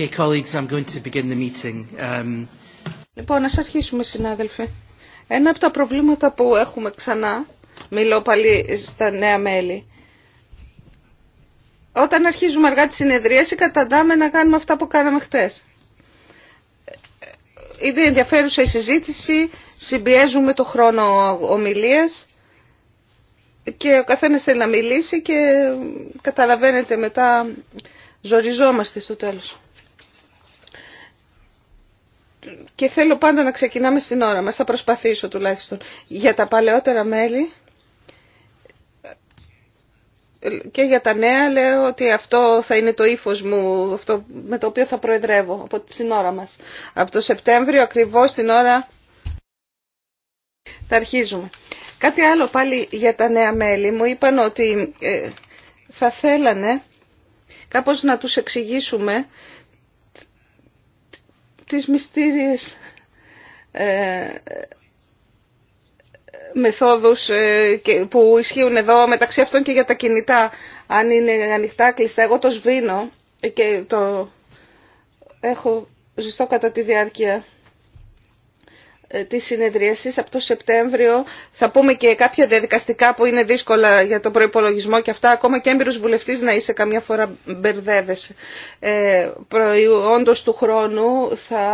Okay, colleagues, I'm going to begin um, Λοιπόν, ας αρχίσουμε συνάδελφοι. Ένα από τα προβλήματα που έχουμε ξανά, μιλώ πάλι στα νέα μέλη, όταν αρχίζουμε αργά τη συνεδρίαση καταντάμε να κάνουμε αυτά που κάναμε χτες. Είναι ενδιαφέρουσα η συζήτηση, συμπιέζουμε το χρόνο ομιλίας και ο καθένας θέλει να μιλήσει και καταλαβαίνετε μετά ζοριζόμαστε στο τέλος και θέλω πάντα να ξεκινάμε στην ώρα μας, θα προσπαθήσω τουλάχιστον. Για τα παλαιότερα μέλη και για τα νέα λέω ότι αυτό θα είναι το ύφος μου, αυτό με το οποίο θα προεδρεύω από την ώρα μας. Από το Σεπτέμβριο ακριβώς την ώρα θα αρχίζουμε. Κάτι άλλο πάλι για τα νέα μέλη. Μου είπαν ότι ε, θα θέλανε κάπως να τους εξηγήσουμε τις μυστήριες ε, μεθόδους ε, που ισχύουν εδώ μεταξύ αυτών και για τα κινητά αν είναι ανοιχτά κλειστά εγώ το σβήνω και το έχω ζεστό κατά τη διάρκεια ε, τις συνεδρίασης από το Σεπτέμβριο. Θα πούμε και κάποια διαδικαστικά που είναι δύσκολα για τον προϋπολογισμό και αυτά. Ακόμα και έμπειρος βουλευτής να είσαι καμιά φορά μπερδεύεσαι. Ε, προϊόντος του χρόνου θα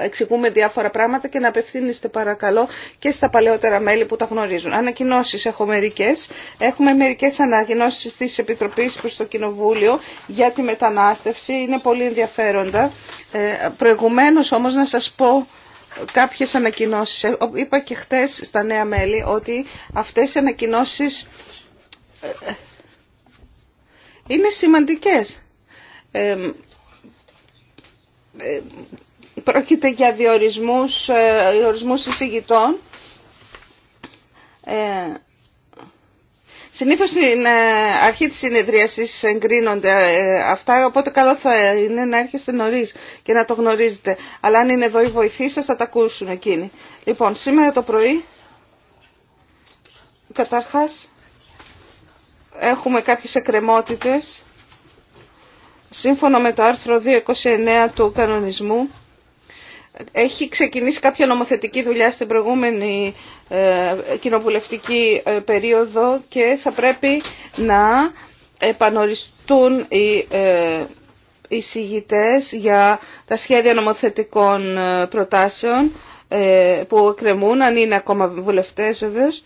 ε, εξηγούμε διάφορα πράγματα και να απευθύνεστε παρακαλώ και στα παλαιότερα μέλη που τα γνωρίζουν. Ανακοινώσεις έχω μερικές. Έχουμε μερικές ανακοινώσεις της Επιτροπής προς το Κοινοβούλιο για τη μετανάστευση. Είναι πολύ ενδιαφέροντα. Ε, προηγουμένως όμως να σας πω κάποιες ανακοινώσεις. Ε, είπα και χτες στα νέα μέλη ότι αυτές οι ανακοινώσεις ε, ε, είναι σημαντικές. Ε, πρόκειται για διορισμούς, διορισμούς εισηγητών. Συνήθως στην ε, αρχή της συνεδρίασης εγκρίνονται ε, αυτά, οπότε καλό θα είναι να έρχεστε νωρίς και να το γνωρίζετε. Αλλά αν είναι εδώ οι βοηθοί σας θα τα ακούσουν εκείνοι. Λοιπόν, σήμερα το πρωί, καταρχάς, έχουμε κάποιες εκκρεμότητες. Σύμφωνα με το άρθρο 229 του κανονισμού, έχει ξεκινήσει κάποια νομοθετική δουλειά στην προηγούμενη ε, κοινοβουλευτική ε, περίοδο και θα πρέπει να επανοριστούν οι ε, συγητές για τα σχέδια νομοθετικών προτάσεων που εκκρεμούν, αν είναι ακόμα βουλευτές βεβαίως.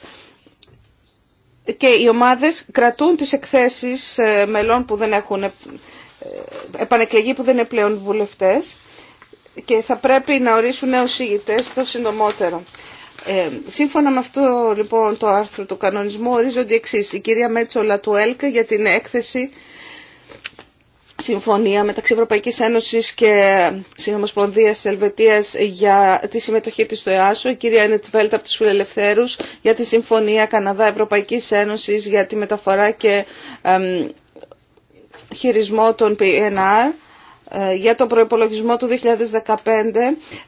Και οι ομάδες κρατούν τις εκθέσεις μελών που δεν έχουν επανεκλεγεί, που δεν είναι πλέον βουλευτές και θα πρέπει να ορίσουν νέους ηγητές το συντομότερο. Ε, σύμφωνα με αυτό λοιπόν το άρθρο του κανονισμού ορίζονται εξή. Η κυρία Μέτσολα του ΕΛΚ για την έκθεση συμφωνία μεταξύ Ευρωπαϊκής Ένωσης και Συνομοσπονδίας της Ελβετίας για τη συμμετοχή της στο ΕΑΣΟ, η κυρία Ενετβέλτ από τους Φιλελευθέρους για τη συμφωνία Καναδά-Ευρωπαϊκής Ένωσης για τη μεταφορά και χειρισμό των PNR ε, για τον προϋπολογισμό του 2015.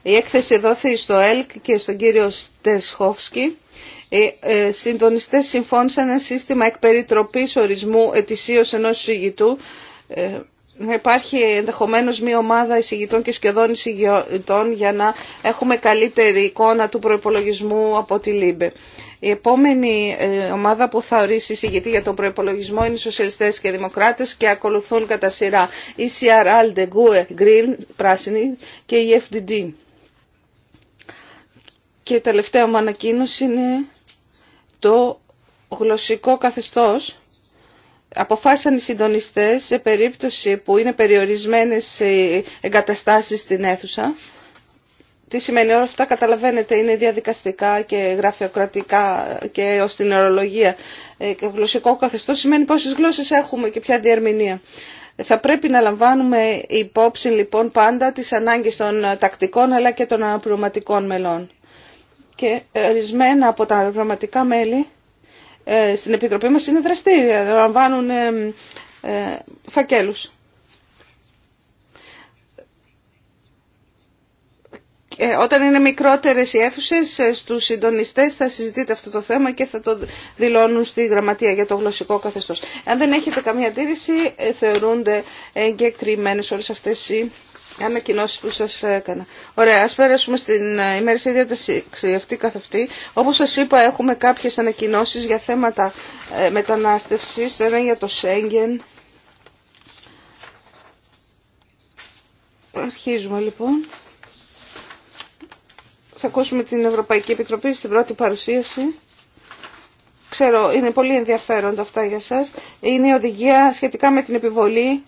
Η έκθεση δόθη στο ΕΛΚ και στον κύριο Στεσχόφσκι. Οι ε, συντονιστές συμφώνησαν ένα σύστημα εκπεριτροπής ορισμού ετησίως ενός εισηγητού. Ε, υπάρχει ενδεχομένως μία ομάδα εισηγητών και σχεδόν εισηγητών για να έχουμε καλύτερη εικόνα του προϋπολογισμού από τη ΛΥΜΠΕ. Η επόμενη ε, ομάδα που θα ορίσει εισηγητή για τον προπολογισμό είναι οι Σοσιαλιστές και Δημοκράτες και ακολουθούν κατά σειρά η CRL, De Gue, Green, Πράσινη και η FDD. Και η τελευταία μου ανακοίνωση είναι το γλωσσικό καθεστώς. Αποφάσισαν οι συντονιστές σε περίπτωση που είναι περιορισμένες οι εγκαταστάσεις στην αίθουσα τι σημαίνει όλα αυτά, καταλαβαίνετε, είναι διαδικαστικά και γραφειοκρατικά και ως την ορολογία. Ε, και γλωσσικό καθεστώ, σημαίνει πόσες γλώσσες έχουμε και ποια διερμηνία. Θα πρέπει να λαμβάνουμε υπόψη λοιπόν πάντα τις ανάγκες των τακτικών αλλά και των αναπληρωματικών μελών. Και ε, ορισμένα από τα αναπληρωματικά μέλη ε, στην Επιτροπή μας είναι δραστήρια, λαμβάνουν φακέλους. Ε, όταν είναι μικρότερες οι αίθουσες, ε, στους συντονιστές θα συζητείτε αυτό το θέμα και θα το δηλώνουν στη γραμματεία για το γλωσσικό καθεστώς. Αν δεν έχετε καμία αντίρρηση, ε, θεωρούνται εγκεκριμένες όλες αυτές οι ανακοινώσεις που σας έκανα. Ωραία, ας πέρασουμε στην ημέρηση. διάταξη αυτή καθ' αυτή. Όπως σας είπα, έχουμε κάποιες ανακοινώσεις για θέματα μετανάστευσης, το ένα για το Σέγγεν. Αρχίζουμε λοιπόν θα ακούσουμε την Ευρωπαϊκή Επιτροπή στην πρώτη παρουσίαση. Ξέρω, είναι πολύ ενδιαφέροντα αυτά για σας. Είναι η οδηγία σχετικά με την επιβολή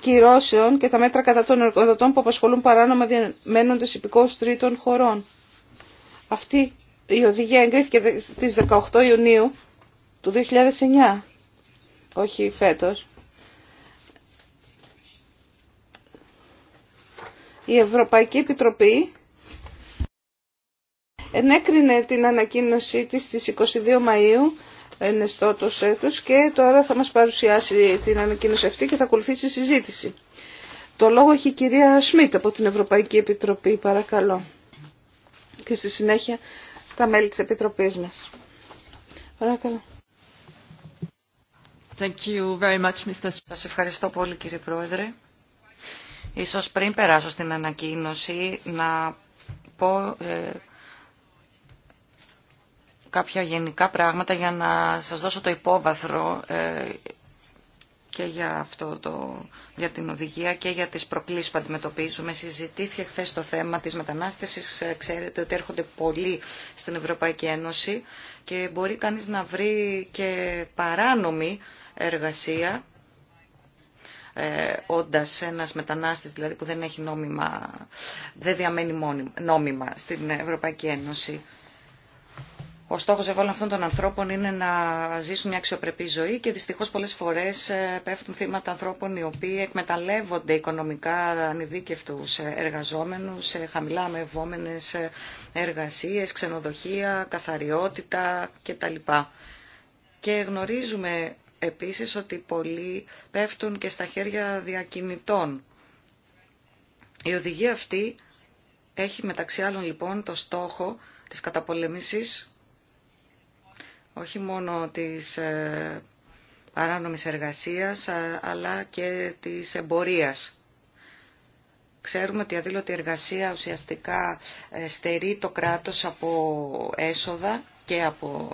κυρώσεων και τα μέτρα κατά των εργοδοτών που απασχολούν παράνομα διαμένοντες υπηκόους τρίτων χωρών. Αυτή η οδηγία εγκρίθηκε στις 18 Ιουνίου του 2009, όχι φέτος. Η Ευρωπαϊκή Επιτροπή ενέκρινε την ανακοίνωσή της στις 22 Μαΐου ενεστώτος έτους και τώρα θα μας παρουσιάσει την ανακοίνωση αυτή και θα ακολουθήσει συζήτηση. Το λόγο έχει η κυρία Σμίτ από την Ευρωπαϊκή Επιτροπή, παρακαλώ. Και στη συνέχεια τα μέλη της Επιτροπής μας. Παρακαλώ. Thank you very much, Mr. Σας ευχαριστώ πολύ κύριε Πρόεδρε. Ίσως πριν περάσω στην ανακοίνωση να πω ε, κάποια γενικά πράγματα για να σας δώσω το υπόβαθρο ε, και για, αυτό το, για την οδηγία και για τις προκλήσεις που αντιμετωπίζουμε. Συζητήθηκε χθε το θέμα της μετανάστευσης. Ε, ξέρετε ότι έρχονται πολλοί στην Ευρωπαϊκή Ένωση και μπορεί κανείς να βρει και παράνομη εργασία ε, όντας ένας μετανάστης δηλαδή που δεν έχει νόμιμα, δεν διαμένει νόμιμα στην Ευρωπαϊκή Ένωση. Ο στόχος όλων αυτών των ανθρώπων είναι να ζήσουν μια αξιοπρεπή ζωή και δυστυχώς πολλές φορές ε, πέφτουν θύματα ανθρώπων οι οποίοι εκμεταλλεύονται οικονομικά ανειδίκευτους ε, εργαζόμενους, ε, χαμηλά αμοιβόμενες εργασίες, ξενοδοχεία, καθαριότητα κτλ. Και γνωρίζουμε επίσης ότι πολλοί πέφτουν και στα χέρια διακινητών. Η οδηγία αυτή έχει μεταξύ άλλων λοιπόν το στόχο της καταπολέμησης όχι μόνο της ε, παράνομης εργασίας αλλά και της εμπορίας. Ξέρουμε ότι η αδήλωτη εργασία ουσιαστικά στερεί το κράτος από έσοδα και, από...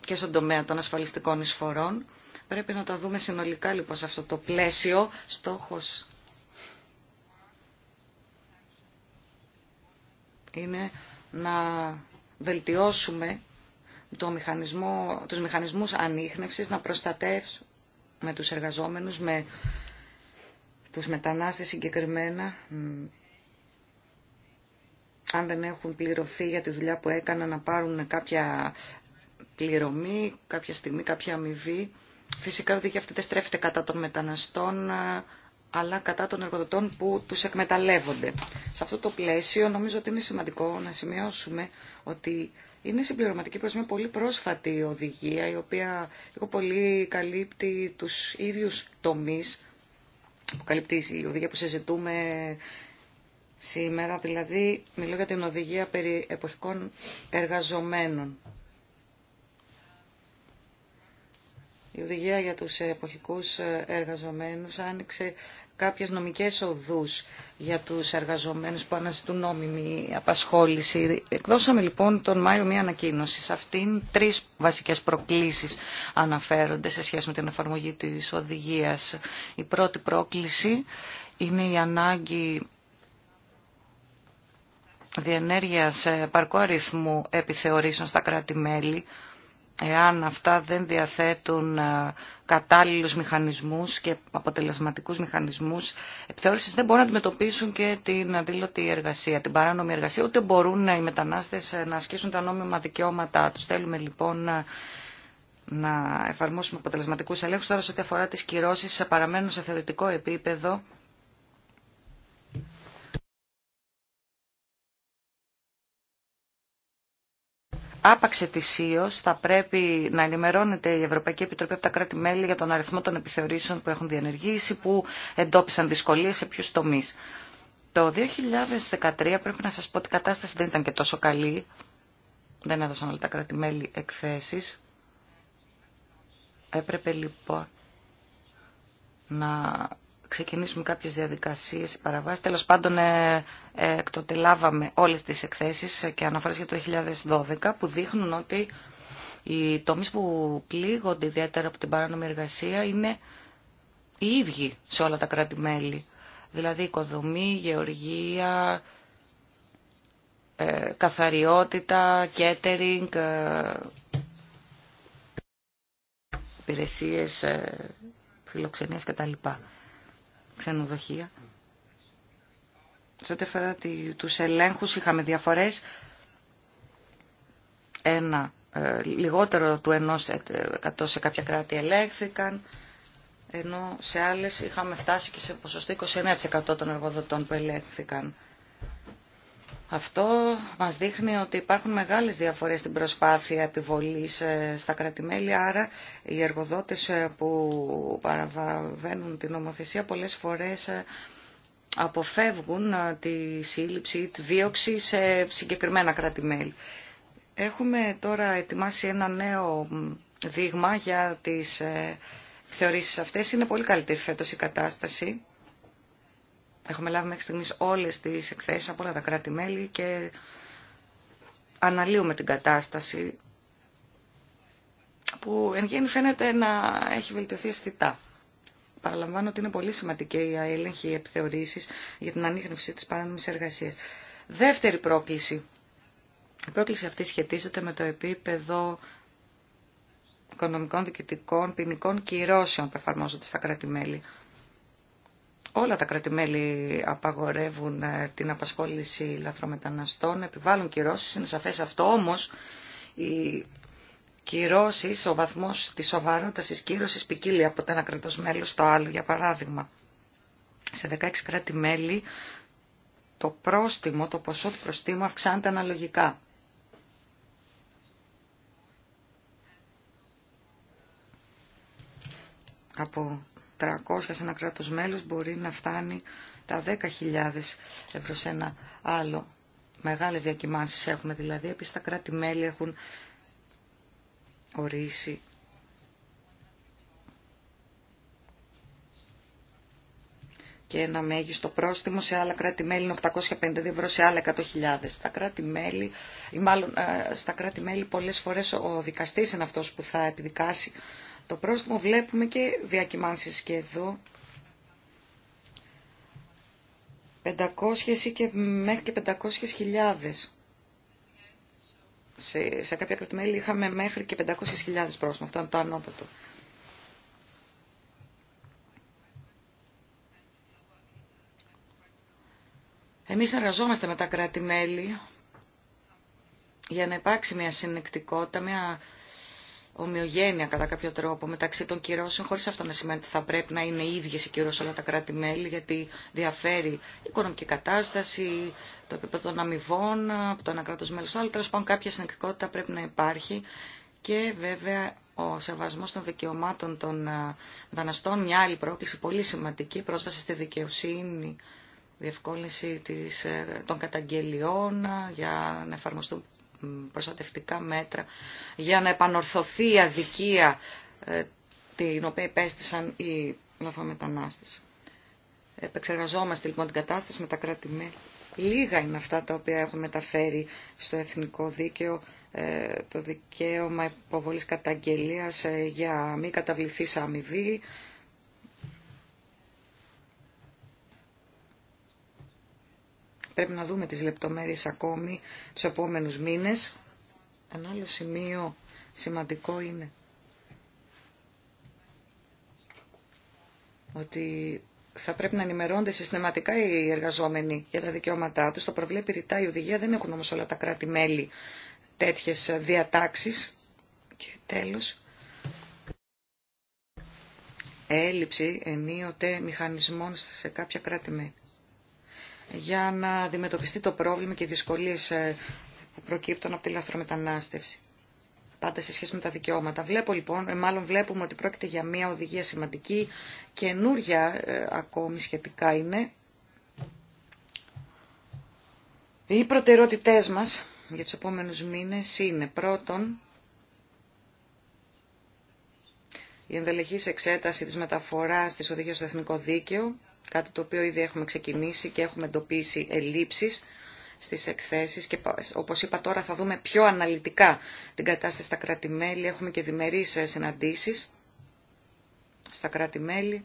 και στον τομέα των ασφαλιστικών εισφορών. Πρέπει να το δούμε συνολικά λοιπόν σε αυτό το πλαίσιο. Στόχος είναι να βελτιώσουμε το μηχανισμό, τους μηχανισμούς ανείχνευσης, να προστατεύσουμε τους εργαζόμενους, με τους μετανάστες συγκεκριμένα, αν δεν έχουν πληρωθεί για τη δουλειά που έκαναν να πάρουν κάποια πληρωμή, κάποια στιγμή, κάποια αμοιβή. Φυσικά ότι και αυτή δεν στρέφεται κατά των μεταναστών, αλλά κατά των εργοδοτών που τους εκμεταλλεύονται. Σε αυτό το πλαίσιο νομίζω ότι είναι σημαντικό να σημειώσουμε ότι είναι συμπληρωματική προς μια πολύ πρόσφατη οδηγία η οποία λίγο πολύ καλύπτει τους ίδιους τομείς που καλύπτει η οδηγία που συζητούμε σήμερα, δηλαδή μιλώ για την οδηγία περί εποχικών εργαζομένων Η οδηγία για τους εποχικούς εργαζομένους άνοιξε κάποιες νομικές οδούς για τους εργαζομένους που αναζητούν νόμιμη απασχόληση. Εκδώσαμε λοιπόν τον Μάιο μία ανακοίνωση. Σε αυτήν τρεις βασικές προκλήσεις αναφέρονται σε σχέση με την εφαρμογή της οδηγίας. Η πρώτη πρόκληση είναι η ανάγκη διενέργειας παρκού αριθμού επιθεωρήσεων στα κράτη-μέλη εάν αυτά δεν διαθέτουν ε, κατάλληλους μηχανισμούς και αποτελεσματικούς μηχανισμούς επιθεώρησης δεν μπορούν να αντιμετωπίσουν και την αντίλωτη εργασία, την παράνομη εργασία, ούτε μπορούν ε, οι μετανάστες ε, να ασκήσουν τα νόμιμα δικαιώματά τους. Θέλουμε λοιπόν να εφαρμόσουμε αποτελεσματικούς ελέγχους τώρα σε ό,τι αφορά τις κυρώσεις παραμένουν σε θεωρητικό επίπεδο Άπαξε ετησίως θα πρέπει να ενημερώνεται η Ευρωπαϊκή Επιτροπή από τα κράτη-μέλη για τον αριθμό των επιθεωρήσεων που έχουν διενεργήσει, που εντόπισαν δυσκολίες, σε ποιους τομείς. Το 2013 πρέπει να σας πω ότι η κατάσταση δεν ήταν και τόσο καλή. Δεν έδωσαν όλα τα κράτη-μέλη εκθέσεις. Έπρεπε λοιπόν να ξεκινήσουμε κάποιες διαδικασίες παραβάσεις. Τέλος πάντων, ε, ε, λάβαμε όλες τις εκθέσεις και αναφορές για το 2012 που δείχνουν ότι οι τομείς που πλήγονται ιδιαίτερα από την παράνομη εργασία είναι οι ίδιοι σε όλα τα κράτη-μέλη. Δηλαδή οικοδομή, γεωργία, ε, καθαριότητα, catering, ε, υπηρεσίες, ε, φιλοξενίες κτλ ξενοδοχεία. Σε ό,τι αφορά τους ελέγχους είχαμε διαφορές. Ένα ε, λιγότερο του ενός ε, σε κάποια κράτη ελέγχθηκαν, ενώ σε άλλες είχαμε φτάσει και σε ποσοστό 29% των εργοδοτών που ελέγχθηκαν. Αυτό μας δείχνει ότι υπάρχουν μεγάλες διαφορές στην προσπάθεια επιβολής ε, στα κρατημέλη, άρα οι εργοδότες ε, που παραβαίνουν την νομοθεσία πολλές φορές ε, αποφεύγουν τη σύλληψη ή τη δίωξη σε συγκεκριμένα κρατημέλη. Έχουμε τώρα ετοιμάσει ένα νέο δείγμα για τις θεωρήσεις αυτές. Είναι πολύ καλύτερη φέτος η κατάσταση Έχουμε λάβει μέχρι στιγμής όλες τις εκθέσεις από όλα τα κράτη-μέλη και αναλύουμε την κατάσταση που εν γέννη φαίνεται να έχει βελτιωθεί αισθητά. Παραλαμβάνω ότι είναι πολύ σημαντική η έλεγχη επιθεωρήσεις για την ανείχνευση της παράνομης εργασίας. Δεύτερη πρόκληση. Η πρόκληση αυτή σχετίζεται με το επίπεδο οικονομικών, διοικητικών, ποινικών κυρώσεων που εφαρμόζονται στα κράτη-μέλη. Όλα τα κράτη-μέλη απαγορεύουν ε, την απασχόληση λαθρομεταναστών, επιβάλλουν κυρώσεις, είναι σαφές αυτό, όμως οι κυρώσεις, ο βαθμός της σοβαρότητας της κύρωσης ποικίλει από το ένα κρατός μέλος στο άλλο, για παράδειγμα. Σε 16 κράτη-μέλη το πρόστιμο, το ποσό του προστίμου αυξάνεται αναλογικά. Από 300 σε ένα κράτος μέλος μπορεί να φτάνει τα 10.000 ευρώ σε ένα άλλο. Μεγάλες διακυμάνσεις έχουμε δηλαδή. Επίσης τα κράτη-μέλη έχουν ορίσει και ένα μέγιστο πρόστιμο σε άλλα κράτη-μέλη είναι 850 ευρώ, σε άλλα 100.000. Στα κράτη-μέλη, ή μάλλον ε, στα κράτη-μέλη πολλές φορές ο δικαστής είναι αυτός που θα επιδικάσει το πρόστιμο βλέπουμε και διακοιμάνσεις και εδώ. 500 και μέχρι και 500.000. Σε, σε κάποια κρατημέλη είχαμε μέχρι και 500.000 πρόστιμο. Αυτό είναι το ανώτατο. Εμείς εργαζόμαστε με τα κρατη για να υπάρξει μια συνεκτικότητα, μια ομοιογένεια κατά κάποιο τρόπο μεταξύ των κυρώσεων, χωρίς αυτό να σημαίνει ότι θα πρέπει να είναι οι ίδιες οι κυρώσεις όλα τα κράτη-μέλη, γιατί διαφέρει η οικονομική κατάσταση, το επίπεδο των αμοιβών, από το ένα κράτος μέλος αλλά Τέλος πάντων κάποια συνεκτικότητα πρέπει να υπάρχει και βέβαια ο σεβασμός των δικαιωμάτων των ε, δαναστών, μια άλλη πρόκληση πολύ σημαντική, πρόσβαση στη δικαιοσύνη, διευκόλυνση ε, των καταγγελιών ε, για να εφαρμοστούν προστατευτικά μέτρα για να επανορθωθεί η αδικία ε, την οποία υπέστησαν οι λαφομετανάστες. Επεξεργαζόμαστε λοιπόν την κατάσταση με τα κράτη-μέλη. Λίγα είναι αυτά τα οποία έχουν μεταφέρει στο εθνικό δίκαιο ε, το δικαίωμα υποβολής καταγγελίας ε, για μη καταβληθείς αμοιβή, Πρέπει να δούμε τις λεπτομέρειες ακόμη τους επόμενους μήνες. Ένα άλλο σημείο σημαντικό είναι ότι θα πρέπει να ενημερώνται συστηματικά οι εργαζόμενοι για τα δικαιώματά τους. Το προβλέπει ρητά η οδηγία, δεν έχουν όμως όλα τα κράτη-μέλη τέτοιες διατάξεις. Και τέλος, έλλειψη ενίοτε μηχανισμών σε κάποια κράτη-μέλη για να αντιμετωπιστεί το πρόβλημα και οι δυσκολίες ε, που προκύπτουν από τη λαθρομετανάστευση. Πάντα σε σχέση με τα δικαιώματα. Βλέπω λοιπόν, ε, μάλλον βλέπουμε ότι πρόκειται για μια οδηγία σημαντική, καινούρια ε, ακόμη σχετικά είναι. Οι προτεραιότητές μας για τους επόμενους μήνες είναι πρώτον η ενδελεχής εξέταση της μεταφοράς της οδηγίας στο εθνικό δίκαιο κάτι το οποίο ήδη έχουμε ξεκινήσει και έχουμε εντοπίσει ελλείψεις στις εκθέσεις και όπως είπα τώρα θα δούμε πιο αναλυτικά την κατάσταση στα κράτη-μέλη. Έχουμε και διμερείς ε, συναντήσεις στα κράτη-μέλη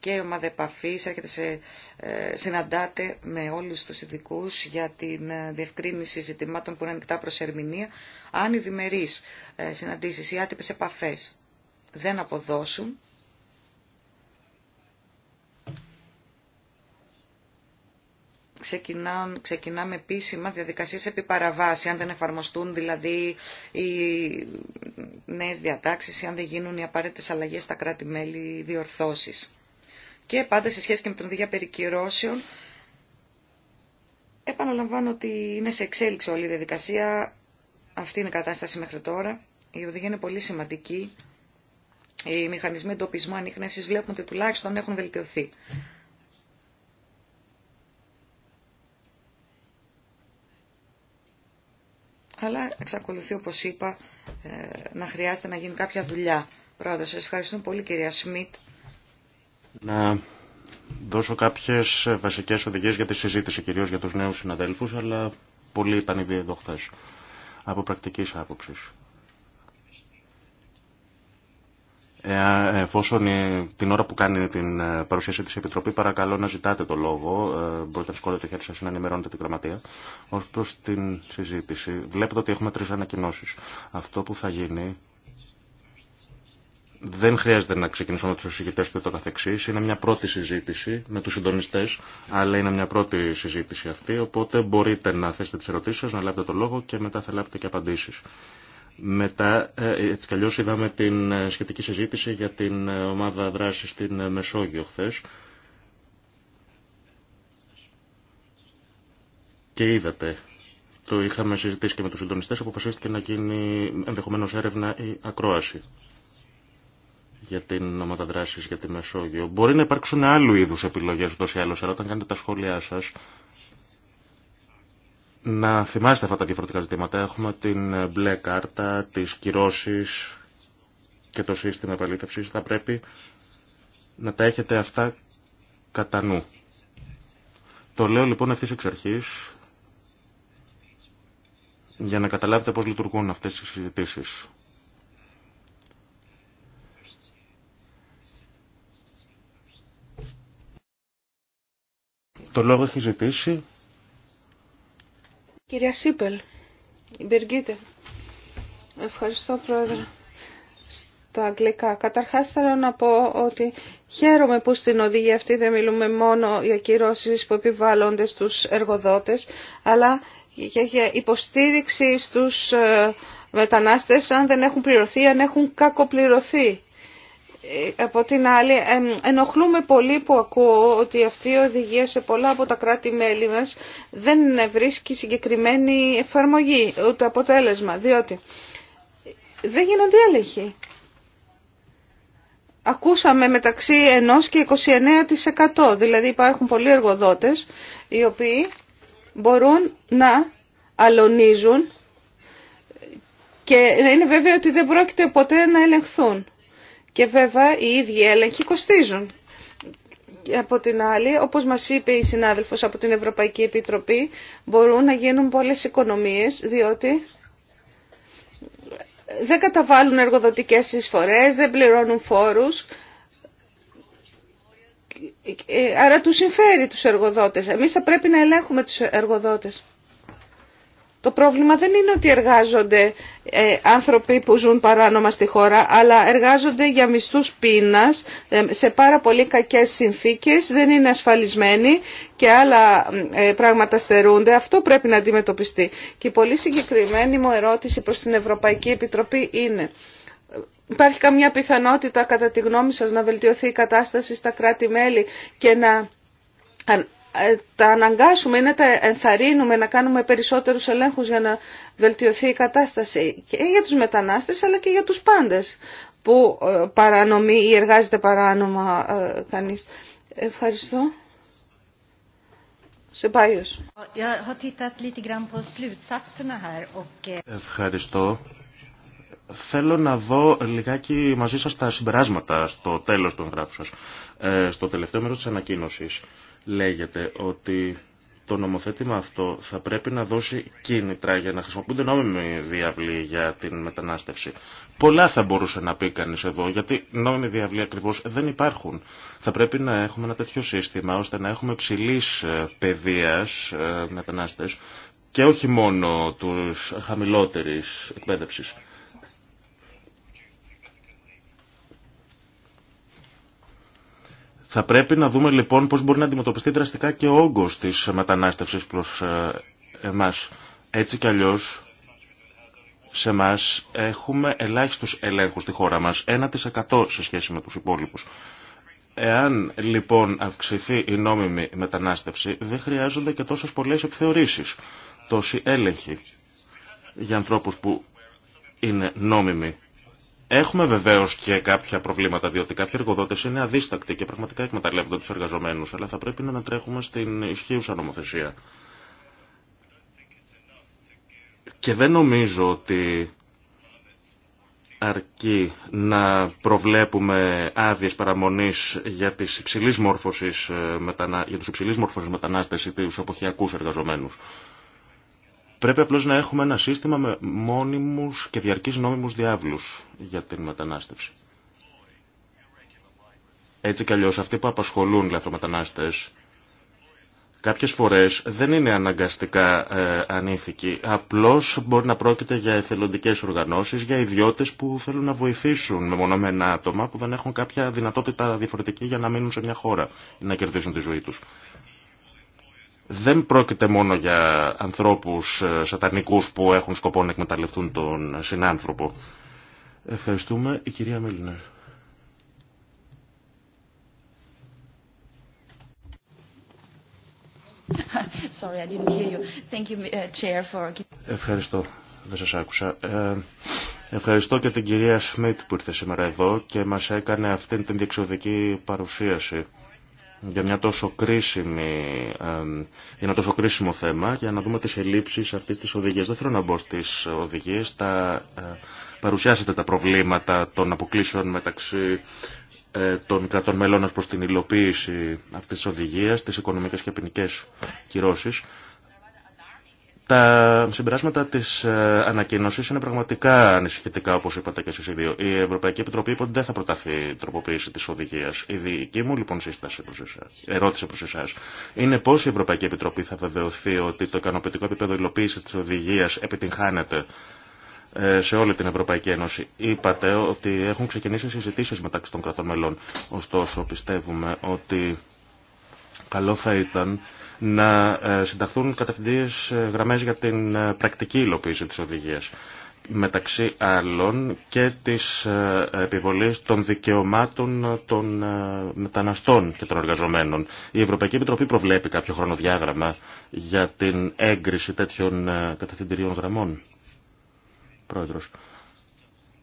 και η ομάδα επαφή έρχεται σε, ε, συναντάται με όλους τους ειδικού για την ε, διευκρίνηση ζητημάτων που είναι ανοιχτά προς ερμηνεία. Αν οι διμερείς συναντήσεις, ή άτυπες επαφές δεν αποδώσουν, ξεκινάν, ξεκινάμε επίσημα διαδικασίες επί παραβάση, αν δεν εφαρμοστούν δηλαδή οι νέες διατάξεις, αν δεν γίνουν οι απαραίτητες αλλαγές στα κράτη-μέλη διορθώσεις. Και πάντα σε σχέση και με την οδηγία περικυρώσεων, επαναλαμβάνω ότι είναι σε εξέλιξη όλη η διαδικασία, αυτή είναι η κατάσταση μέχρι τώρα. Η οδηγία είναι πολύ σημαντική. Οι μηχανισμοί εντοπισμού ανείχνευσης βλέπουμε ότι τουλάχιστον έχουν βελτιωθεί. αλλά εξακολουθεί, όπως είπα, ε, να χρειάζεται να γίνει κάποια δουλειά. Πρόεδρε, σας ευχαριστούμε πολύ κυρία Σμιτ. Να δώσω κάποιες βασικές οδηγίες για τη συζήτηση, κυρίως για τους νέους συναδέλφους, αλλά πολλοί ήταν ήδη εδώ χθες, από πρακτικής άποψης. εφόσον ε, την ώρα που κάνει την ε, παρουσίαση τη Επιτροπή παρακαλώ να ζητάτε το λόγο, ε, μπορείτε να σκόρετε το χέρι σα να ενημερώνετε την γραμματεία, Ω προ την συζήτηση. Βλέπετε ότι έχουμε τρει ανακοινώσει. Αυτό που θα γίνει δεν χρειάζεται να ξεκινήσουμε με του συζητητέ και το καθεξή. Είναι μια πρώτη συζήτηση με του συντονιστέ, αλλά είναι μια πρώτη συζήτηση αυτή. Οπότε μπορείτε να θέσετε τι ερωτήσει σα, να λάβετε το λόγο και μετά θα λάβετε και απαντήσει. Μετά, ε, έτσι καλώς είδαμε την ε, σχετική συζήτηση για την ε, ομάδα δράσης στην Μεσόγειο χθε. Και είδατε, το είχαμε συζητήσει και με τους συντονιστές, αποφασίστηκε να γίνει ενδεχομένως έρευνα ή ακρόαση για την ομάδα δράσης για τη Μεσόγειο. Μπορεί να υπάρξουν άλλου είδους επιλογές ούτως ή άλλως, αλλά όταν κάνετε τα σχόλιά σας να θυμάστε αυτά τα διαφορετικά ζητήματα. Έχουμε την μπλε κάρτα, τις κυρώσεις και το σύστημα επαλήθευσης. Θα πρέπει να τα έχετε αυτά κατά νου. Το λέω λοιπόν ευθύ εξ αρχής για να καταλάβετε πώς λειτουργούν αυτές οι συζητήσεις. Το λόγο έχει ζητήσει Κυρία Σίπελ, Μπεργίτε, ευχαριστώ πρόεδρε. Στα αγγλικά. Καταρχάς θέλω να πω ότι χαίρομαι που στην οδηγία αυτή δεν μιλούμε μόνο για κυρώσεις που επιβάλλονται στους εργοδότες, αλλά και για υποστήριξη στους ε, μετανάστες αν δεν έχουν πληρωθεί, αν έχουν κακοπληρωθεί από την άλλη, ενοχλούμε πολύ που ακούω ότι αυτή η οδηγία σε πολλά από τα κράτη-μέλη μας δεν βρίσκει συγκεκριμένη εφαρμογή, ούτε αποτέλεσμα, διότι δεν γίνονται έλεγχοι. Ακούσαμε μεταξύ 1 και 29%, δηλαδή υπάρχουν πολλοί εργοδότες οι οποίοι μπορούν να αλωνίζουν και είναι βέβαιο ότι δεν πρόκειται ποτέ να ελεγχθούν. Και βέβαια οι ίδιοι έλεγχοι κοστίζουν. Και από την άλλη, όπως μας είπε η συνάδελφος από την Ευρωπαϊκή Επιτροπή, μπορούν να γίνουν πολλές οικονομίες, διότι δεν καταβάλουν εργοδοτικές εισφορές, δεν πληρώνουν φόρους, ε, άρα τους συμφέρει τους εργοδότες. Εμείς θα πρέπει να ελέγχουμε τους εργοδότες. Το πρόβλημα δεν είναι ότι εργάζονται ε, άνθρωποι που ζουν παράνομα στη χώρα, αλλά εργάζονται για μισθούς πείνας ε, σε πάρα πολύ κακές συνθήκες, δεν είναι ασφαλισμένοι και άλλα ε, πράγματα στερούνται. Αυτό πρέπει να αντιμετωπιστεί. Και η πολύ συγκεκριμένη μου ερώτηση προς την Ευρωπαϊκή Επιτροπή είναι... Υπάρχει καμιά πιθανότητα κατά τη γνώμη σας να βελτιωθεί η κατάσταση στα κράτη-μέλη και να ε, τα αναγκάσουμε ή να τα ενθαρρύνουμε να κάνουμε περισσότερους ελέγχους για να βελτιωθεί η κατάσταση και για τους μετανάστες αλλά και για τους πάντες που ε, παρανομεί ή εργάζεται παράνομα ε, κανείς. Ευχαριστώ. Eh, Ευχαριστώ. Θέλω να δω λιγάκι μαζί σας τα συμπεράσματα στο τέλος των γραφών σας, στο τελευταίο μέρος της ανακοίνωσης λέγεται ότι το νομοθέτημα αυτό θα πρέπει να δώσει κίνητρα για να χρησιμοποιούνται νόμιμοι διαβλή για την μετανάστευση. Πολλά θα μπορούσε να πει κανείς εδώ, γιατί νόμιμοι διαβλή ακριβώ δεν υπάρχουν. Θα πρέπει να έχουμε ένα τέτοιο σύστημα ώστε να έχουμε ψηλή ε, παιδεία ε, μετανάστες και όχι μόνο του χαμηλότερη εκπαίδευση. Θα πρέπει να δούμε λοιπόν πώς μπορεί να αντιμετωπιστεί δραστικά και ο όγκος της μετανάστευσης προς ε, εμάς. Έτσι κι αλλιώς σε εμά έχουμε ελάχιστους ελέγχους στη χώρα μας, 1% σε σχέση με τους υπόλοιπους. Εάν λοιπόν αυξηθεί η νόμιμη μετανάστευση, δεν χρειάζονται και τόσες πολλές επιθεωρήσεις, τόση έλεγχη για ανθρώπους που είναι νόμιμοι. Έχουμε βεβαίω και κάποια προβλήματα, διότι κάποιοι εργοδότε είναι αδίστακτοι και πραγματικά εκμεταλλεύονται του εργαζομένου, αλλά θα πρέπει να ανατρέχουμε στην ισχύουσα νομοθεσία. Και δεν νομίζω ότι αρκεί να προβλέπουμε άδειε παραμονής για, τις για τους υψηλής μόρφωση μετανάστες ή του εποχιακού εργαζομένους. Πρέπει απλώς να έχουμε ένα σύστημα με μόνιμους και διαρκείς νόμιμους διάβλους για την μετανάστευση. Έτσι κι αλλιώς αυτοί που απασχολούν λαθρομετανάστες κάποιες φορές δεν είναι αναγκαστικά ε, ανήθικοι. Απλώς μπορεί να πρόκειται για εθελοντικές οργανώσεις, για ιδιώτες που θέλουν να βοηθήσουν μονομένα άτομα που δεν έχουν κάποια δυνατότητα διαφορετική για να μείνουν σε μια χώρα ή να κερδίσουν τη ζωή τους δεν πρόκειται μόνο για ανθρώπους ε, σατανικούς που έχουν σκοπό να εκμεταλλευτούν τον συνάνθρωπο. Ευχαριστούμε. Η κυρία Μελινέρ. Sorry, I didn't hear you. Thank you, uh, Chair, for... Ευχαριστώ. Δεν σας άκουσα. Ε, ευχαριστώ και την κυρία Σμιτ που ήρθε σήμερα εδώ και μας έκανε αυτήν την διεξοδική παρουσίαση για, μια τόσο κρίσιμη, για ένα τόσο κρίσιμο θέμα για να δούμε τις ελλείψεις αυτής της οδηγίας. Δεν θέλω να μπω στις οδηγίες, τα, ε, παρουσιάσατε τα προβλήματα των αποκλήσεων μεταξύ ε, των κρατών μελών προς την υλοποίηση αυτής της οδηγίας, τις οικονομικές και ποινικές κυρώσεις. Τα συμπεράσματα τη ε, ανακοίνωση είναι πραγματικά ανησυχητικά, όπω είπατε και εσεί οι δύο. Η Ευρωπαϊκή Επιτροπή είπε ότι δεν θα προταθεί τροποποίηση τη οδηγία. Η δική μου λοιπόν σύσταση προς εσάς, ερώτηση προ εσά είναι πώ η Ευρωπαϊκή Επιτροπή θα βεβαιωθεί ότι το ικανοποιητικό επίπεδο υλοποίηση τη οδηγία επιτυγχάνεται ε, σε όλη την Ευρωπαϊκή Ένωση. Είπατε ότι έχουν ξεκινήσει συζητήσει μεταξύ των κρατών μελών. Ωστόσο, πιστεύουμε ότι καλό θα ήταν να ε, συνταχθούν κατευθυντήριες ε, γραμμές για την ε, πρακτική υλοποίηση της οδηγίας μεταξύ άλλων και της επιβολής των δικαιωμάτων των μεταναστών και των εργαζομένων. Η Ευρωπαϊκή Επιτροπή προβλέπει κάποιο χρονοδιάγραμμα για την έγκριση τέτοιων κατευθυντηρίων γραμμών. Πρόεδρος.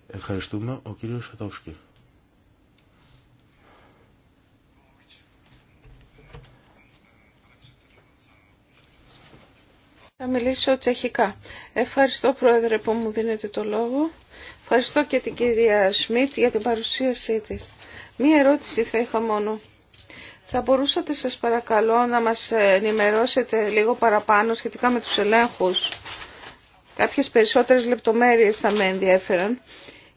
Ευχαριστούμε. Ο κύριος Σατόφσκι. Θα μιλήσω τσεχικά. Ευχαριστώ Πρόεδρε που μου δίνετε το λόγο. Ευχαριστώ και την κυρία Σμιτ για την παρουσίασή της. Μία ερώτηση θα είχα μόνο. Θα μπορούσατε σας παρακαλώ να μας ενημερώσετε λίγο παραπάνω σχετικά με τους ελέγχους. Κάποιες περισσότερες λεπτομέρειες θα με ενδιαφέραν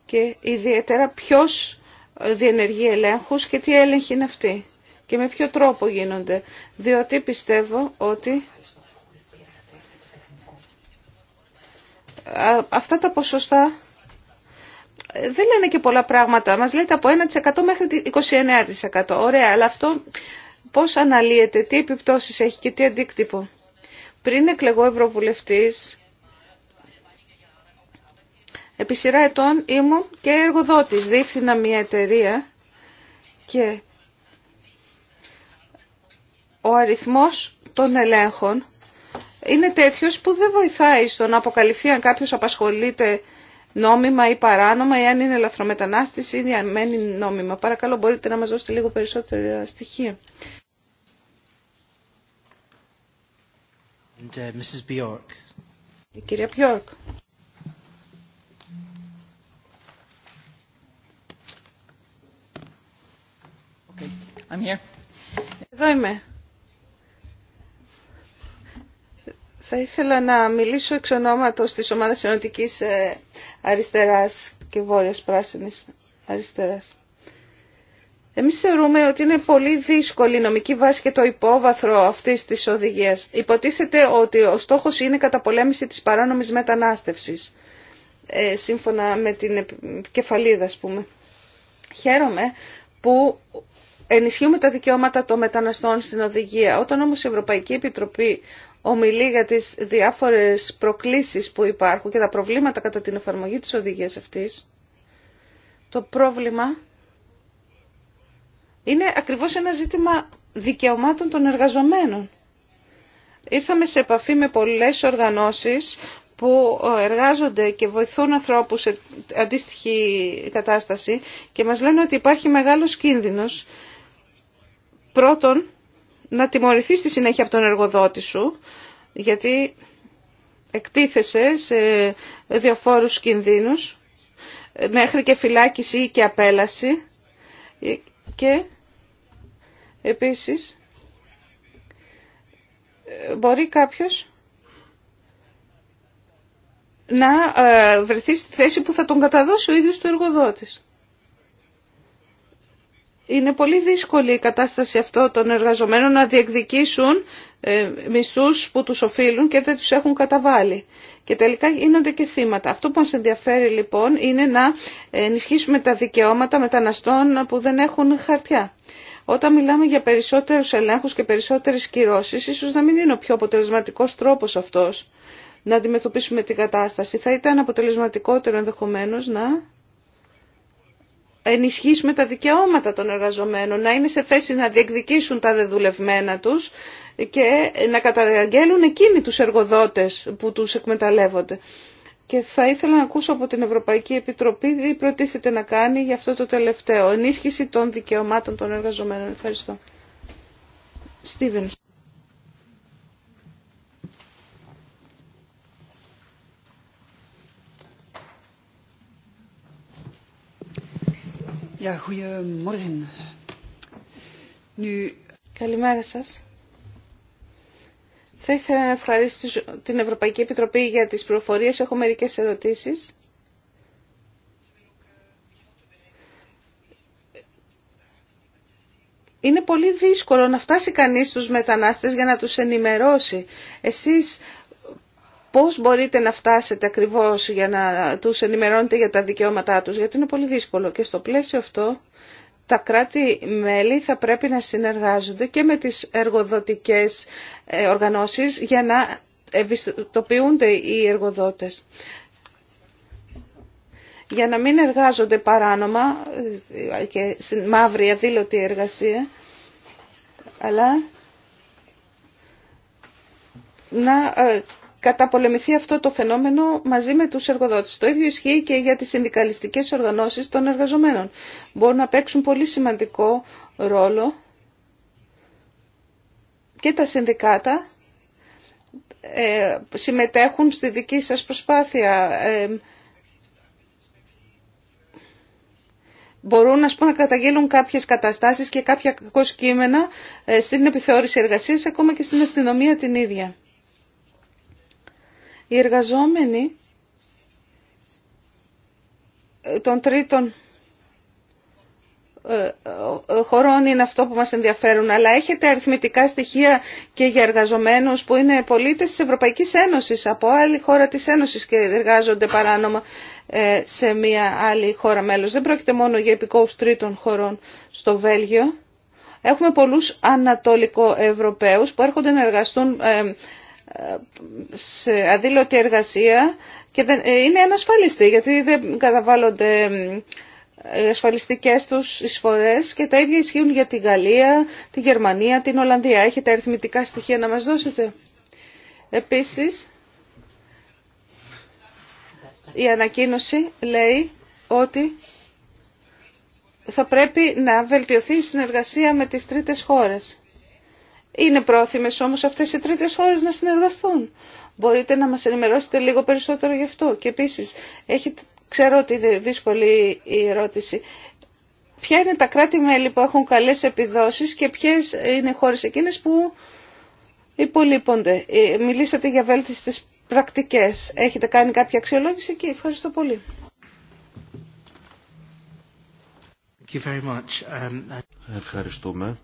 και ιδιαίτερα ποιος διενεργεί ελέγχους και τι έλεγχοι είναι αυτοί και με ποιο τρόπο γίνονται. Διότι πιστεύω ότι αυτά τα ποσοστά δεν λένε και πολλά πράγματα. Μας λέτε από 1% μέχρι 29%. Ωραία, αλλά αυτό πώς αναλύεται, τι επιπτώσεις έχει και τι αντίκτυπο. Πριν εκλεγώ Ευρωβουλευτής, επί σειρά ετών ήμουν και εργοδότης. Δίφθηνα μια εταιρεία και ο αριθμός των ελέγχων είναι τέτοιος που δεν βοηθάει στο να αποκαλυφθεί αν κάποιος απασχολείται νόμιμα ή παράνομα ή αν είναι λαθρομετανάστης ή διαμένει νόμιμα. Παρακαλώ μπορείτε να μας δώσετε λίγο περισσότερα στοιχεία. Uh, Mrs. Bjork. Η κυρία Bjork. Okay. Εδώ είμαι. Θα ήθελα να μιλήσω εξ ονόματος της ομάδας ενωτικής ε, αριστεράς και βόρειας πράσινης αριστεράς. Εμείς θεωρούμε ότι είναι πολύ δύσκολη η νομική βάση και το υπόβαθρο αυτής της οδηγίας. Υποτίθεται ότι ο στόχος είναι η καταπολέμηση της παράνομης μετανάστευσης, ε, σύμφωνα με την κεφαλίδα, ας πούμε. Χαίρομαι που ενισχύουμε τα δικαιώματα των μεταναστών στην οδηγία. Όταν όμως η Ευρωπαϊκή Επιτροπή ομιλεί για τις διάφορες προκλήσεις που υπάρχουν και τα προβλήματα κατά την εφαρμογή της οδηγίας αυτής, το πρόβλημα είναι ακριβώς ένα ζήτημα δικαιωμάτων των εργαζομένων. Ήρθαμε σε επαφή με πολλές οργανώσεις που εργάζονται και βοηθούν ανθρώπους σε αντίστοιχη κατάσταση και μας λένε ότι υπάρχει μεγάλος κίνδυνος. Πρώτον, να τιμωρηθεί στη συνέχεια από τον εργοδότη σου, γιατί εκτίθεσε σε διαφόρους κινδύνους, μέχρι και φυλάκιση ή και απέλαση και επίσης μπορεί κάποιος να ε, βρεθεί στη θέση που θα τον καταδώσει ο ίδιος του εργοδότης. Είναι πολύ δύσκολη η κατάσταση αυτών των εργαζομένων να διεκδικήσουν ε, μισθούς που τους οφείλουν και δεν τους έχουν καταβάλει. Και τελικά γίνονται και θύματα. Αυτό που μας ενδιαφέρει λοιπόν είναι να ενισχύσουμε τα δικαιώματα μεταναστών που δεν έχουν χαρτιά. Όταν μιλάμε για περισσότερους ελέγχους και περισσότερες κυρώσεις, ίσως να μην είναι ο πιο αποτελεσματικός τρόπος αυτός να αντιμετωπίσουμε την κατάσταση. Θα ήταν αποτελεσματικότερο ενδεχομένως να ενισχύσουμε τα δικαιώματα των εργαζομένων, να είναι σε θέση να διεκδικήσουν τα δεδουλευμένα τους και να καταγγέλουν εκείνοι τους εργοδότες που τους εκμεταλλεύονται. Και θα ήθελα να ακούσω από την Ευρωπαϊκή Επιτροπή τι προτίθεται να κάνει για αυτό το τελευταίο, ενίσχυση των δικαιωμάτων των εργαζομένων. Ευχαριστώ. Stevens. Ja, Nu... Καλημέρα σας. Θα ήθελα να ευχαριστήσω την Ευρωπαϊκή Επιτροπή για τις πληροφορίε, Έχω μερικές ερωτήσεις. Είναι πολύ δύσκολο να φτάσει κανείς στους μετανάστες για να τους ενημερώσει. Εσείς πώς μπορείτε να φτάσετε ακριβώς για να τους ενημερώνετε για τα δικαιώματά τους, γιατί είναι πολύ δύσκολο. Και στο πλαίσιο αυτό τα κράτη-μέλη θα πρέπει να συνεργάζονται και με τις εργοδοτικές ε, οργανώσεις για να ευιστοποιούνται οι εργοδότες. Για να μην εργάζονται παράνομα ε, και στην μαύρη αδήλωτη εργασία, αλλά να ε, καταπολεμηθεί αυτό το φαινόμενο μαζί με τους εργοδότες. Το ίδιο ισχύει και για τις συνδικαλιστικές οργανώσεις των εργαζομένων. Μπορούν να παίξουν πολύ σημαντικό ρόλο και τα συνδικάτα ε, συμμετέχουν στη δική σας προσπάθεια. Ε, μπορούν να καταγγείλουν κάποιες καταστάσεις και κάποια κοσκήμενα ε, στην επιθεώρηση εργασίας, ακόμα και στην αστυνομία την ίδια. Οι εργαζόμενοι ε, των τρίτων ε, ε, χωρών είναι αυτό που μας ενδιαφέρουν, αλλά έχετε αριθμητικά στοιχεία και για εργαζομένους που είναι πολίτες της Ευρωπαϊκής Ένωσης από άλλη χώρα της Ένωσης και εργάζονται παράνομα σε μια άλλη χώρα μέλος. Δεν πρόκειται μόνο για επικόους τρίτων χωρών στο Βέλγιο. Έχουμε πολλούς ανατολικοευρωπαίους που έρχονται να εργαστούν σε αδήλωτη εργασία και ε, είναι ανασφαλιστή γιατί δεν καταβάλλονται ε, ασφαλιστικές τους εισφορές και τα ίδια ισχύουν για τη Γαλλία, τη Γερμανία, την Ολλανδία. Έχετε αριθμητικά στοιχεία να μας δώσετε. Επίσης, η ανακοίνωση λέει ότι θα πρέπει να βελτιωθεί η συνεργασία με τις τρίτες χώρες. Είναι πρόθυμες όμως αυτές οι τρίτες χώρες να συνεργαστούν. Μπορείτε να μας ενημερώσετε λίγο περισσότερο γι' αυτό. Και επίσης, έχετε, ξέρω ότι είναι δύσκολη η ερώτηση, ποια είναι τα κράτη-μέλη που έχουν καλές επιδόσεις και ποιες είναι οι χώρες εκείνες που υπολείπονται. Ε, μιλήσατε για βέλτιστες πρακτικές. Έχετε κάνει κάποια αξιολόγηση εκεί. Ευχαριστώ πολύ. Um, Ευχαριστούμε.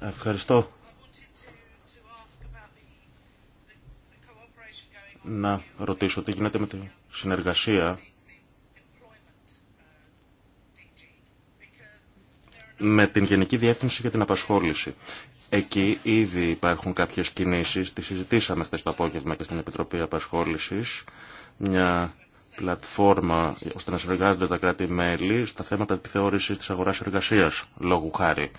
Ευχαριστώ. Να ρωτήσω τι γίνεται με τη συνεργασία με την Γενική Διεύθυνση για την Απασχόληση. Εκεί ήδη υπάρχουν κάποιες κινήσεις, τις συζητήσαμε χθες το απόγευμα και στην Επιτροπή Απασχόλησης, μια πλατφόρμα ώστε να συνεργάζονται τα κράτη-μέλη στα θέματα επιθεώρησης της αγοράς εργασίας, λόγου χάρη.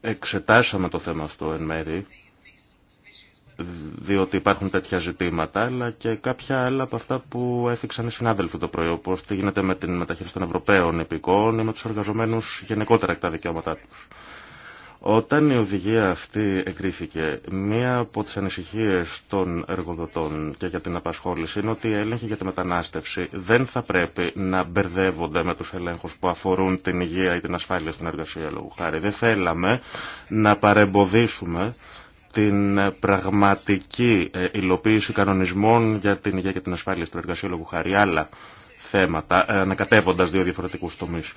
Εξετάσαμε το θέμα αυτό εν μέρη, διότι υπάρχουν τέτοια ζητήματα, αλλά και κάποια άλλα από αυτά που έφυξαν οι συνάδελφοι το πρωί, όπως τι γίνεται με την μεταχείριση των Ευρωπαίων επικών ή με τους εργαζομένους γενικότερα και τα δικαιώματά τους. Όταν η οδηγία αυτή εκρίθηκε, μία από τις ανησυχίες των εργοδοτών και για την απασχόληση είναι ότι οι έλεγχοι για τη μετανάστευση δεν θα πρέπει να μπερδεύονται με τους ελέγχους που αφορούν την υγεία ή την ασφάλεια στην εργασία λόγου χάρη. Δεν θέλαμε να παρεμποδίσουμε την πραγματική ε, υλοποίηση κανονισμών για την υγεία και την ασφάλεια στην εργασία λόγου χάρη. Άλλα θέματα, ε, ανακατεύοντας δύο διαφορετικούς τομείς.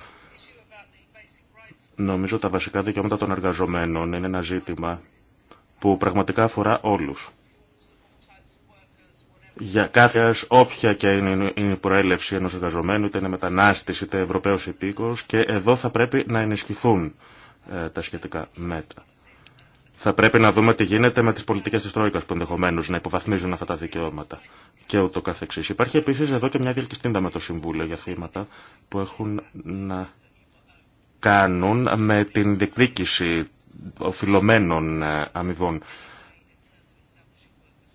Νομίζω τα βασικά δικαιώματα των εργαζομένων είναι ένα ζήτημα που πραγματικά αφορά όλους. Για κάθε όποια και είναι η προέλευση ενός εργαζομένου, είτε είναι μετανάστης, είτε Ευρωπαίος υπήκος και εδώ θα πρέπει να ενισχυθούν ε, τα σχετικά μέτρα. Θα πρέπει να δούμε τι γίνεται με τις πολιτικές της Τρόικας που ενδεχομένως να υποβαθμίζουν αυτά τα δικαιώματα και ούτω καθεξής. Υπάρχει επίσης εδώ και μια διελκυστίνδα με το Συμβούλιο για θύματα που έχουν να κάνουν με την διεκδίκηση οφειλωμένων ε, αμοιβών.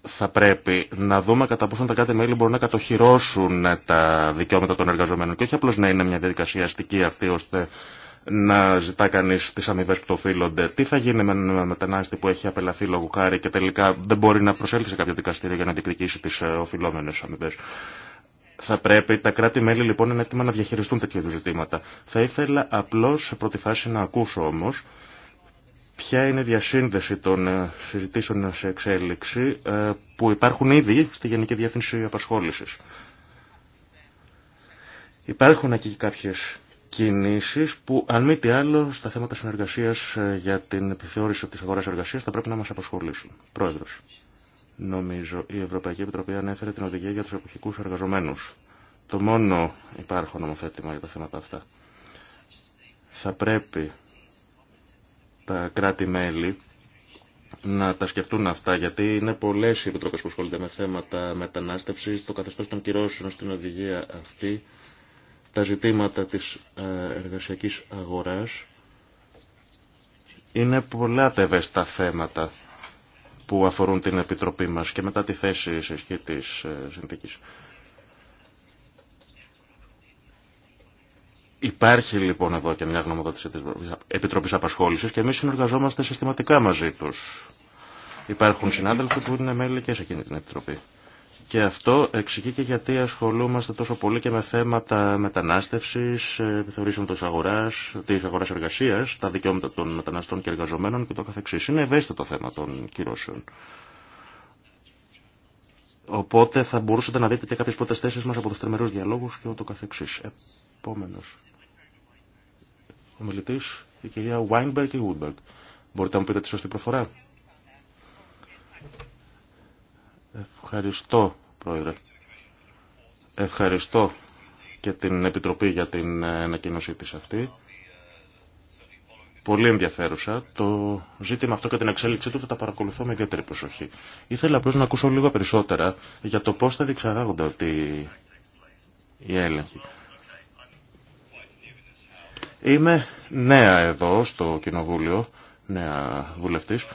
Θα πρέπει να δούμε κατά πόσο τα κάτι μέλη μπορούν να κατοχυρώσουν ε, τα δικαιώματα των εργαζομένων και όχι απλώς να είναι μια διαδικασία αστική αυτή ώστε να ζητά κανείς τι αμοιβέ που το οφείλονται. Τι θα γίνει με έναν μετανάστη που έχει απελαθεί λόγου χάρη και τελικά δεν μπορεί να προσέλθει σε κάποιο δικαστήριο για να διεκδικήσει τι ε, οφειλόμενε αμοιβέ. Θα πρέπει τα κράτη-μέλη λοιπόν είναι έτοιμα να διαχειριστούν τα ζητήματα. Θα ήθελα απλώ σε πρώτη φάση να ακούσω όμω ποια είναι η διασύνδεση των ε, συζητήσεων σε εξέλιξη ε, που υπάρχουν ήδη στη Γενική Διεύθυνση Απασχόληση. Υπάρχουν εκεί κάποιες κινήσεις που αν μη τι άλλο στα θέματα συνεργασίας ε, για την επιθεώρηση της αγοράς εργασίας θα πρέπει να μας απασχολήσουν. Πρόεδρος. Νομίζω η Ευρωπαϊκή Επιτροπή ανέφερε την οδηγία για του εποχικού εργαζομένους. Το μόνο υπάρχον νομοθέτημα για τα θέματα αυτά. Θα πρέπει τα κράτη-μέλη να τα σκεφτούν αυτά, γιατί είναι πολλέ οι επιτροπέ που ασχολούνται με θέματα μετανάστευση, το καθεστώ των κυρώσεων στην οδηγία αυτή, τα ζητήματα τη ε, εργασιακή αγορά. Είναι πολλά τα θέματα που αφορούν την Επιτροπή μας και μετά τη θέση σε σχέση της ε, συνθήκης. Υπάρχει λοιπόν εδώ και μια γνωμοδότηση της Επιτροπής Απασχόλησης και εμείς συνεργαζόμαστε συστηματικά μαζί τους. Υπάρχουν συνάδελφοι που είναι μέλη και σε εκείνη την Επιτροπή. Και αυτό εξηγεί και γιατί ασχολούμαστε τόσο πολύ και με θέματα μετανάστευσης, επιθεωρήσεων της αγοράς, της αγοράς εργασίας, τα δικαιώματα των μεταναστών και εργαζομένων και το καθεξής. Είναι ευαίσθητο θέμα των κυρώσεων. Οπότε θα μπορούσατε να δείτε και κάποιες πρώτες θέσει μας από τους τρεμερούς διαλόγους και ούτω καθεξής. Επόμενος. Ο μιλητής, η κυρία Weinberg ή Woodberg. Μπορείτε να μου πείτε τη σωστή προφορά. Ευχαριστώ, Πρόεδρε. Ευχαριστώ και την Επιτροπή για την ε, ανακοίνωσή της αυτή. Πολύ ενδιαφέρουσα. Το ζήτημα αυτό και την εξέλιξή του θα τα παρακολουθώ με ιδιαίτερη προσοχή. Ήθελα απλώ να ακούσω λίγο περισσότερα για το πώς θα διεξαγάγονται ότι οι έλεγχοι. Είμαι νέα εδώ στο Κοινοβούλιο, νέα βουλευτής.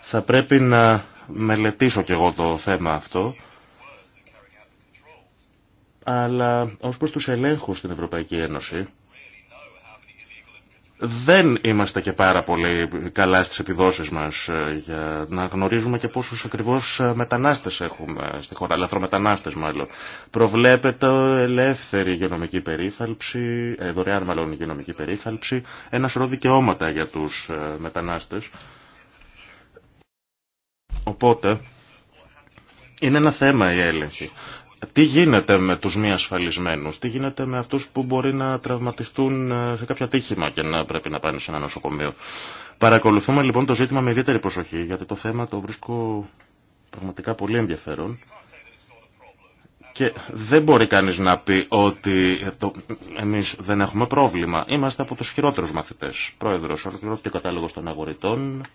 Θα πρέπει να μελετήσω και εγώ το θέμα αυτό, αλλά ως προς τους ελέγχους στην Ευρωπαϊκή Ένωση, δεν είμαστε και πάρα πολύ καλά στις επιδόσεις μας ε, για να γνωρίζουμε και πόσους ακριβώς ε, μετανάστες έχουμε στη χώρα, λαθρομετανάστες μάλλον. Προβλέπεται ελεύθερη υγειονομική περίθαλψη, ε, δωρεάν μάλλον υγειονομική περίθαλψη, ένα σωρό δικαιώματα για τους μετανάστες Οπότε, είναι ένα θέμα η έλεγχη. Τι γίνεται με τους μη ασφαλισμένους, τι γίνεται με αυτούς που μπορεί να τραυματιστούν ε, σε κάποια τύχημα και να πρέπει να πάνε σε ένα νοσοκομείο. Παρακολουθούμε λοιπόν το ζήτημα με ιδιαίτερη προσοχή, γιατί το θέμα το βρίσκω πραγματικά πολύ ενδιαφέρον. Και δεν μπορεί κανείς να πει ότι ε, το... εμείς δεν έχουμε πρόβλημα. Είμαστε από τους χειρότερους μαθητές. Πρόεδρος, ολοκληρώθηκε ο κατάλογος των αγορητών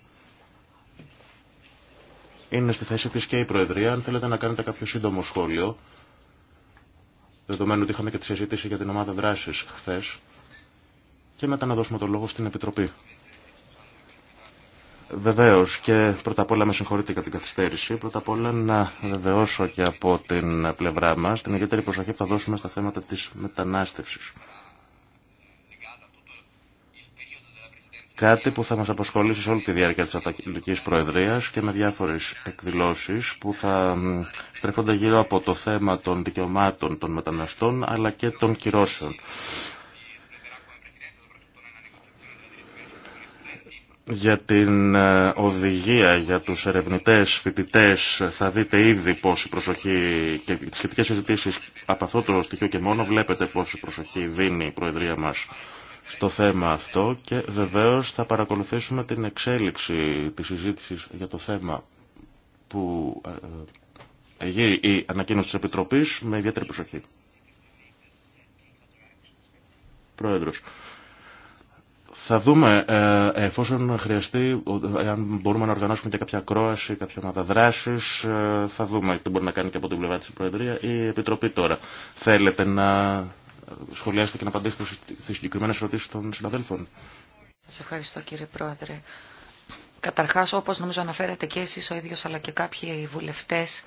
είναι στη θέση της και η Προεδρία. Αν θέλετε να κάνετε κάποιο σύντομο σχόλιο, δεδομένου ότι είχαμε και τη συζήτηση για την ομάδα δράσης χθες, και μετά να δώσουμε το λόγο στην Επιτροπή. Βεβαίω και πρώτα απ' όλα με συγχωρείτε για την καθυστέρηση. Πρώτα απ' όλα να βεβαιώσω και από την πλευρά μα την ιδιαίτερη προσοχή που θα δώσουμε στα θέματα τη μετανάστευση. Κάτι που θα μας απασχολήσει σε όλη τη διάρκεια της Αταλικής Προεδρίας και με διάφορες εκδηλώσεις που θα στρέφονται γύρω από το θέμα των δικαιωμάτων των μεταναστών αλλά και των κυρώσεων. για την ε, οδηγία για τους ερευνητές, φοιτητές θα δείτε ήδη πώς η προσοχή και τις σχετικές συζητήσεις από αυτό το στοιχείο και μόνο βλέπετε η προσοχή δίνει η Προεδρία μας στο θέμα αυτό και βεβαίως θα παρακολουθήσουμε την εξέλιξη της συζήτησης για το θέμα που ε, ε η ανακοίνωση της Επιτροπής με ιδιαίτερη προσοχή. Πρόεδρος. Θα δούμε ε, εφόσον χρειαστεί, αν μπορούμε να οργανώσουμε και κάποια κρόαση, κάποια ομάδα ε, θα δούμε τι μπορεί να κάνει και από την πλευρά τη Προεδρία η Επιτροπή τώρα. Θέλετε να σχολιάσετε και να απαντήσετε στις συγκεκριμένες ερωτήσεις των συναδέλφων. Σας ευχαριστώ κύριε Πρόεδρε. Καταρχάς, όπως νομίζω αναφέρατε και εσείς ο ίδιος αλλά και κάποιοι βουλευτές,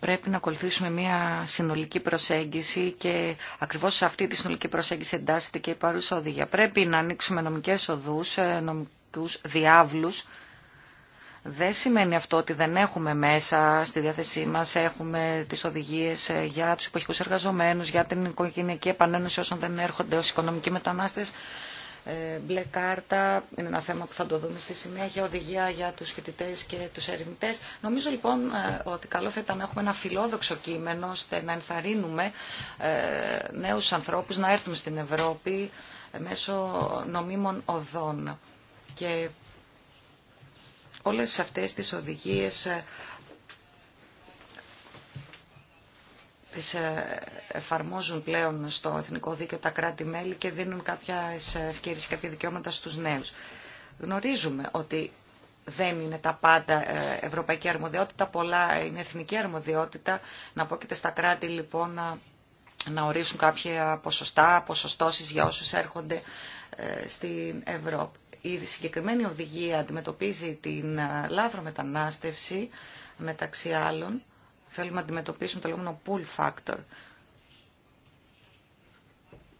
πρέπει να ακολουθήσουμε μια συνολική προσέγγιση και ακριβώς σε αυτή τη συνολική προσέγγιση εντάσσεται και η παρούσα οδηγία. Πρέπει να ανοίξουμε νομικές οδούς, ε, νομικούς διάβλους, δεν σημαίνει αυτό ότι δεν έχουμε μέσα στη διάθεσή μας, έχουμε τις οδηγίες ε, για τους υποχικούς εργαζομένους, για την οικογενειακή επανένωση όσων δεν έρχονται ως οικονομικοί μετανάστες. Ε, μπλε κάρτα είναι ένα θέμα που θα το δούμε στη συνέχεια, οδηγία για τους φοιτητέ και τους ερευνητέ. Νομίζω λοιπόν ε, ότι καλό θα ήταν να έχουμε ένα φιλόδοξο κείμενο ώστε να ενθαρρύνουμε νέους ανθρώπους να έρθουν στην Ευρώπη μέσω νομίμων οδών. Και όλες αυτές τις οδηγίες ε, τις ε, εφαρμόζουν πλέον στο Εθνικό Δίκαιο τα κράτη-μέλη και δίνουν κάποια ευκαιρίες και κάποια δικαιώματα στους νέους. Γνωρίζουμε ότι δεν είναι τα πάντα ε, ευρωπαϊκή αρμοδιότητα, πολλά είναι εθνική αρμοδιότητα. Να πω και στα κράτη λοιπόν να, ορίσουν κάποια ποσοστά, ποσοστώσεις για όσους έρχονται ε, στην Ευρώπη. Η συγκεκριμένη οδηγία αντιμετωπίζει την ε, λάθρο μετανάστευση, μεταξύ άλλων. Θέλουμε να αντιμετωπίσουμε το λεγόμενο pull factor.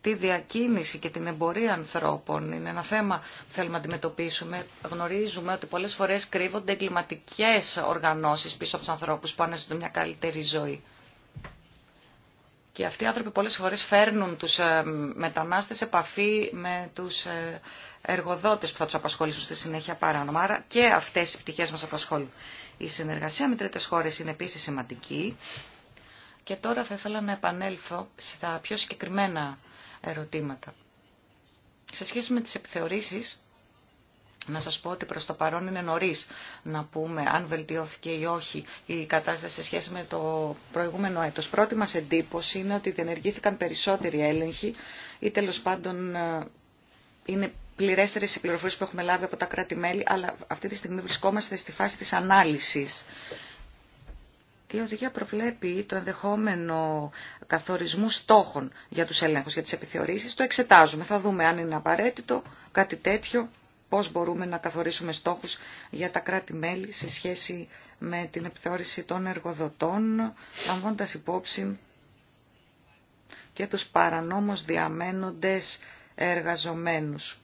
Τη διακίνηση και την εμπορία ανθρώπων είναι ένα θέμα που θέλουμε να αντιμετωπίσουμε. Γνωρίζουμε ότι πολλές φορές κρύβονται εγκληματικές οργανώσεις πίσω από τους ανθρώπους που αναζητούν μια καλύτερη ζωή. Και αυτοί οι άνθρωποι πολλές φορές φέρνουν τους ε, μετανάστες σε επαφή με τους ε, εργοδότες που θα τους απασχολήσουν στη συνέχεια παράνομα. Άρα και αυτές οι πτυχές μας απασχολούν. Η συνεργασία με τρίτες χώρες είναι επίσης σημαντική. Και τώρα θα ήθελα να επανέλθω στα πιο συγκεκριμένα ερωτήματα. Σε σχέση με τις επιθεωρήσεις, να σας πω ότι προς το παρόν είναι νωρίς να πούμε αν βελτιώθηκε ή όχι η κατάσταση σε σχέση με το προηγούμενο έτος. Πρώτη μας εντύπωση είναι ότι διενεργήθηκαν περισσότεροι έλεγχοι ή τέλος πάντων ε, είναι πληρέστερες οι πληροφορίες που έχουμε λάβει από τα κράτη-μέλη, αλλά αυτή τη στιγμή βρισκόμαστε στη φάση της ανάλυσης. Η οδηγία προβλέπει το ενδεχόμενο καθορισμού στόχων για τους έλεγχους, για τις επιθεωρήσεις. Το εξετάζουμε, θα δούμε αν είναι απαραίτητο κάτι τέτοιο πώς μπορούμε να καθορίσουμε στόχους για τα κράτη-μέλη σε σχέση με την επιθεώρηση των εργοδοτών, λαμβάνοντας υπόψη και τους παρανόμως διαμένοντες εργαζομένους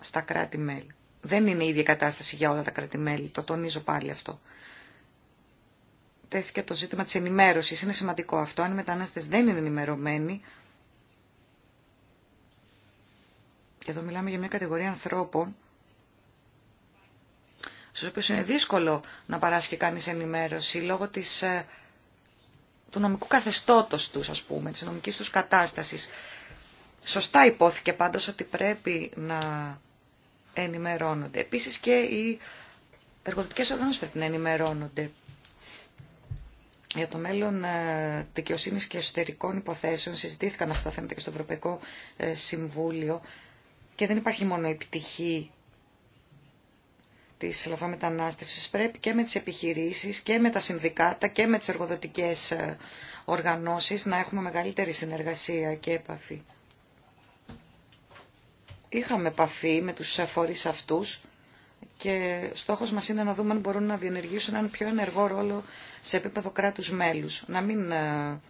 στα κράτη-μέλη. Δεν είναι η ίδια κατάσταση για όλα τα κράτη-μέλη, το τονίζω πάλι αυτό. Τέθηκε το ζήτημα της ενημέρωσης, είναι σημαντικό αυτό. Αν οι μετανάστες δεν είναι ενημερωμένοι, Εδώ μιλάμε για μια κατηγορία ανθρώπων στους οποίους είναι δύσκολο να παράσχει κανείς ενημέρωση λόγω της, ε, του νομικού καθεστώτος τους, ας πούμε, της νομικής τους κατάστασης. Σωστά υπόθηκε πάντως ότι πρέπει να ενημερώνονται. Επίσης και οι εργοδοτικές οργανώσεις πρέπει να ενημερώνονται για το μέλλον ε, δικαιοσύνη και εσωτερικών υποθέσεων συζητήθηκαν αυτά τα θέματα και στο Ευρωπαϊκό ε, Συμβούλιο και δεν υπάρχει μόνο η πτυχή της λαθρομετανάστευσης. Πρέπει και με τις επιχειρήσεις και με τα συνδικάτα και με τις εργοδοτικές ε, οργανώσεις να έχουμε μεγαλύτερη συνεργασία και επαφή. Είχαμε επαφή με τους ε, φορείς αυτούς και στόχος μας είναι να δούμε αν μπορούν να διενεργήσουν έναν πιο ενεργό ρόλο σε επίπεδο κράτους μέλους. Να μην ε,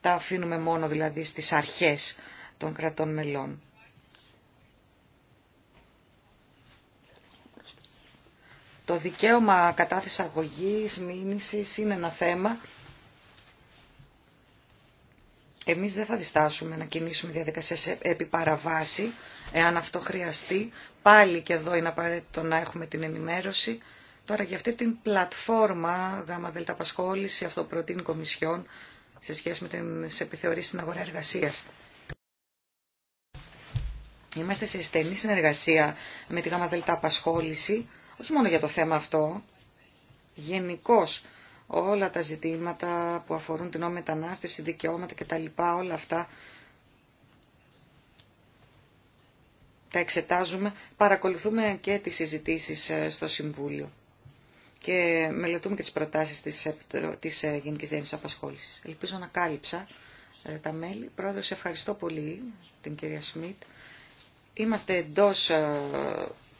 τα αφήνουμε μόνο δηλαδή στις αρχές των κρατών μελών. Το δικαίωμα κατάθεσης αγωγής, μήνυσης είναι ένα θέμα. Εμείς δεν θα διστάσουμε να κινήσουμε διαδικασίες επί παραβάση, εάν αυτό χρειαστεί. Πάλι και εδώ είναι απαραίτητο να έχουμε την ενημέρωση. Τώρα για αυτή την πλατφόρμα γάμα απασχόληση, αυτό προτείνει Κομισιόν σε σχέση με την επιθεωρήση στην αγορά εργασίας. Είμαστε σε στενή συνεργασία με τη γάμα δελτα απασχόληση όχι μόνο για το θέμα αυτό, γενικώ όλα τα ζητήματα που αφορούν την νόμη δικαιώματα λοιπά, όλα αυτά τα εξετάζουμε, παρακολουθούμε και τις συζητήσεις ε, στο Συμβούλιο και μελετούμε και τις προτάσεις της, της ε, Γενικής Απασχόλησης. Ελπίζω να κάλυψα ε, τα μέλη. Πρόεδρος, ευχαριστώ πολύ την κυρία Σμιτ. Είμαστε εντός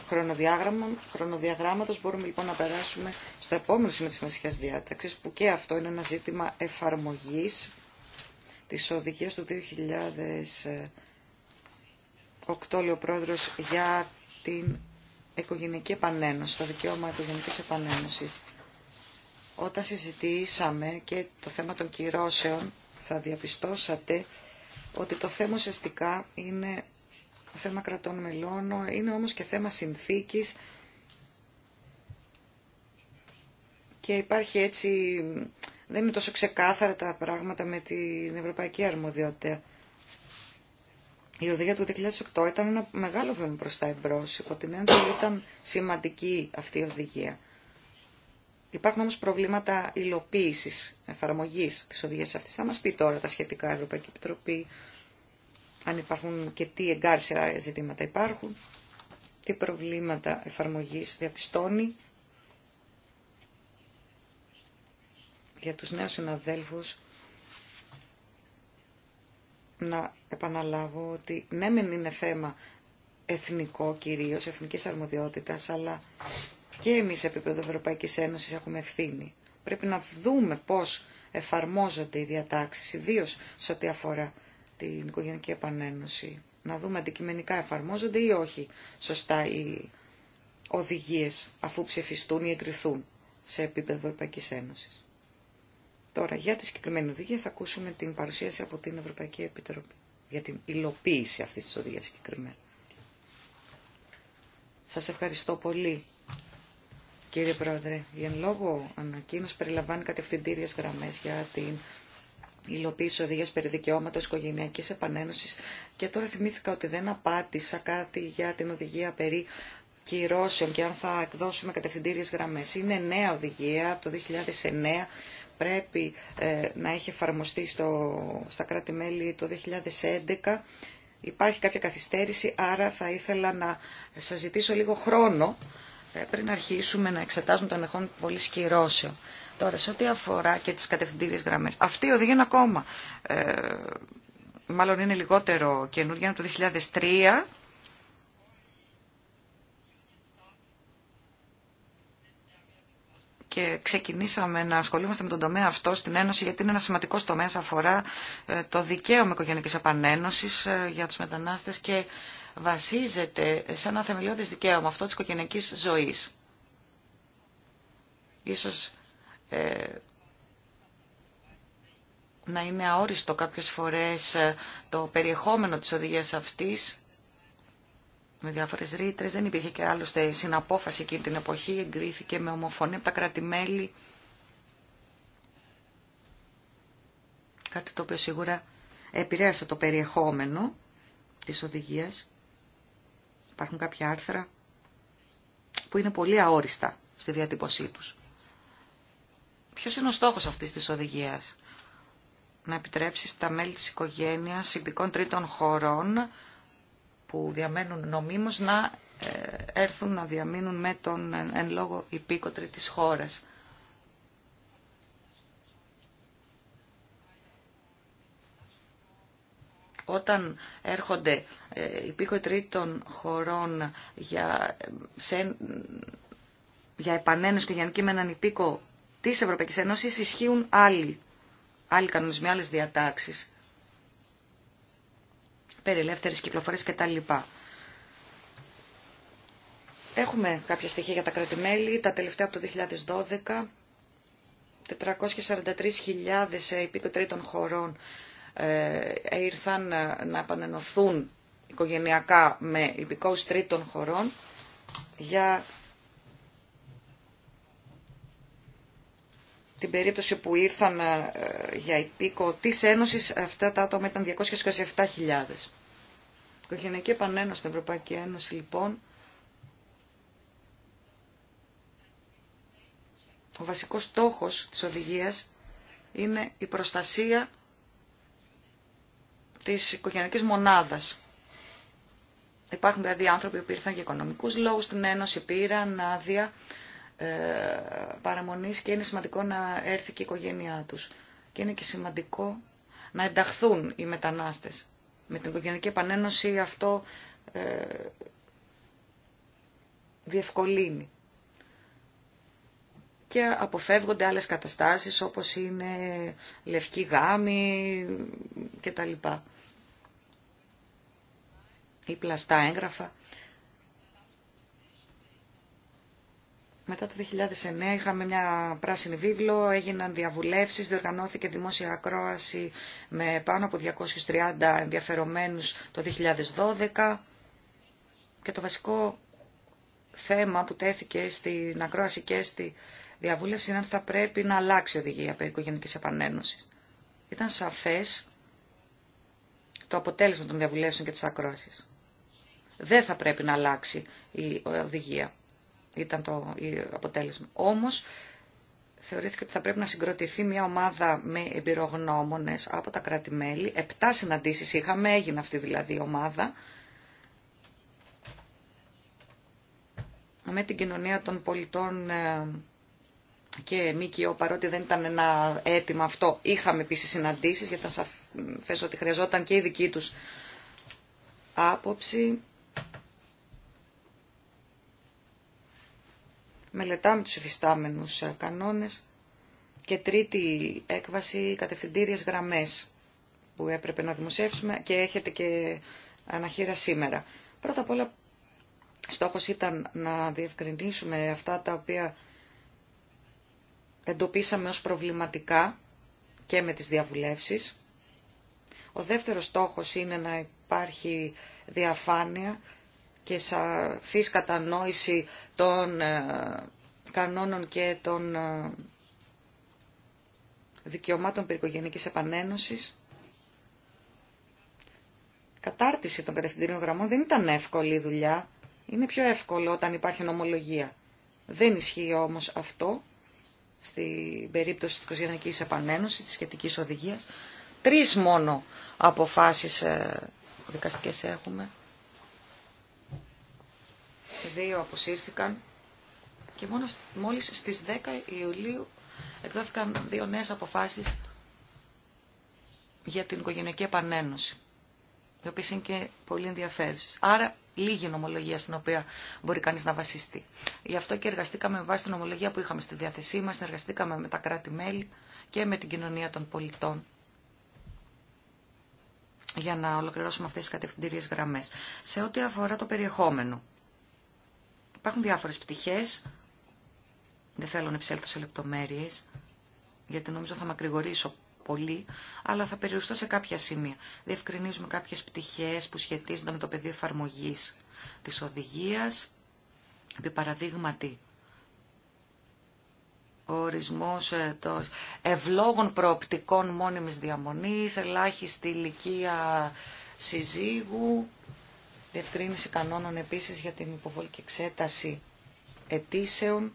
χρονοδιάγραμμα, χρονοδιαγράμματος μπορούμε λοιπόν να περάσουμε στο επόμενο σημείο της μεσικής διάταξης που και αυτό είναι ένα ζήτημα εφαρμογής της οδηγίας του 2008 λέει ο πρόεδρος για την οικογενειακή επανένωση, το δικαίωμα οικογενειακής επανένωσης. Όταν συζητήσαμε και το θέμα των κυρώσεων θα διαπιστώσατε ότι το θέμα ουσιαστικά είναι θέμα κρατών μελών, είναι όμως και θέμα συνθήκης και υπάρχει έτσι, δεν είναι τόσο ξεκάθαρα τα πράγματα με την ευρωπαϊκή αρμοδιότητα. Η οδηγία του 2008 ήταν ένα μεγάλο βήμα προς τα εμπρός, υπό την ήταν σημαντική αυτή η οδηγία. Υπάρχουν όμως προβλήματα υλοποίησης, εφαρμογής της οδηγίας αυτής. Θα μας πει τώρα τα σχετικά Ευρωπαϊκή Επιτροπή, αν υπάρχουν και τι εγκάρσια ζητήματα υπάρχουν, τι προβλήματα εφαρμογής διαπιστώνει για τους νέους συναδέλφους να επαναλάβω ότι ναι μεν είναι θέμα εθνικό κυρίως, εθνικής αρμοδιότητας, αλλά και εμείς επίπεδο Ευρωπαϊκής Ένωσης έχουμε ευθύνη. Πρέπει να δούμε πώς εφαρμόζονται οι διατάξεις, ιδίως σε ό,τι αφορά την οικογενειακή επανένωση. Να δούμε αντικειμενικά εφαρμόζονται ή όχι σωστά οι οδηγίες αφού ψηφιστούν ή εγκριθούν σε επίπεδο Ευρωπαϊκής Ένωσης. Τώρα, για τη συγκεκριμένη οδηγία θα ακούσουμε την παρουσίαση από την Ευρωπαϊκή Επιτροπή για την υλοποίηση αυτής της οδηγίας συγκεκριμένα. Σας ευχαριστώ πολύ, κύριε Πρόεδρε. Για λόγο ανακοίνωση περιλαμβάνει κατευθυντήριες γραμμές για την υλοποίηση οδηγία περί δικαιώματο οικογενειακή επανένωση. Και τώρα θυμήθηκα ότι δεν απάντησα κάτι για την οδηγία περί κυρώσεων και αν θα εκδώσουμε κατευθυντήριε γραμμές. Είναι νέα οδηγία από το 2009 πρέπει ε, να έχει εφαρμοστεί στο, στα κράτη-μέλη το 2011. Υπάρχει κάποια καθυστέρηση, άρα θα ήθελα να σας ζητήσω λίγο χρόνο ε, πριν αρχίσουμε να εξετάζουμε τον ενδεχόμενο πολύ κυρώσεων. Τώρα, σε ό,τι αφορά και τις κατευθυντήριες γραμμές, αυτή οδηγεί ακόμα, ε, μάλλον είναι λιγότερο καινούργια, από το 2003, και ξεκινήσαμε να ασχολούμαστε με τον τομέα αυτό στην Ένωση, γιατί είναι ένα σημαντικό τομέα, αφορά ε, το δικαίωμα οικογενειακή επανένωση ε, για τους μετανάστες και βασίζεται σε ένα θεμελιώδες δικαίωμα αυτό της οικογενειακής ζωής. Ίσως ε, να είναι αόριστο κάποιες φορές ε, το περιεχόμενο της οδηγίας αυτής με διάφορες ρήτρε. Δεν υπήρχε και άλλωστε συναπόφαση εκείνη την εποχή. Εγκρίθηκε με ομοφωνία από τα κράτη-μέλη. Κάτι το οποίο σίγουρα επηρέασε το περιεχόμενο της οδηγίας. Υπάρχουν κάποια άρθρα που είναι πολύ αόριστα στη διατύπωσή τους. Ποιος είναι ο στόχος αυτής της οδηγίας. Να επιτρέψει στα μέλη της οικογένειας υπηκών τρίτων χωρών που διαμένουν νομίμως να ε, έρθουν να διαμείνουν με τον εν λόγω υπήκο της χώρας. όταν έρχονται ε, υπήκοοι τρίτων χωρών για, σε, για επανένωση και γενική με έναν υπήκο Τις Ευρωπαϊκής Ένωσης ισχύουν άλλοι, άλλοι κανονισμοί, άλλες διατάξεις περί ελεύθερης κυκλοφορίας κτλ. Έχουμε κάποια στοιχεία για τα κρατημέλη, τα τελευταία από το 2012, 443.000 επί τρίτων χωρών ε, ήρθαν ε, να επανενωθούν οικογενειακά με υπηκόους τρίτων χωρών για την περίπτωση που ήρθαν ε, για υπήκο της Ένωσης, αυτά τα άτομα ήταν 227.000. οικογενειακή επανένωση στην Ευρωπαϊκή Ένωση, λοιπόν, ο βασικός στόχος της οδηγίας είναι η προστασία της οικογενειακής μονάδας. Υπάρχουν δηλαδή άνθρωποι που ήρθαν για οικονομικούς λόγους στην Ένωση, πήραν άδεια ε, παραμονής και είναι σημαντικό να έρθει και η οικογένειά τους. Και είναι και σημαντικό να ενταχθούν οι μετανάστες. Με την οικογενειακή επανένωση αυτό ε, διευκολύνει. Και αποφεύγονται άλλες καταστάσεις όπως είναι λευκή γάμη κτλ. Ή πλαστά έγγραφα. Μετά το 2009 είχαμε μια πράσινη βίβλο, έγιναν διαβουλεύσεις, διοργανώθηκε δημόσια ακρόαση με πάνω από 230 ενδιαφερομένους το 2012 και το βασικό θέμα που τέθηκε στην ακρόαση και στη διαβούλευση είναι αν θα πρέπει να αλλάξει η οδηγία περί οικογενικής επανένωσης. Ήταν σαφές το αποτέλεσμα των διαβουλεύσεων και της ακρόασης. Δεν θα πρέπει να αλλάξει η οδηγία ήταν το αποτέλεσμα. Όμως θεωρήθηκε ότι θα πρέπει να συγκροτηθεί μια ομάδα με εμπειρογνώμονες από τα κράτη-μέλη. Επτά συναντήσεις είχαμε, έγινε αυτή δηλαδή η ομάδα. Με την κοινωνία των πολιτών ε, και ΜΚΟ, παρότι δεν ήταν ένα αίτημα αυτό, είχαμε επίσης συναντήσεις, γιατί σας φέσω ότι χρειαζόταν και η δική τους άποψη. μελετάμε τους εφιστάμενους ε, κανόνες και τρίτη έκβαση κατευθυντήριες γραμμές που έπρεπε να δημοσιεύσουμε και έχετε και αναχείρα σήμερα. Πρώτα απ' όλα στόχος ήταν να διευκρινίσουμε αυτά τα οποία εντοπίσαμε ως προβληματικά και με τις διαβουλεύσεις. Ο δεύτερος στόχος είναι να υπάρχει διαφάνεια και σαφής κατανόηση των ε, κανόνων και των ε, δικαιωμάτων περικογενικής επανένωσης. Κατάρτιση των κατευθυντήριων γραμμών δεν ήταν εύκολη η δουλειά. Είναι πιο εύκολο όταν υπάρχει νομολογία. Δεν ισχύει όμως αυτό στην περίπτωση της οικογενειακής επανένωσης, της σχετικής οδηγίας. Τρεις μόνο αποφάσεις ε, δικαστικές έχουμε δύο αποσύρθηκαν και μόνο, μόλις στις 10 Ιουλίου εκδόθηκαν δύο νέες αποφάσεις για την οικογενειακή επανένωση, οι οποίες είναι και πολύ ενδιαφέρουσες. Άρα λίγη νομολογία στην οποία μπορεί κανείς να βασιστεί. Γι' αυτό και εργαστήκαμε με βάση την νομολογία που είχαμε στη διάθεσή μας, εργαστήκαμε με τα κράτη-μέλη και με την κοινωνία των πολιτών για να ολοκληρώσουμε αυτές τις κατευθυντήριες γραμμές. Σε ό,τι αφορά το περιεχόμενο, Υπάρχουν διάφορες πτυχές, δεν θέλω να επισέλθω σε λεπτομέρειες, γιατί νομίζω θα μακρηγορήσω πολύ, αλλά θα περιουστώ σε κάποια σημεία. Διευκρινίζουμε κάποιες πτυχές που σχετίζονται με το πεδίο εφαρμογή της οδηγίας, επί παραδείγματι ο ορισμός ε, ευλόγων προοπτικών μόνιμης διαμονής, ελάχιστη ηλικία συζύγου, διευκρίνηση κανόνων επίσης για την υποβολική εξέταση αιτήσεων,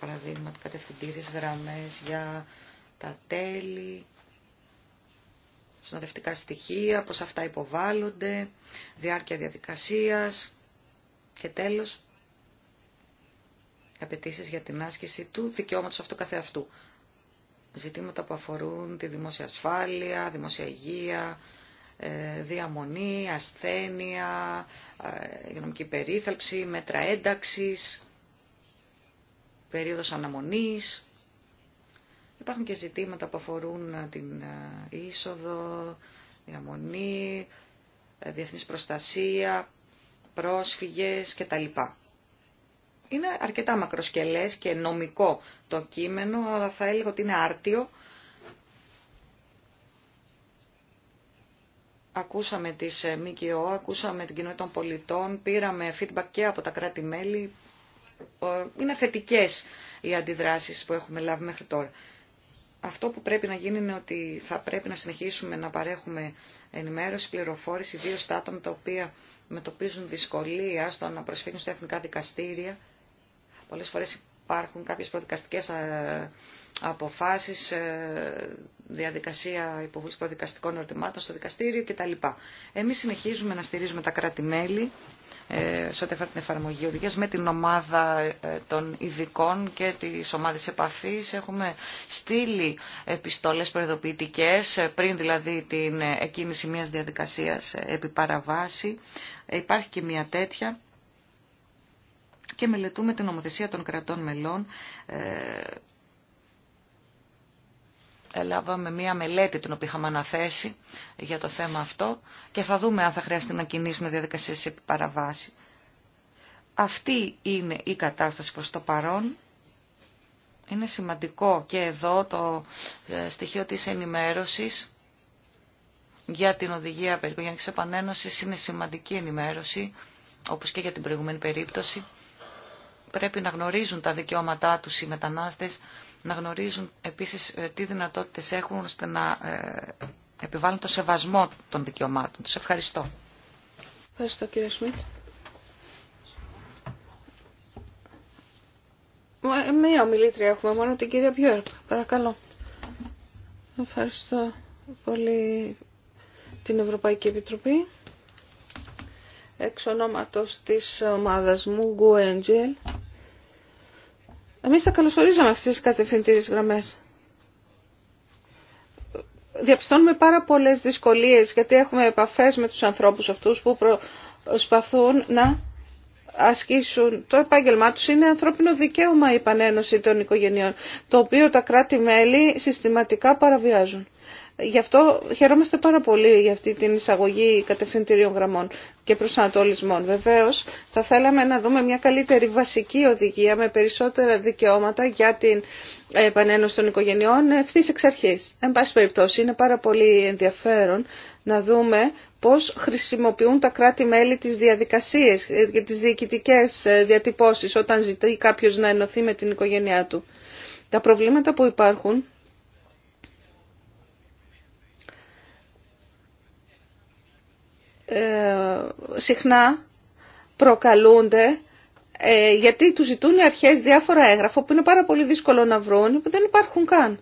παραδείγματι κατευθυντήριες γραμμές για τα τέλη, συνοδευτικά στοιχεία, πώς αυτά υποβάλλονται, διάρκεια διαδικασίας και τέλος απαιτήσει για την άσκηση του δικαιώματος αυτού καθεαυτού. Ζητήματα που αφορούν τη δημόσια ασφάλεια, δημόσια υγεία, ε, διαμονή, ασθένεια, ε, υγειονομική περίθαλψη, μέτρα ένταξης, περίοδος αναμονής. Υπάρχουν και ζητήματα που αφορούν ε, την είσοδο, διαμονή, διεθνής προστασία, πρόσφυγες κτλ. Είναι αρκετά μακροσκελές και νομικό το κείμενο, αλλά θα έλεγα ότι είναι άρτιο Ακούσαμε τις ε, ΜΚΟ, ακούσαμε την κοινότητα των πολιτών, πήραμε feedback και από τα κράτη-μέλη. Ε, είναι θετικές οι αντιδράσεις που έχουμε λάβει μέχρι τώρα. Αυτό που πρέπει να γίνει είναι ότι θα πρέπει να συνεχίσουμε να παρέχουμε ενημέρωση, πληροφόρηση, ιδίω στα άτομα τα οποία μετοπίζουν δυσκολία στο να προσφύγουν στα εθνικά δικαστήρια. Πολλές φορές υπάρχουν κάποιες προδικαστικές ε, αποφάσεις, ε, διαδικασία υποβολή προδικαστικών ερωτημάτων στο δικαστήριο κτλ. Εμείς συνεχίζουμε να στηρίζουμε τα κράτη-μέλη ε, σε ό,τι αφορά την εφαρμογή οδηγία με την ομάδα ε, των ειδικών και τη ομάδε επαφή. Έχουμε στείλει επιστολέ προειδοποιητικέ πριν δηλαδή την εκκίνηση μια διαδικασία επί παραβάση. Υπάρχει και μια τέτοια και μελετούμε την νομοθεσία των κρατών μελών Έλαβαμε μία μελέτη την οποία είχαμε αναθέσει για το θέμα αυτό και θα δούμε αν θα χρειαστεί να κινήσουμε διαδικασίες επί παραβάση. Αυτή είναι η κατάσταση προς το παρόν. Είναι σημαντικό και εδώ το ε, στοιχείο της ενημέρωσης για την οδηγία περικογενικής επανένωσης είναι σημαντική ενημέρωση, όπως και για την προηγούμενη περίπτωση. Πρέπει να γνωρίζουν τα δικαιώματά τους οι μετανάστες να γνωρίζουν επίσης ε, τι δυνατότητες έχουν ώστε να ε, επιβάλλουν το σεβασμό των δικαιωμάτων. Τους ευχαριστώ. Ευχαριστώ κύριε Σμίτς. Ε, μία ομιλήτρια έχουμε, μόνο την κυρία Μπιόρκ. Παρακαλώ. Ευχαριστώ πολύ την Ευρωπαϊκή Επιτροπή. Εξ ονόματος της ομάδας μου, Γκουέντζιλ, εμείς θα καλωσορίζαμε αυτές τις κατευθυντήριες γραμμές. Διαπιστώνουμε πάρα πολλές δυσκολίες γιατί έχουμε επαφές με τους ανθρώπους αυτούς που προσπαθούν να ασκήσουν το επάγγελμά τους είναι ανθρώπινο δικαίωμα η πανένωση των οικογενειών, το οποίο τα κράτη-μέλη συστηματικά παραβιάζουν. Γι' αυτό χαιρόμαστε πάρα πολύ για αυτή την εισαγωγή κατευθυντηρίων γραμμών και προσανατολισμών. Βεβαίω, θα θέλαμε να δούμε μια καλύτερη βασική οδηγία με περισσότερα δικαιώματα για την επανένωση των οικογενειών ευθύ εξ αρχή. Εν πάση περιπτώσει, είναι πάρα πολύ ενδιαφέρον να δούμε πώ χρησιμοποιούν τα κράτη-μέλη τι διαδικασίε και τι διοικητικέ διατυπώσεις όταν ζητεί κάποιο να ενωθεί με την οικογένειά του. Τα προβλήματα που υπάρχουν Ε, συχνά προκαλούνται ε, γιατί τους ζητούν οι αρχές διάφορα έγγραφα που είναι πάρα πολύ δύσκολο να βρουν που δεν υπάρχουν καν.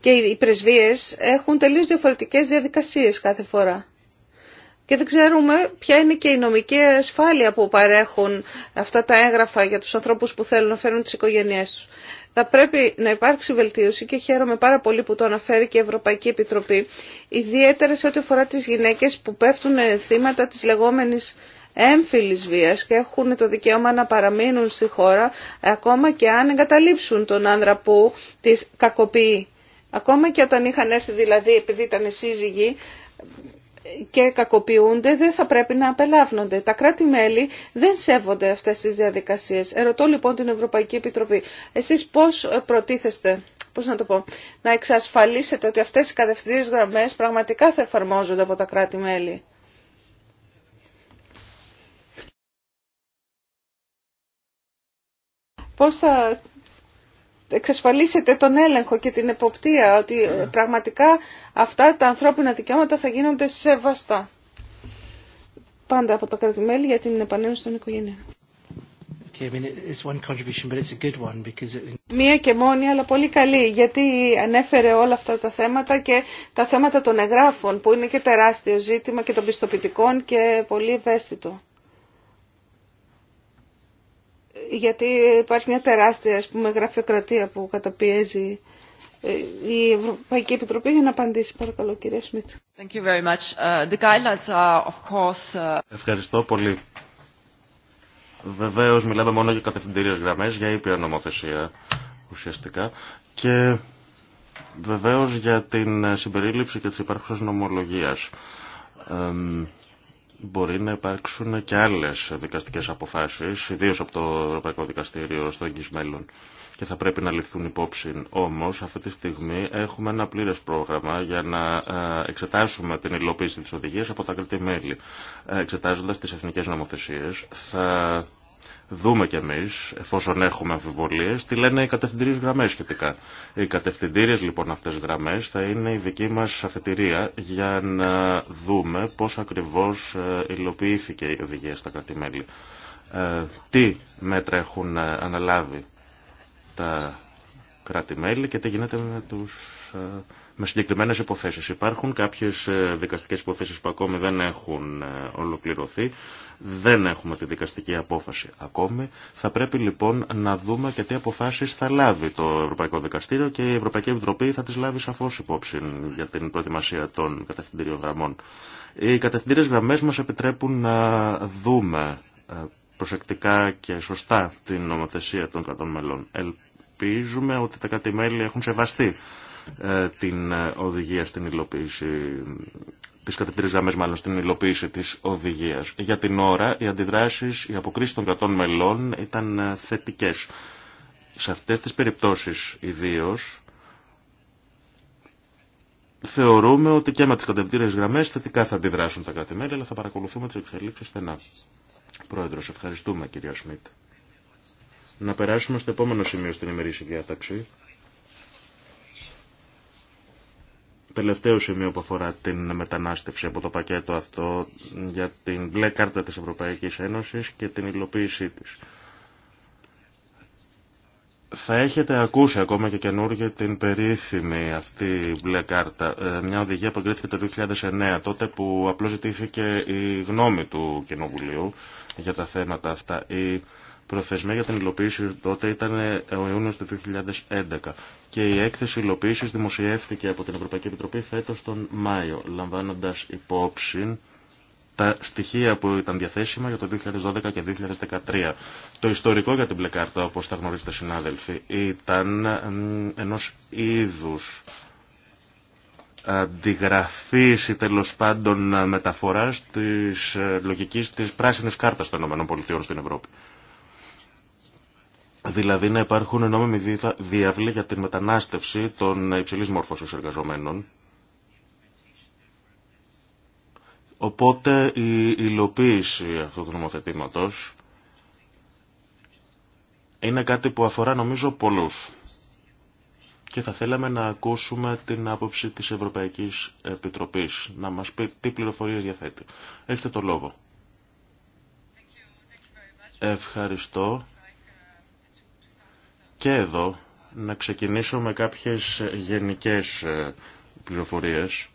Και οι πρεσβείες έχουν τελείως διαφορετικές διαδικασίες κάθε φορά και δεν ξέρουμε ποια είναι και η νομική ασφάλεια που παρέχουν αυτά τα έγγραφα για τους ανθρώπους που θέλουν να φέρουν τις οικογένειές τους. Θα πρέπει να υπάρξει βελτίωση και χαίρομαι πάρα πολύ που το αναφέρει και η Ευρωπαϊκή Επιτροπή, ιδιαίτερα σε ό,τι αφορά τις γυναίκες που πέφτουν θύματα της λεγόμενης έμφυλης βίας και έχουν το δικαίωμα να παραμείνουν στη χώρα ακόμα και αν εγκαταλείψουν τον άνδρα που τις κακοποιεί. Ακόμα και όταν είχαν έρθει δηλαδή επειδή ήταν σύζυγοι και κακοποιούνται δεν θα πρέπει να απελάβνονται. Τα κράτη-μέλη δεν σέβονται αυτές τις διαδικασίες. Ερωτώ λοιπόν την Ευρωπαϊκή Επιτροπή. Εσείς πώς προτίθεστε, πώς να το πω, να εξασφαλίσετε ότι αυτές οι κατευθυντήριες γραμμές πραγματικά θα εφαρμόζονται από τα κράτη-μέλη. Πώς θα εξασφαλίσετε τον έλεγχο και την εποπτεία ότι ε, ναι. πραγματικά αυτά τα ανθρώπινα δικαιώματα θα γίνονται σεβαστά. Πάντα από τα κρατημέλη για την επανένωση των οικογενειών. Μία και μόνη, αλλά πολύ καλή, γιατί ανέφερε όλα αυτά τα θέματα και τα θέματα των εγγράφων, που είναι και τεράστιο ζήτημα και των πιστοποιητικών και πολύ ευαίσθητο γιατί υπάρχει μια τεράστια ας πούμε, γραφειοκρατία που καταπιέζει ε, η Ευρωπαϊκή Επιτροπή για να απαντήσει. Παρακαλώ κύριε Σμιτ. Ευχαριστώ πολύ. Βεβαίω μιλάμε μόνο για κατευθυντήριες γραμμές, για ήπια νομοθεσία ουσιαστικά και βεβαίω για την ε, συμπερίληψη και της υπάρχουσας νομολογίας μπορεί να υπάρξουν και άλλες δικαστικές αποφάσεις, ιδίως από το Ευρωπαϊκό Δικαστήριο στο εγγύς μέλλον. Και θα πρέπει να ληφθούν υπόψη. Όμως, αυτή τη στιγμή έχουμε ένα πλήρες πρόγραμμα για να ε, εξετάσουμε την υλοποίηση τη οδηγίας από τα κρατή μέλη. Ε, εξετάζοντας τις εθνικές νομοθεσίες, θα δούμε κι εμείς, εφόσον έχουμε αμφιβολίες, τι λένε οι κατευθυντήριες γραμμές σχετικά. Οι κατευθυντήριες λοιπόν αυτές γραμμές θα είναι η δική μας αφετηρία για να δούμε πώς ακριβώς ε, υλοποιήθηκε η οδηγία στα κρατημέλη. Ε, τι μέτρα έχουν αναλάβει τα κράτη-μέλη και τι γίνεται με τους ε, με συγκεκριμένες υποθέσεις. Υπάρχουν κάποιες ε, δικαστικές υποθέσεις που ακόμη δεν έχουν ε, ολοκληρωθεί, δεν έχουμε τη δικαστική απόφαση ακόμη. Θα πρέπει λοιπόν να δούμε και τι αποφάσεις θα λάβει το Ευρωπαϊκό Δικαστήριο και η Ευρωπαϊκή Επιτροπή θα τις λάβει σαφώς υπόψη για την προετοιμασία των κατευθυντήριων γραμμών. Οι κατευθυντήριες γραμμές μας επιτρέπουν να δούμε προσεκτικά και σωστά την νομοθεσία των κρατών μελών. Ελπίζουμε ότι τα κρατη έχουν σεβαστεί ε, την ε, οδηγία στην υλοποίηση, τις κατευθύνες γραμμές μάλλον στην υλοποίηση της οδηγίας. Για την ώρα οι αντιδράσεις, οι αποκρίσεις των κρατών μελών ήταν ε, θετικές. Σε αυτές τις περιπτώσεις ιδίω θεωρούμε ότι και με τις κατευθύνες γραμμές θετικά θα αντιδράσουν τα κράτη-μέλη, αλλά θα παρακολουθούμε τις εξελίξεις στενά. Πρόεδρος, ευχαριστούμε κυρία Σμιτ. Να περάσουμε στο επόμενο σημείο στην ημερήσια διάταξη τελευταίο σημείο που αφορά την μετανάστευση από το πακέτο αυτό για την μπλε κάρτα της Ευρωπαϊκής Ένωσης και την υλοποίησή της. Θα έχετε ακούσει ακόμα και καινούργια την περίφημη αυτή μπλε κάρτα, ε, μια οδηγία που εγκρίθηκε το 2009, τότε που απλώς ζητήθηκε η γνώμη του Κοινοβουλίου για τα θέματα αυτά. Η Προθεσμία για την υλοποίηση τότε ήταν ε, ο Ιούνιος του 2011 και η έκθεση υλοποίηση δημοσιεύθηκε από την Ευρωπαϊκή Επιτροπή φέτος τον Μάιο, λαμβάνοντας υπόψη τα στοιχεία που ήταν διαθέσιμα για το 2012 και 2013. Το ιστορικό για την πλεκαρτα κάρτα, όπως τα γνωρίζετε συνάδελφοι, ήταν ενός είδους αντιγραφής ή τέλο πάντων μεταφοράς της ε, λογικής της πράσινης κάρτας των ΗΠΑ στην Ευρώπη δηλαδή να υπάρχουν νόμιμοι διάβλοι για την μετανάστευση των υψηλής μόρφωσης εργαζομένων. Οπότε η υλοποίηση αυτού του νομοθετήματος είναι κάτι που αφορά νομίζω πολλούς. Και θα θέλαμε να ακούσουμε την άποψη της Ευρωπαϊκής Επιτροπής, να μας πει τι πληροφορίες διαθέτει. Έχετε το λόγο. Ευχαριστώ και εδώ να ξεκινήσω με κάποιες γενικές ε, πληροφορίες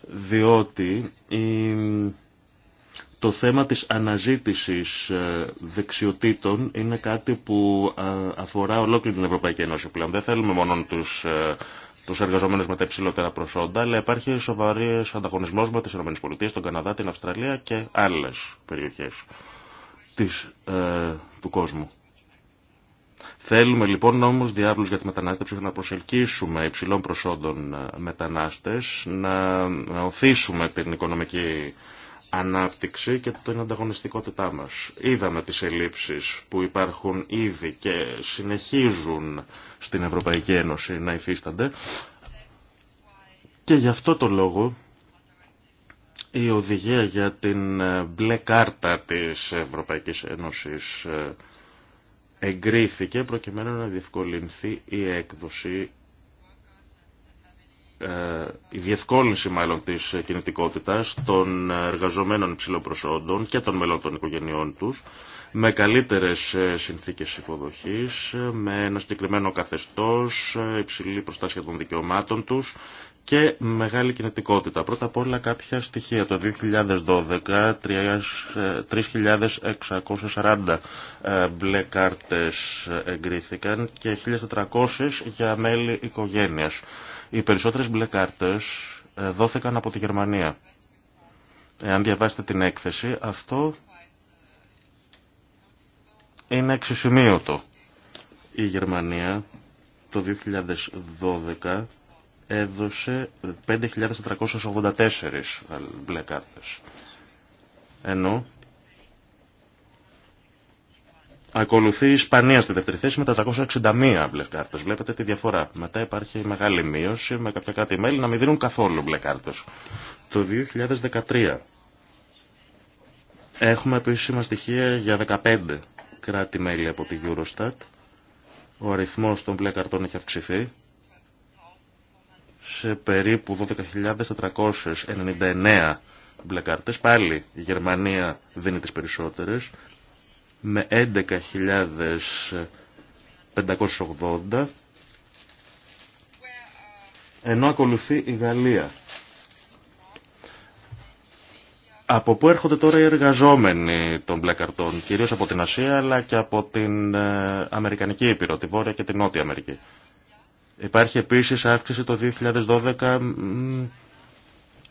διότι το θέμα της αναζήτησης ε, δεξιοτήτων είναι κάτι που ε, αφορά ολόκληρη την Ευρωπαϊκή Ένωση πλέον. Δεν θέλουμε μόνο τους, τους εργαζομένους με τα υψηλότερα προσόντα, αλλά υπάρχει σοβαρή ανταγωνισμός με τις ΗΠΑ, τον Καναδά, την Αυστραλία και άλλες περιοχές του κόσμου. Θέλουμε λοιπόν όμως, διάβλους για τη μετανάστευση να προσελκύσουμε υψηλών προσόντων ε, μετανάστες, να οθήσουμε την οικονομική ανάπτυξη και την ανταγωνιστικότητά μας. Είδαμε τις ελλείψεις που υπάρχουν ήδη και συνεχίζουν στην Ευρωπαϊκή Ένωση να υφίστανται και γι' αυτό το λόγο η οδηγία για την ε, μπλε κάρτα της Ευρωπαϊκής Ένωσης ε, εγκρίθηκε προκειμένου να διευκολυνθεί η έκδοση ε, η διευκόλυνση μάλλον της κινητικότητας των εργαζομένων υψηλοπροσόντων και των μελών των οικογενειών τους με καλύτερες ε, συνθήκες υποδοχής, ε, με ένα συγκεκριμένο καθεστώς, υψηλή προστάσια των δικαιωμάτων τους και μεγάλη κινητικότητα. Πρώτα απ' όλα κάποια στοιχεία. Το 2012 3.640 ε, ε, μπλε κάρτες εγκρίθηκαν και 1.400 για μέλη οικογένειας. Οι περισσότερες μπλε κάρτες ε, δόθηκαν από τη Γερμανία. Εάν διαβάσετε την έκθεση, αυτό είναι εξισημείωτο. Η Γερμανία το 2012 έδωσε 5.484 μπλε κάρτες. Ενώ ακολουθεί η Ισπανία στη δεύτερη θέση με τα 361 μπλε κάρτες. Βλέπετε τη διαφορά. Μετά υπάρχει μεγάλη μείωση με κάποια κάτι μέλη να μην δίνουν καθόλου μπλε κάρτες. Το 2013 έχουμε επίσημα στοιχεία για 15 κράτη-μέλη από τη Eurostat. Ο αριθμός των μπλε καρτών έχει αυξηθεί σε περίπου 12.499 μπλε κάρτες. Πάλι η Γερμανία δίνει τις περισσότερες με 11.580 ενώ ακολουθεί η Γαλλία. Από πού έρχονται τώρα οι εργαζόμενοι των μπλε καρτών, κυρίως από την Ασία αλλά και από την ε, Αμερικανική Ήπειρο, τη Βόρεια και την Νότια Αμερική. Υπάρχει επίσης αύξηση το 2012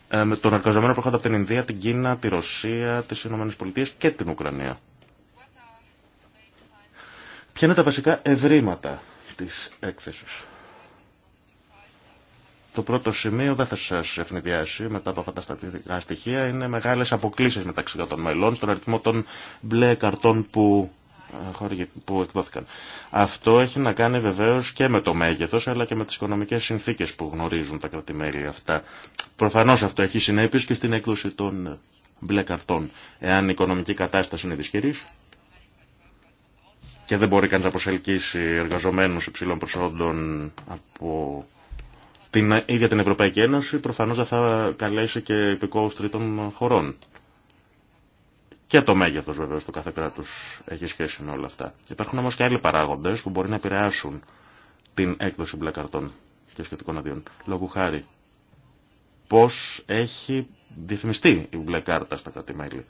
ε, με τον εργαζομένο που από την Ινδία, την Κίνα, τη Ρωσία, τις Ηνωμένες Πολιτείες και την Ουκρανία. Ποια είναι τα βασικά ευρήματα της έκθεσης. Το πρώτο σημείο δεν θα σας ευνηδιάσει μετά από αυτά τα στατιστικά στοιχεία είναι μεγάλες αποκλίσεις μεταξύ των μελών στον αριθμό των μπλε καρτών που που εκδόθηκαν. Αυτό έχει να κάνει βεβαίως και με το μέγεθος αλλά και με τις οικονομικές συνθήκες που γνωρίζουν τα κρατημέλη αυτά. Προφανώς αυτό έχει συνέπειες και στην έκδοση των μπλε καρτών. Εάν η οικονομική κατάσταση είναι δυσχερή και δεν μπορεί κανείς να προσελκύσει εργαζομένους υψηλών προσόντων από την ίδια την Ευρωπαϊκή Ένωση, προφανώς θα καλέσει και υπηκόους τρίτων χωρών. Και το μέγεθος βεβαίως του κάθε κράτους έχει σχέση με όλα αυτά. Υπάρχουν όμως και άλλοι παράγοντες που μπορεί να επηρεάσουν την έκδοση μπλε καρτών και σχετικών αδειών. Λόγου χάρη, πώς έχει διαφημιστεί η μπλε κάρτα στα κρατη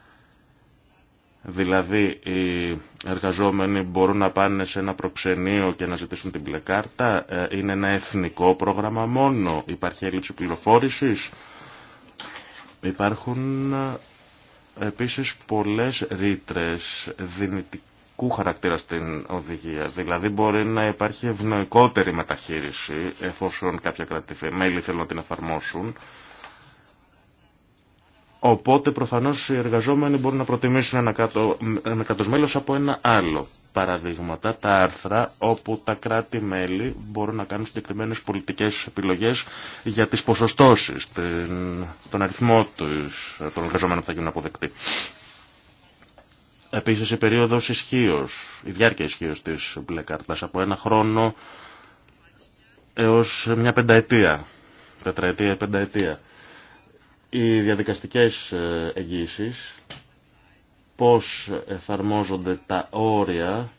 Δηλαδή, οι εργαζόμενοι μπορούν να πάνε σε ένα προξενείο και να ζητήσουν την μπλε κάρτα. Ε, είναι ένα εθνικό πρόγραμμα μόνο. Υπάρχει έλλειψη πληροφόρηση. Υπάρχουν επίσης πολλές ρήτρε δυνητικού χαρακτήρα στην οδηγία. Δηλαδή μπορεί να υπάρχει ευνοϊκότερη μεταχείριση εφόσον κάποια κρατήφια μέλη θέλουν να την εφαρμόσουν Οπότε προφανώς οι εργαζόμενοι μπορούν να προτιμήσουν ένα, κάτω, ένα από ένα άλλο. Παραδείγματα, τα άρθρα όπου τα κράτη-μέλη μπορούν να κάνουν συγκεκριμένε πολιτικές επιλογές για τις ποσοστώσεις, τον αριθμό τους, των εργαζομένων που θα γίνουν αποδεκτοί. Επίσης η περίοδος ισχύω, η διάρκεια ισχύω της μπλε κάρτας, από ένα χρόνο έως μια πενταετία, τετραετία, πενταετία. Οι διαδικαστικές ε, εγγύησεις, πώς εφαρμόζονται τα όρια,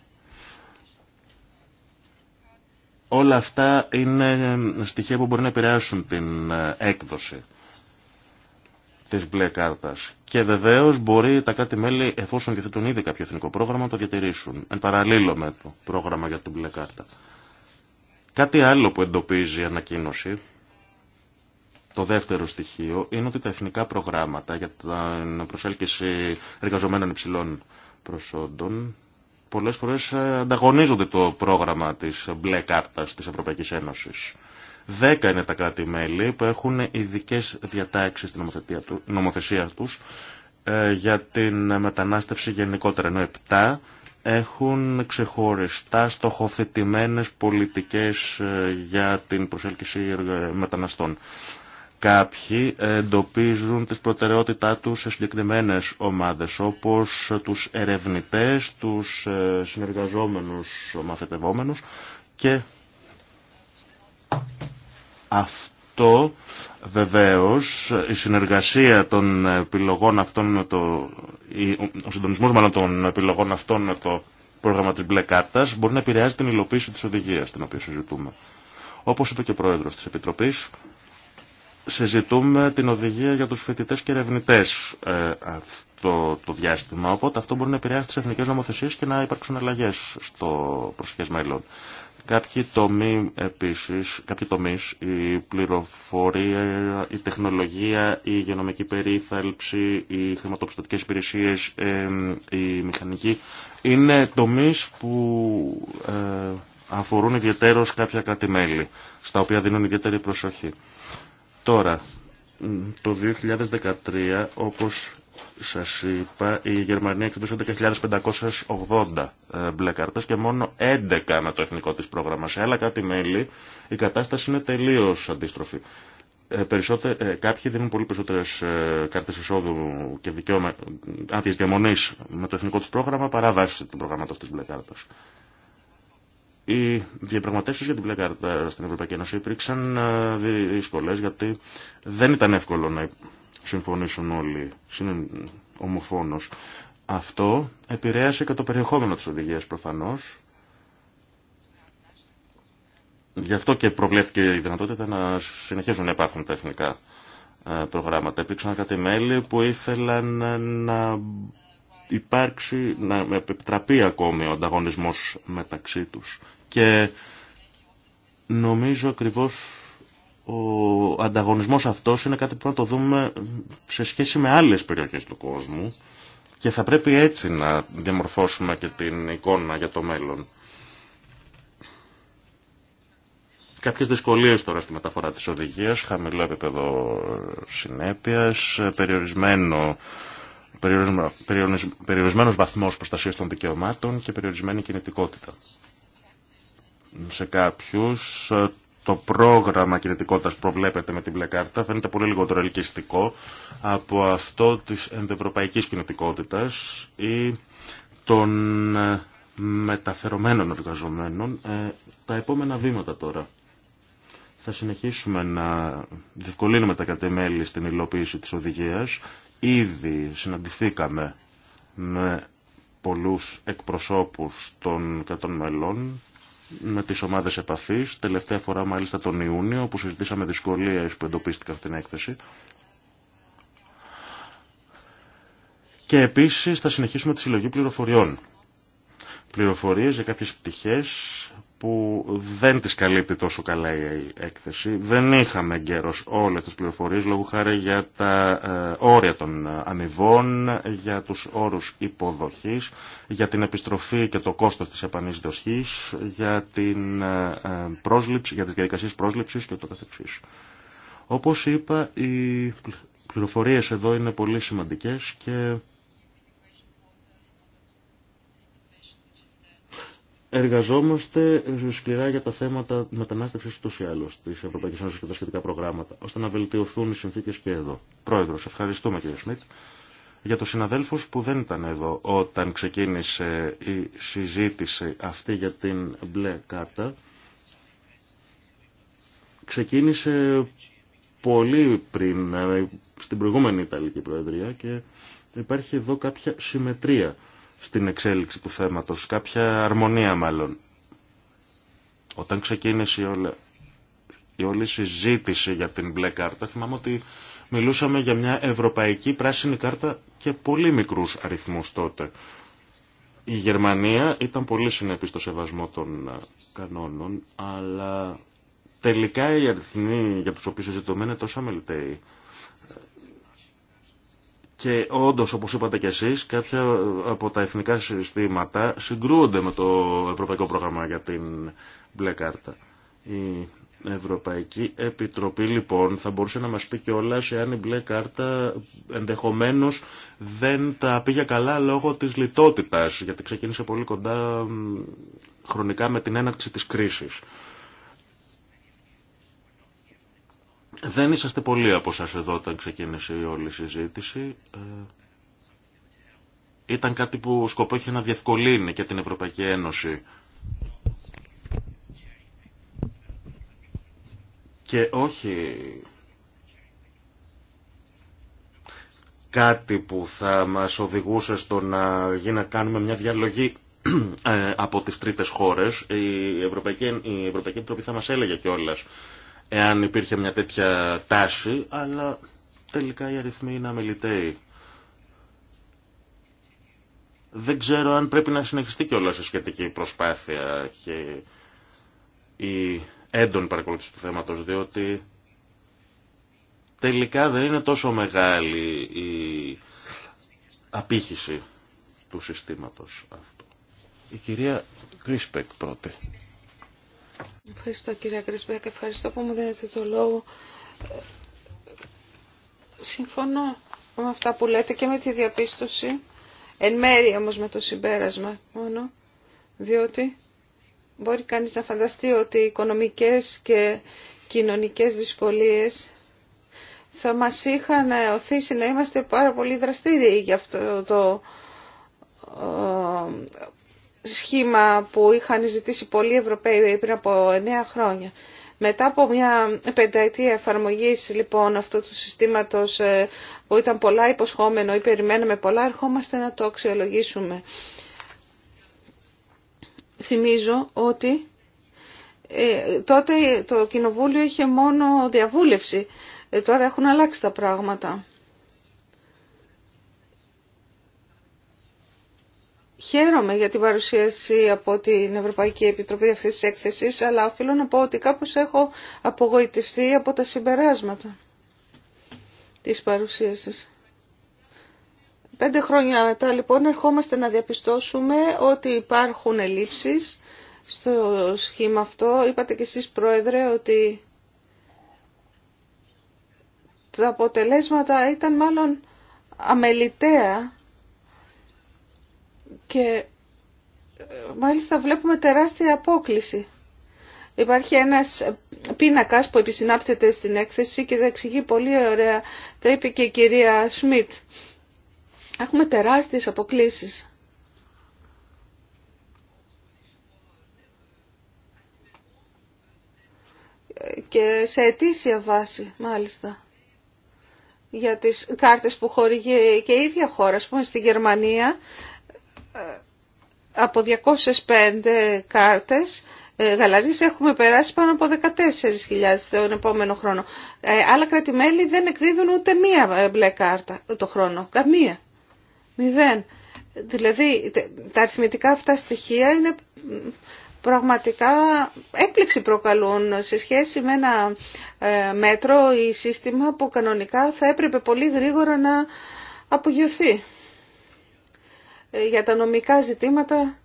όλα αυτά είναι στοιχεία που μπορεί να επηρεάσουν την ε, έκδοση της μπλε κάρτας. Και βεβαίως μπορεί τα κρατη μέλη, εφόσον διαθέτουν ήδη κάποιο εθνικό πρόγραμμα, να το διατηρήσουν, εν παραλίλω με το πρόγραμμα για την μπλε κάρτα. Κάτι άλλο που εντοπίζει η ανακοίνωση το δεύτερο στοιχείο είναι ότι τα εθνικά προγράμματα για την προσέλκυση εργαζομένων υψηλών προσόντων πολλές φορές ανταγωνίζονται το πρόγραμμα της μπλε κάρτας της Ευρωπαϊκής Ένωσης. Δέκα είναι τα κράτη-μέλη που έχουν ειδικέ διατάξεις στην νομοθεσία τους ε, για την μετανάστευση γενικότερα, ενώ επτά έχουν ξεχωριστά στοχοθετημένες πολιτικές ε, για την προσέλκυση μεταναστών. Κάποιοι εντοπίζουν τις προτεραιότητά τους σε συγκεκριμένες ομάδες, όπως τους ερευνητές, τους ε, συνεργαζόμενους μαθητευόμενους και αυτό βεβαίως η συνεργασία των επιλογών αυτών με το, ο συντονισμός μάλλον των επιλογών αυτών με το πρόγραμμα της μπλε κάρτας μπορεί να επηρεάζει την υλοποίηση της οδηγίας την οποία συζητούμε. Όπως είπε και ο Πρόεδρος της Επιτροπής, συζητούμε την οδηγία για τους φοιτητέ και ερευνητέ ε, αυτό το διάστημα, οπότε αυτό μπορεί να επηρεάσει τις εθνικές νομοθεσίες και να υπάρξουν αλλαγέ στο προσχές μέλλον. Κάποιοι τομεί επίσης, κάποιοι τομείς, η πληροφορία, η τεχνολογία, η υγειονομική περίθαλψη, οι χρηματοπιστωτικές υπηρεσίες, ε, η μηχανική, είναι τομείς που ε, αφορούν ιδιαίτερως κάποια κράτη-μέλη, στα οποία δίνουν ιδιαίτερη προσοχή. Τώρα, το 2013, όπως σας είπα, η Γερμανία εξετούσε 10.580 ε, μπλε κάρτες και μόνο 11 με το εθνικό της πρόγραμμα. Σε άλλα κάτι μέλη η κατάσταση είναι τελείως αντίστροφη. Ε, ε, κάποιοι δίνουν πολύ περισσότερε ε, κάρτε εισόδου και δικαίωμα άδειε διαμονή με το εθνικό του πρόγραμμα παρά βάση του προγράμματο τη μπλε κάρτα. Οι διαπραγματεύσει για την μπλε κάρτα στην Ευρωπαϊκή Ένωση υπήρξαν ε, δύσκολε γιατί δεν ήταν εύκολο να συμφωνήσουν όλοι ομοφόνο. Αυτό επηρέασε και το περιεχόμενο τη οδηγία προφανώ. Γι' αυτό και προβλέφθηκε η δυνατότητα να συνεχίζουν να υπάρχουν τα εθνικά ε, προγράμματα. Υπήρξαν κάτι μέλη που ήθελαν να υπάρξει, να επιτραπεί ακόμη ο ανταγωνισμός μεταξύ τους. Και νομίζω ακριβώς ο ανταγωνισμός αυτός είναι κάτι που να το δούμε σε σχέση με άλλες περιοχές του κόσμου και θα πρέπει έτσι να διαμορφώσουμε και την εικόνα για το μέλλον. Κάποιες δυσκολίες τώρα στη μεταφορά της οδηγίας, χαμηλό επίπεδο συνέπειας, περιορισμένο περιορισμένος βαθμός προστασίας των δικαιωμάτων και περιορισμένη κινητικότητα. Σε κάποιους το πρόγραμμα κινητικότητας προβλέπεται με την μπλε κάρτα φαίνεται πολύ λιγότερο ελκυστικό από αυτό της ενδευρωπαϊκής κινητικότητας ή των ε, μεταφερομένων εργαζομένων. Ε, τα επόμενα βήματα τώρα. Θα συνεχίσουμε να διευκολύνουμε τα κατεμέλη στην υλοποίηση της οδηγίας Ήδη συναντηθήκαμε με πολλούς εκπροσώπους των κρατών μελών, με τις ομάδες επαφής, τελευταία φορά μάλιστα τον Ιούνιο, όπου συζητήσαμε δυσκολίες που εντοπίστηκαν στην έκθεση. Και επίσης θα συνεχίσουμε τη συλλογή πληροφοριών. Πληροφορίες για κάποιες πτυχές που δεν τις καλύπτει τόσο καλά η έκθεση. Δεν είχαμε γέρος όλες τις πληροφορίες λόγω χάρη για τα ε, όρια των αμοιβών, για τους όρους υποδοχής, για την επιστροφή και το κόστος της επανείς για, την, ε, ε, πρόσληψη, για τις διαδικασίες πρόσληψης και το καθεξής. Όπως είπα, οι πληροφορίες εδώ είναι πολύ σημαντικές και εργαζόμαστε σκληρά για τα θέματα μετανάστευση του ή τη τη Ευρωπαϊκή και τα σχετικά προγράμματα, ώστε να βελτιωθούν οι συνθήκες και εδώ. Πρόεδρο. ευχαριστούμε κύριε Σμιτ. Για το συναδέλφου που δεν ήταν εδώ όταν ξεκίνησε η συζήτηση αυτή για την μπλε κάρτα, ξεκίνησε πολύ πριν, ε, στην προηγούμενη Ιταλική Προεδρία και υπάρχει εδώ κάποια συμμετρία στην εξέλιξη του θέματος, κάποια αρμονία μάλλον. Όταν ξεκίνησε η, όλη, η όλη συζήτηση για την μπλε κάρτα, θυμάμαι ότι μιλούσαμε για μια ευρωπαϊκή πράσινη κάρτα και πολύ μικρούς αριθμούς τότε. Η Γερμανία ήταν πολύ συνεπή στο σεβασμό των ε, κανόνων, αλλά τελικά οι αριθμοί για τους οποίους συζητούμε είναι τόσο και όντω, όπω είπατε κι εσεί, κάποια από τα εθνικά συστήματα συγκρούονται με το Ευρωπαϊκό Πρόγραμμα για την μπλε κάρτα. Η Ευρωπαϊκή Επιτροπή λοιπόν θα μπορούσε να μας πει κιόλα εάν η μπλε κάρτα ενδεχομένως δεν τα πήγε καλά λόγω της λιτότητας γιατί ξεκίνησε πολύ κοντά χρονικά με την έναρξη της κρίσης. Δεν είσαστε πολλοί από σας εδώ όταν ξεκίνησε η όλη συζήτηση. Ε, ήταν κάτι που σκοπό είχε να διευκολύνει και την Ευρωπαϊκή Ένωση και όχι κάτι που θα μας οδηγούσε στο να, γίνει, να κάνουμε μια διαλογή ε, από τις τρίτες χώρες. Η Ευρωπαϊκή, η Ευρωπαϊκή Επιτροπή θα μας έλεγε κιόλας εάν υπήρχε μια τέτοια τάση, αλλά τελικά οι αριθμοί είναι αμεληταίοι. Δεν ξέρω αν πρέπει να συνεχιστεί και όλα η σχετική προσπάθεια και η έντονη παρακολούθηση του θέματος, διότι τελικά δεν είναι τόσο μεγάλη η απήχηση του συστήματος αυτού. Η κυρία Κρίσπεκ πρώτη. Ευχαριστώ κυρία και ευχαριστώ που μου δίνετε το λόγο. Ε, συμφωνώ με αυτά που λέτε και με τη διαπίστωση, εν μέρει όμως με το συμπέρασμα μόνο, διότι μπορεί κανείς να φανταστεί ότι οικονομικές και κοινωνικές δυσκολίες θα μας είχαν οθήσει να είμαστε πάρα πολύ δραστήριοι για αυτό το ε, σχήμα που είχαν ζητήσει πολλοί Ευρωπαίοι πριν από 9 χρόνια. Μετά από μια πενταετία εφαρμογής λοιπόν αυτού του συστήματος ε, που ήταν πολλά υποσχόμενο ή περιμέναμε πολλά, ερχόμαστε να το αξιολογήσουμε. Θυμίζω ότι ε, τότε το Κοινοβούλιο είχε μόνο διαβούλευση. Ε, τώρα έχουν αλλάξει τα πράγματα. Χαίρομαι για την παρουσίαση από την Ευρωπαϊκή Επιτροπή αυτής της έκθεσης, αλλά οφείλω να πω ότι κάπως έχω απογοητευτεί από τα συμπεράσματα της παρουσίασης. Πέντε χρόνια μετά λοιπόν ερχόμαστε να διαπιστώσουμε ότι υπάρχουν ελλείψεις στο σχήμα αυτό. Είπατε κι εσείς Πρόεδρε ότι τα αποτελέσματα ήταν μάλλον αμεληταία και μάλιστα βλέπουμε τεράστια απόκληση. Υπάρχει ένας πίνακας που επισυνάπτεται στην έκθεση και θα εξηγεί πολύ ωραία, τα είπε και η κυρία Σμιτ. Έχουμε τεράστιες αποκλήσεις. Και σε αιτήσια βάση, μάλιστα, για τις κάρτες που χορηγεί και η ίδια χώρα, ας πούμε, στη Γερμανία, ε, από 205 κάρτες ε, γαλαζίες έχουμε περάσει πάνω από 14.000 τον επόμενο χρόνο. Ε, άλλα κράτη-μέλη δεν εκδίδουν ούτε μία μπλε κάρτα το χρόνο. Καμία. Μηδέν. Δηλαδή τα αριθμητικά αυτά στοιχεία είναι πραγματικά έκπληξη προκαλούν σε σχέση με ένα μέτρο ή σύστημα που κανονικά θα έπρεπε πολύ γρήγορα να απογειωθεί. Ε, για τα νομικά ζητήματα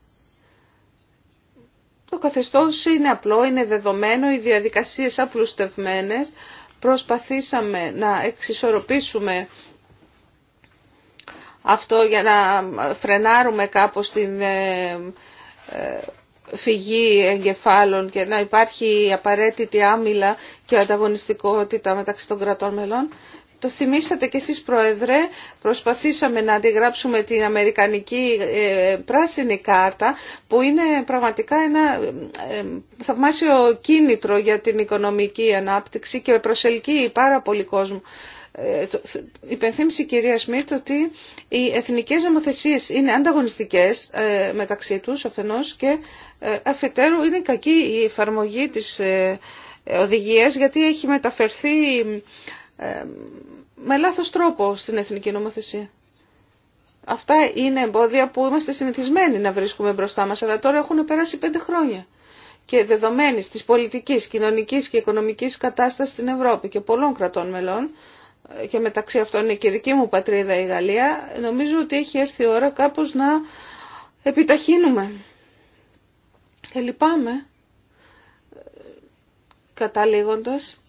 το καθεστώς είναι απλό, είναι δεδομένο, οι διαδικασίες απλουστευμένες. Προσπαθήσαμε να εξισορροπήσουμε αυτό για να φρενάρουμε κάπως την ε, ε, φυγή εγκεφάλων και να υπάρχει απαραίτητη άμυλα και ανταγωνιστικότητα μεταξύ των κρατών μελών. Το θυμήσατε κι εσείς Πρόεδρε, προσπαθήσαμε να αντιγράψουμε την Αμερικανική ε, Πράσινη Κάρτα που είναι πραγματικά ένα ε, θαυμάσιο κίνητρο για την οικονομική ανάπτυξη και προσελκύει πάρα πολύ κόσμο. Ε, υπενθύμησε η κυρία Σμίτ ότι οι εθνικές νομοθεσίες είναι ανταγωνιστικές μεταξύ τους αφενός και αφετέρου είναι κακή η εφαρμογή της οδηγίας γιατί έχει μεταφερθεί ε, με λάθος τρόπο στην εθνική νομοθεσία. Αυτά είναι εμπόδια που είμαστε συνηθισμένοι να βρίσκουμε μπροστά μας, αλλά τώρα έχουν περάσει πέντε χρόνια. Και δεδομένης της πολιτικής, κοινωνικής και οικονομικής κατάστασης στην Ευρώπη και πολλών κρατών μελών, ε, και μεταξύ αυτών είναι και δική μου πατρίδα η Γαλλία, νομίζω ότι έχει έρθει η ώρα κάπως να επιταχύνουμε. Και λυπάμαι, ε, καταλήγοντας,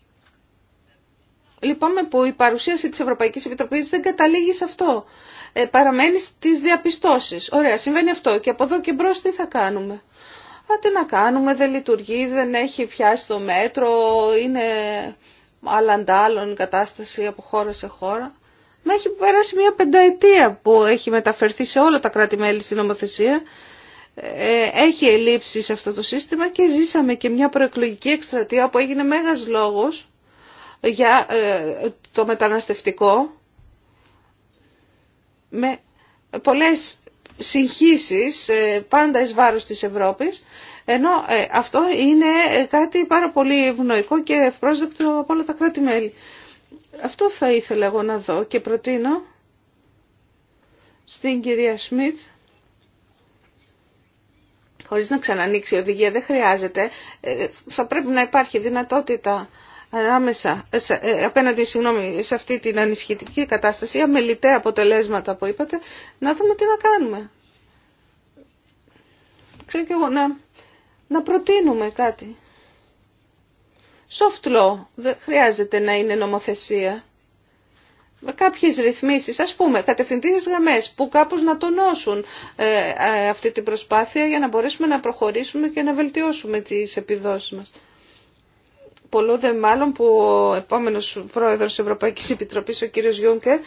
λυπάμαι που η παρουσίαση της Ευρωπαϊκής Επιτροπής δεν καταλήγει σε αυτό. Ε, παραμένει στις διαπιστώσεις. Ωραία, συμβαίνει αυτό και από εδώ και μπρο τι θα κάνουμε. Α, τι να κάνουμε, δεν λειτουργεί, δεν έχει πιάσει το μέτρο, είναι αλλαντάλλων κατάσταση από χώρα σε χώρα. Μα έχει περάσει μια πενταετία που έχει μεταφερθεί σε όλα τα κράτη-μέλη στην νομοθεσία. Ε, έχει ελλείψει σε αυτό το σύστημα και ζήσαμε και μια προεκλογική εκστρατεία που έγινε μέγας λόγος για ε, το μεταναστευτικό με πολλές συγχύσεις ε, πάντα εις βάρος της Ευρώπης ενώ ε, αυτό είναι κάτι πάρα πολύ ευνοϊκό και ευπρόσδεκτο από όλα τα κράτη-μέλη. Αυτό θα ήθελα εγώ να δω και προτείνω στην κυρία Σμιτ χωρίς να ξανανοίξει η οδηγία δεν χρειάζεται θα πρέπει να υπάρχει δυνατότητα ανάμεσα, ε, απέναντι σε αυτή την ανισχυτική κατάσταση, αμεληταία αποτελέσματα που είπατε, να δούμε τι να κάνουμε. Ξέρω και εγώ, να, να προτείνουμε κάτι. Soft law, δεν χρειάζεται να είναι νομοθεσία. Με κάποιες ρυθμίσεις, ας πούμε, κατευθυντήριες γραμμές που κάπως να τονώσουν ε, ε, αυτή την προσπάθεια για να μπορέσουμε να προχωρήσουμε και να βελτιώσουμε τις επιδόσεις μας. Πολλού δε μάλλον που ο επόμενος πρόεδρος Ευρωπαϊκής Επιτροπής, ο κύριος Γιούνκερ,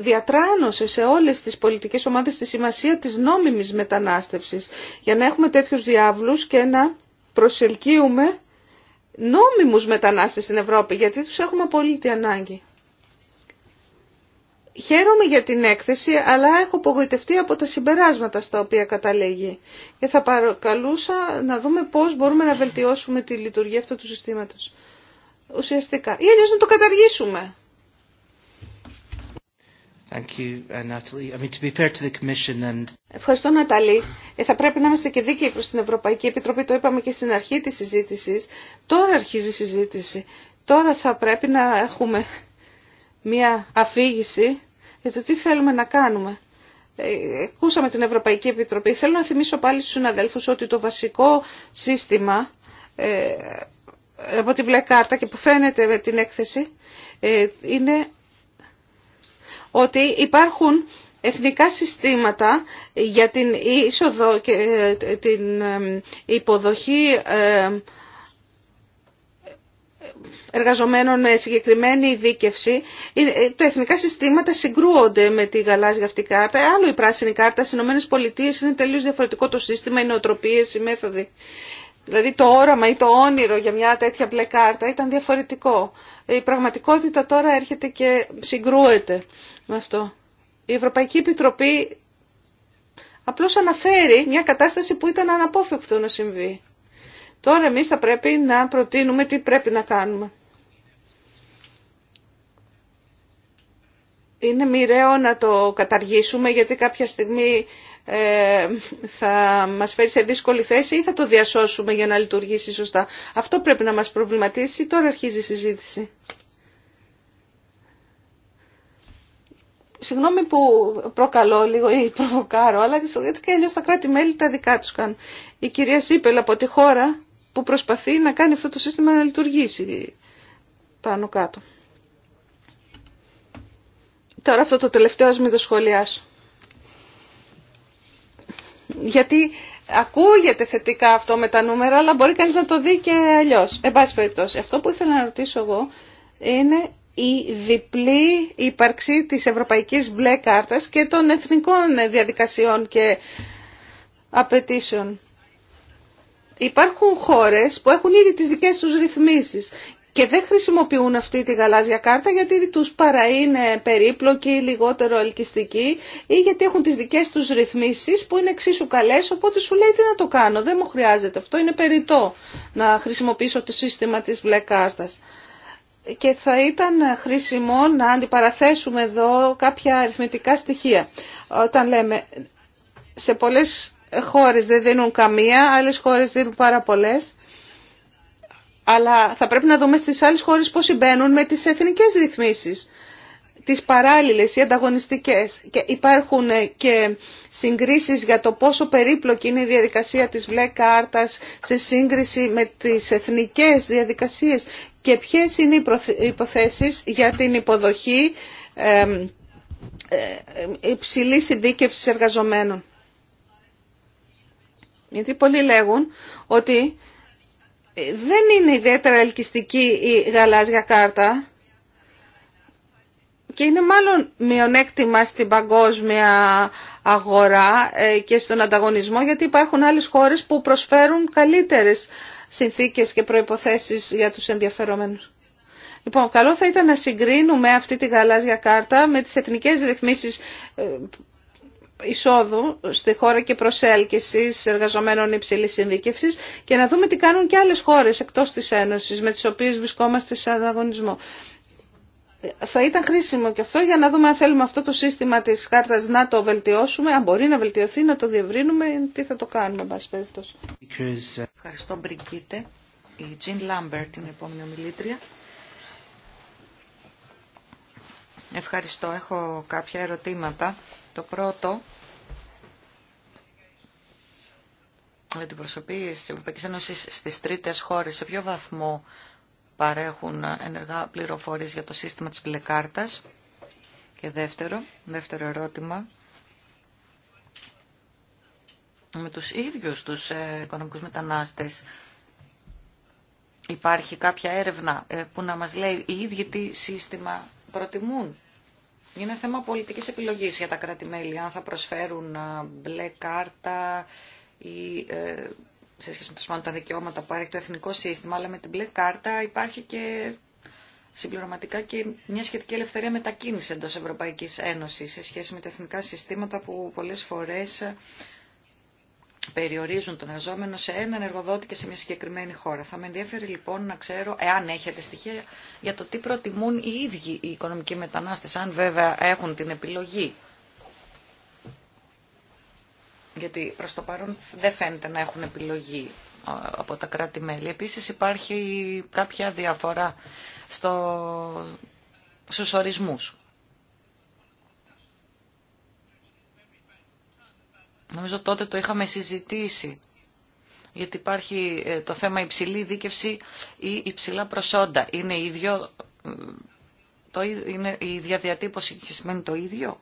διατράνωσε σε όλες τις πολιτικές ομάδες τη σημασία της νόμιμης μετανάστευσης για να έχουμε τέτοιους διάβλους και να προσελκύουμε νόμιμους μετανάστες στην Ευρώπη, γιατί τους έχουμε απολύτη ανάγκη. Χαίρομαι για την έκθεση, αλλά έχω απογοητευτεί από τα συμπεράσματα στα οποία καταλήγει. Και θα παρακαλούσα να δούμε πώς μπορούμε να βελτιώσουμε τη λειτουργία αυτού του συστήματος. Ουσιαστικά. Ή αλλιώς να το καταργήσουμε. Ευχαριστώ, Ναταλή. Ε, θα πρέπει να είμαστε και δίκαιοι προς την Ευρωπαϊκή Επιτροπή. Το είπαμε και στην αρχή της συζήτησης. Τώρα αρχίζει η συζήτηση. Τώρα θα πρέπει να έχουμε μία αφήγηση για το τι θέλουμε να κάνουμε. Ε, ακούσαμε την Ευρωπαϊκή Επιτροπή. Θέλω να θυμίσω πάλι στους συναδέλφους ότι το βασικό σύστημα ε, από την μπλε κάρτα και που φαίνεται με την έκθεση ε, είναι ότι υπάρχουν εθνικά συστήματα για την είσοδο και την υποδοχή εργαζομένων με συγκεκριμένη ειδίκευση. Ε, Τα εθνικά συστήματα συγκρούονται με τη γαλάζια αυτή κάρτα. Άλλο η πράσινη κάρτα στι ΗΠΑ είναι τελείω διαφορετικό το σύστημα, οι νοοτροπίε, οι μέθοδοι. Δηλαδή το όραμα ή το όνειρο για μια τέτοια μπλε κάρτα ήταν διαφορετικό. Η πραγματικότητα τώρα έρχεται και συγκρούεται με αυτό. Η Ευρωπαϊκή Επιτροπή απλώς αναφέρει μια κατάσταση που ήταν αναπόφευκτο να συμβεί. Τώρα εμείς θα πρέπει να προτείνουμε τι πρέπει να κάνουμε. Είναι μοιραίο να το καταργήσουμε γιατί κάποια στιγμή ε, θα μας φέρει σε δύσκολη θέση ή θα το διασώσουμε για να λειτουργήσει σωστά. Αυτό πρέπει να μας προβληματίσει. Τώρα αρχίζει η συζήτηση. Συγγνώμη που προκαλώ λίγο ή προβοκάρω, αλλά γιατί και αλλιώς τα κράτη-μέλη τα δικά τους κάνουν. Η κυρία Σίπελ από τη χώρα που προσπαθεί να κάνει αυτό το σύστημα να λειτουργήσει πάνω κάτω. Τώρα αυτό το τελευταίο ας μην το σχολιάσω. Γιατί ακούγεται θετικά αυτό με τα νούμερα, αλλά μπορεί κανείς να το δει και αλλιώς. Εν πάση περιπτώσει, αυτό που ήθελα να ρωτήσω εγώ είναι η διπλή ύπαρξη της Ευρωπαϊκής Μπλε Κάρτας και των εθνικών διαδικασιών και απαιτήσεων. Υπάρχουν χώρες που έχουν ήδη τις δικές τους ρυθμίσεις και δεν χρησιμοποιούν αυτή τη γαλάζια κάρτα γιατί τους παρά είναι περίπλοκοι, λιγότερο ελκυστικοί ή γιατί έχουν τις δικές τους ρυθμίσεις που είναι εξίσου καλές οπότε σου λέει τι να το κάνω, δεν μου χρειάζεται αυτό, είναι περιττό να χρησιμοποιήσω το σύστημα της μπλε κάρτας. Και θα ήταν χρήσιμο να αντιπαραθέσουμε εδώ κάποια αριθμητικά στοιχεία. Όταν λέμε σε πολλές χώρες δεν δίνουν καμία, άλλες χώρες δίνουν πάρα πολλές. Αλλά θα πρέπει να δούμε στις άλλες χώρες πώς συμβαίνουν με τις εθνικές ρυθμίσεις, τις παράλληλες ή ανταγωνιστικές. Και υπάρχουν ε, και συγκρίσεις για το πόσο περίπλοκη είναι η διαδικασία της Βλέ κάρτας σε σύγκριση με τις εθνικές διαδικασίες και ποιες είναι οι υποθέσεις για την υποδοχή ε, ε, υψηλής συνδίκευσης εργαζομένων. Γιατί πολλοί λέγουν ότι δεν είναι ιδιαίτερα ελκυστική η γαλάζια κάρτα και είναι μάλλον μειονέκτημα στην παγκόσμια αγορά ε, και στον ανταγωνισμό γιατί υπάρχουν άλλες χώρες που προσφέρουν καλύτερες συνθήκες και προϋποθέσεις για τους ενδιαφερόμενους. Λοιπόν, καλό θα ήταν να συγκρίνουμε αυτή τη γαλάζια κάρτα με τις εθνικές ρυθμίσεις ε, εισόδου στη χώρα και προσέλκυσης εργαζομένων υψηλής συνδίκευσης και να δούμε τι κάνουν και άλλες χώρες εκτός της Ένωσης με τις οποίες βρισκόμαστε σε ανταγωνισμό. Θα ήταν χρήσιμο και αυτό για να δούμε αν θέλουμε αυτό το σύστημα τη κάρτα να το βελτιώσουμε, αν μπορεί να βελτιωθεί, να το διευρύνουμε, τι θα το κάνουμε, πάση περιπτώσει. Ε, Ευχαριστώ, Μπριγκίτε. Η Τζιν Λάμπερτ την επόμενη ομιλήτρια. Ευχαριστώ. Έχω κάποια ερωτήματα το πρώτο, με την προσωπή της Ευρωπαϊκής Ένωσης στις τρίτες χώρες, σε ποιο βαθμό παρέχουν ενεργά πληροφορίες για το σύστημα της πλεκάρτας. Και δεύτερο, δεύτερο ερώτημα, με τους ίδιους τους ε, οικονομικούς μετανάστες, Υπάρχει κάποια έρευνα ε, που να μας λέει οι ίδιοι τι σύστημα προτιμούν είναι θέμα πολιτικής επιλογής για τα κράτη-μέλη, αν θα προσφέρουν μπλε κάρτα ή ε, σε σχέση με το τα δικαιώματα που έχει το εθνικό σύστημα, αλλά με την μπλε κάρτα υπάρχει και συμπληρωματικά και μια σχετική ελευθερία μετακίνηση εντός Ευρωπαϊκής Ένωσης σε σχέση με τα εθνικά συστήματα που πολλές φορές περιορίζουν τον εργαζόμενο σε έναν εργοδότη και σε μια συγκεκριμένη χώρα. Θα με ενδιαφέρει λοιπόν να ξέρω, εάν έχετε στοιχεία, για το τι προτιμούν οι ίδιοι οι οικονομικοί μετανάστες, αν βέβαια έχουν την επιλογή. Γιατί προς το παρόν δεν φαίνεται να έχουν επιλογή από τα κράτη-μέλη. Επίσης υπάρχει κάποια διαφορά στο... στους ορισμούς. Νομίζω τότε το είχαμε συζητήσει γιατί υπάρχει ε, το θέμα υψηλή δίκευση ή υψηλά προσόντα. Είναι, ίδιο, ε, το, είναι η ίδια διατύπωση και σημαίνει το ίδιο.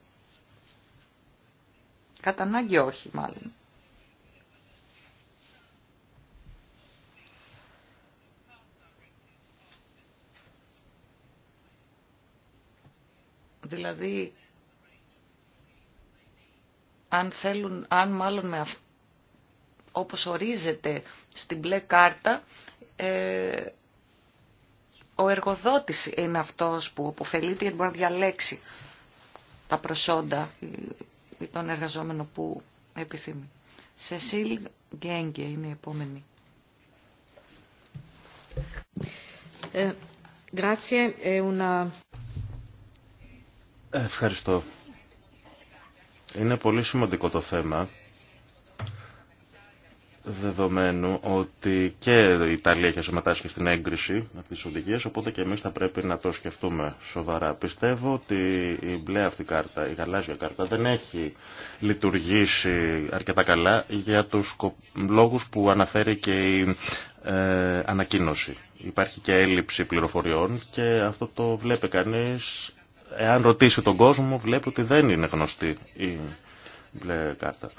Κατά ανάγκη όχι μάλλον. Δηλαδή αν θέλουν, αν μάλλον με όπως ορίζεται στην μπλε κάρτα, ε, ο εργοδότης είναι αυτός που αποφελείται γιατί μπορεί να διαλέξει τα προσόντα ε, ή τον εργαζόμενο που επιθυμεί. Σεσίλ Γκέγκε είναι η επόμενη. Ε, Ευχαριστώ. Είναι πολύ σημαντικό το θέμα δεδομένου ότι και η Ιταλία έχει συμμετάσχει στην έγκριση αυτή τη οδηγία, οπότε και εμείς θα πρέπει να το σκεφτούμε σοβαρά. Πιστεύω ότι η μπλε αυτή κάρτα, η γαλάζια κάρτα, δεν έχει λειτουργήσει αρκετά καλά για τους λόγους που αναφέρει και η ε, ανακοίνωση. Υπάρχει και έλλειψη πληροφοριών και αυτό το βλέπει κανείς εάν ρωτήσει τον κόσμο βλέπω ότι δεν είναι γνωστή η μπλε κάρτα.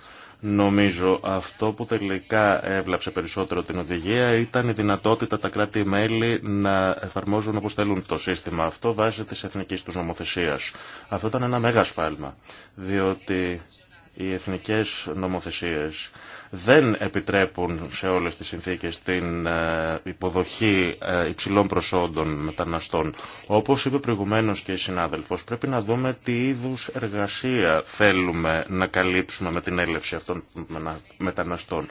Νομίζω αυτό που τελικά έβλαψε περισσότερο την οδηγία ήταν η δυνατότητα τα κράτη-μέλη να εφαρμόζουν όπως θέλουν το σύστημα αυτό βάσει της εθνικής τους νομοθεσίας. Αυτό ήταν ένα μεγάλο σφάλμα, διότι οι εθνικές νομοθεσίες δεν επιτρέπουν σε όλες τις συνθήκες την ε, υποδοχή ε, υψηλών προσόντων μεταναστών. Όπως είπε προηγουμένως και η συνάδελφος, πρέπει να δούμε τι είδους εργασία θέλουμε να καλύψουμε με την έλευση αυτών των μεταναστών.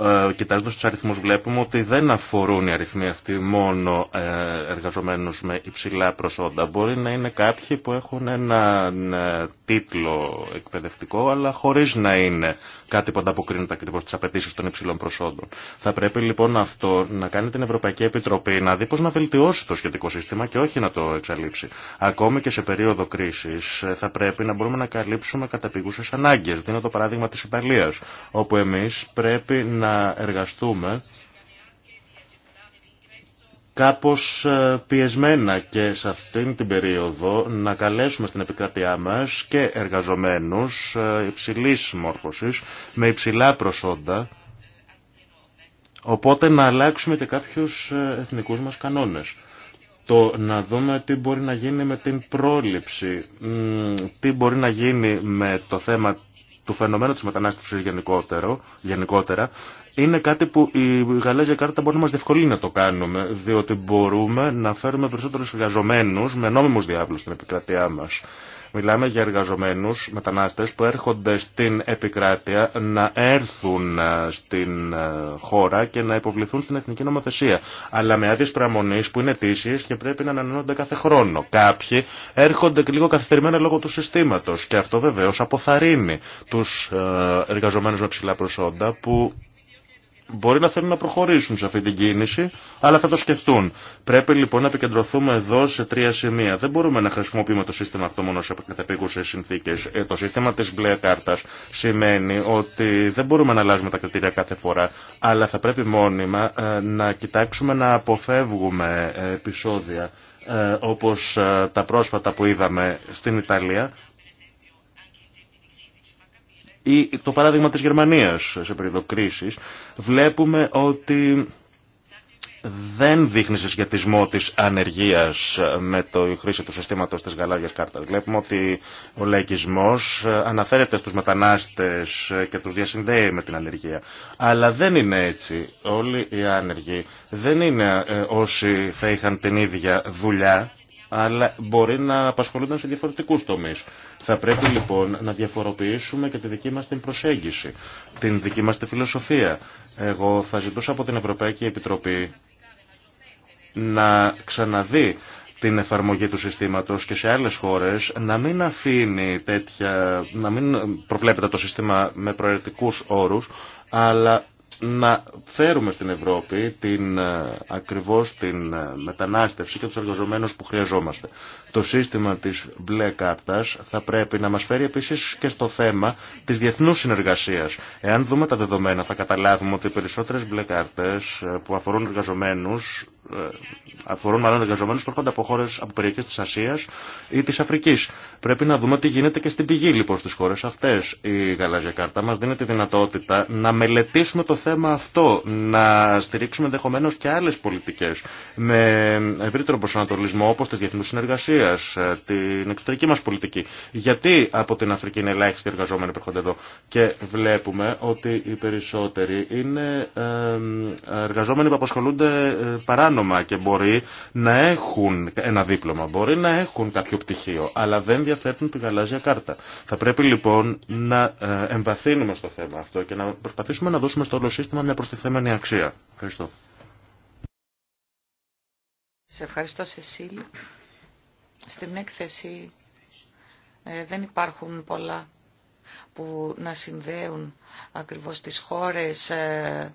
Ε, κοιτάζοντας τους αριθμούς βλέπουμε ότι δεν αφορούν οι αριθμοί αυτοί μόνο ε, εργαζομένους με υψηλά προσόντα. Μπορεί να είναι κάποιοι που έχουν έναν ε, τίτλο εκπαιδευτικό αλλά χωρίς να είναι κάτι που ανταποκρίνεται ακριβώ τι απαιτήσει των υψηλών προσόντων. Θα πρέπει λοιπόν αυτό να κάνει την Ευρωπαϊκή Επιτροπή να δει πώ να βελτιώσει το σχετικό σύστημα και όχι να το εξαλείψει. Ακόμη και σε περίοδο κρίση ε, θα πρέπει να μπορούμε να καλύψουμε καταπηγούσε ανάγκε. Δίνω το παράδειγμα τη Ιταλία, όπου εμεί πρέπει να εργαστούμε κάπως ε, πιεσμένα και σε αυτήν την περίοδο να καλέσουμε στην επικράτειά μας και εργαζομένους ε, υψηλής μόρφωσης, με υψηλά προσόντα, οπότε να αλλάξουμε και κάποιους ε, εθνικούς μας κανόνες. Το να δούμε τι μπορεί να γίνει με την πρόληψη, τι μπορεί να γίνει με το θέμα του φαινομένου της μετανάστευσης γενικότερα, είναι κάτι που η γαλέζια κάρτα μπορεί να μας διευκολύνει να το κάνουμε, διότι μπορούμε να φέρουμε περισσότερους εργαζομένους με νόμιμους διάβλους στην επικρατειά μας. Μιλάμε για εργαζομένους μετανάστες που έρχονται στην επικράτεια να έρθουν ε, στην ε, χώρα και να υποβληθούν στην εθνική νομοθεσία. Αλλά με άδειες πραμονής που είναι αιτήσει και πρέπει να ανανεώνονται κάθε χρόνο. Κάποιοι έρχονται λίγο καθυστερημένα λόγω του συστήματος και αυτό βεβαίως αποθαρρύνει τους ε, εργαζομένους με ψηλά προσόντα που Μπορεί να θέλουν να προχωρήσουν σε αυτή την κίνηση, αλλά θα το σκεφτούν. Πρέπει λοιπόν να επικεντρωθούμε εδώ σε τρία σημεία. Δεν μπορούμε να χρησιμοποιούμε το σύστημα αυτό μόνο σε κατεπίγουσε συνθήκε. Ε, το σύστημα τη μπλε κάρτα σημαίνει ότι δεν μπορούμε να αλλάζουμε τα κριτήρια κάθε φορά, αλλά θα πρέπει μόνιμα ε, να κοιτάξουμε να αποφεύγουμε ε, επεισόδια όπως τα πρόσφατα που είδαμε στην Ιταλία ή το παράδειγμα της Γερμανίας σε περίοδο κρίσης, βλέπουμε ότι δεν δείχνει σχετισμό τη ανεργίας με το χρήση του συστήματο τη γαλάζια κάρτα. Βλέπουμε ότι ο λαϊκισμό αναφέρεται στου μετανάστε και του διασυνδέει με την ανεργία. Αλλά δεν είναι έτσι. Όλοι οι άνεργοι δεν είναι ε, όσοι θα είχαν την ίδια δουλειά αλλά μπορεί να απασχολούνται σε διαφορετικούς τομείς. Θα πρέπει λοιπόν να διαφοροποιήσουμε και τη δική μας την προσέγγιση, την δική μας τη φιλοσοφία. Εγώ θα ζητούσα από την Ευρωπαϊκή Επιτροπή να ξαναδεί την εφαρμογή του συστήματος και σε άλλες χώρες να μην αφήνει τέτοια, να μην προβλέπεται το σύστημα με προαιρετικούς όρους, αλλά να φέρουμε στην Ευρώπη την, ε, ακριβώς την ε, μετανάστευση και τους εργαζομένους που χρειαζόμαστε. Το σύστημα της μπλε κάρτας θα πρέπει να μας φέρει επίσης και στο θέμα της διεθνούς συνεργασίας. Εάν δούμε τα δεδομένα θα καταλάβουμε ότι οι περισσότερες μπλε κάρτες ε, που αφορούν εργαζομένους αφορούν μάλλον εργαζομένους που έρχονται από χώρες από περιοχές της Ασίας ή της Αφρικής. Πρέπει να δούμε τι γίνεται και στην πηγή λοιπόν στις χώρες αυτές. Η γαλάζια κάρτα μας δίνει τη δυνατότητα να μελετήσουμε το θέμα αυτό, να στηρίξουμε ενδεχομένω και άλλε πολιτικέ με ευρύτερο προσανατολισμό όπω τη διεθνού συνεργασία, ε, την εξωτερική μα πολιτική. Γιατί από την Αφρική είναι ελάχιστοι εργαζόμενοι που έρχονται εδώ και βλέπουμε ότι οι περισσότεροι είναι εργαζόμενοι που απασχολούνται ε, παράνομα και μπορεί να έχουν ένα δίπλωμα, μπορεί να έχουν κάποιο πτυχίο, αλλά δεν διαθέτουν τη γαλάζια κάρτα. Θα πρέπει λοιπόν να ε, εμβαθύνουμε στο θέμα αυτό και να προσπαθήσουμε να δώσουμε στο όλο σύστημα μια προστιθέμενη αξία. Ευχαριστώ. Σε ευχαριστώ Σεσίλη. Στην έκθεση ε, δεν υπάρχουν πολλά που να συνδέουν ακριβώς τις χώρες ε,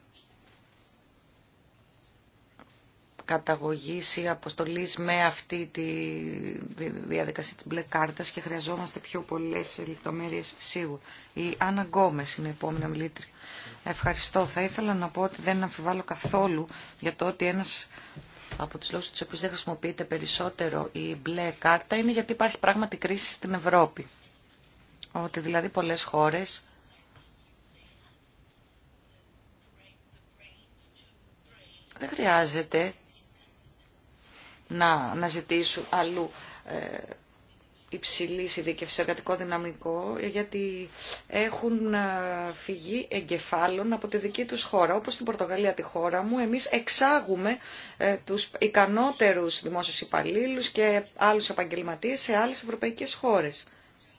καταγωγής ή αποστολής με αυτή τη διαδικασία της μπλε κάρτας και χρειαζόμαστε πιο πολλές λεπτομέρειες σίγουρα. Η Άννα Γκόμες είναι η επόμενη μιλήτρια. Ευχαριστώ. Θα ήθελα να πω ότι δεν αμφιβάλλω καθόλου για το ότι ένας από τους λόγους τους οποίους δεν χρησιμοποιείται περισσότερο η μπλε κάρτα είναι γιατί υπάρχει πράγματι κρίση στην Ευρώπη. Ότι δηλαδή πολλές χώρες δεν χρειάζεται να, να ζητήσουν αλλού ε, Υψηλή ειδίκευση, εργατικό δυναμικό, γιατί έχουν ε, φυγεί εγκεφάλων από τη δική τους χώρα. Όπως στην Πορτογαλία τη χώρα μου, εμείς εξάγουμε ε, τους ικανότερους δημόσιους υπαλλήλους και άλλους επαγγελματίες σε άλλες ευρωπαϊκές χώρες.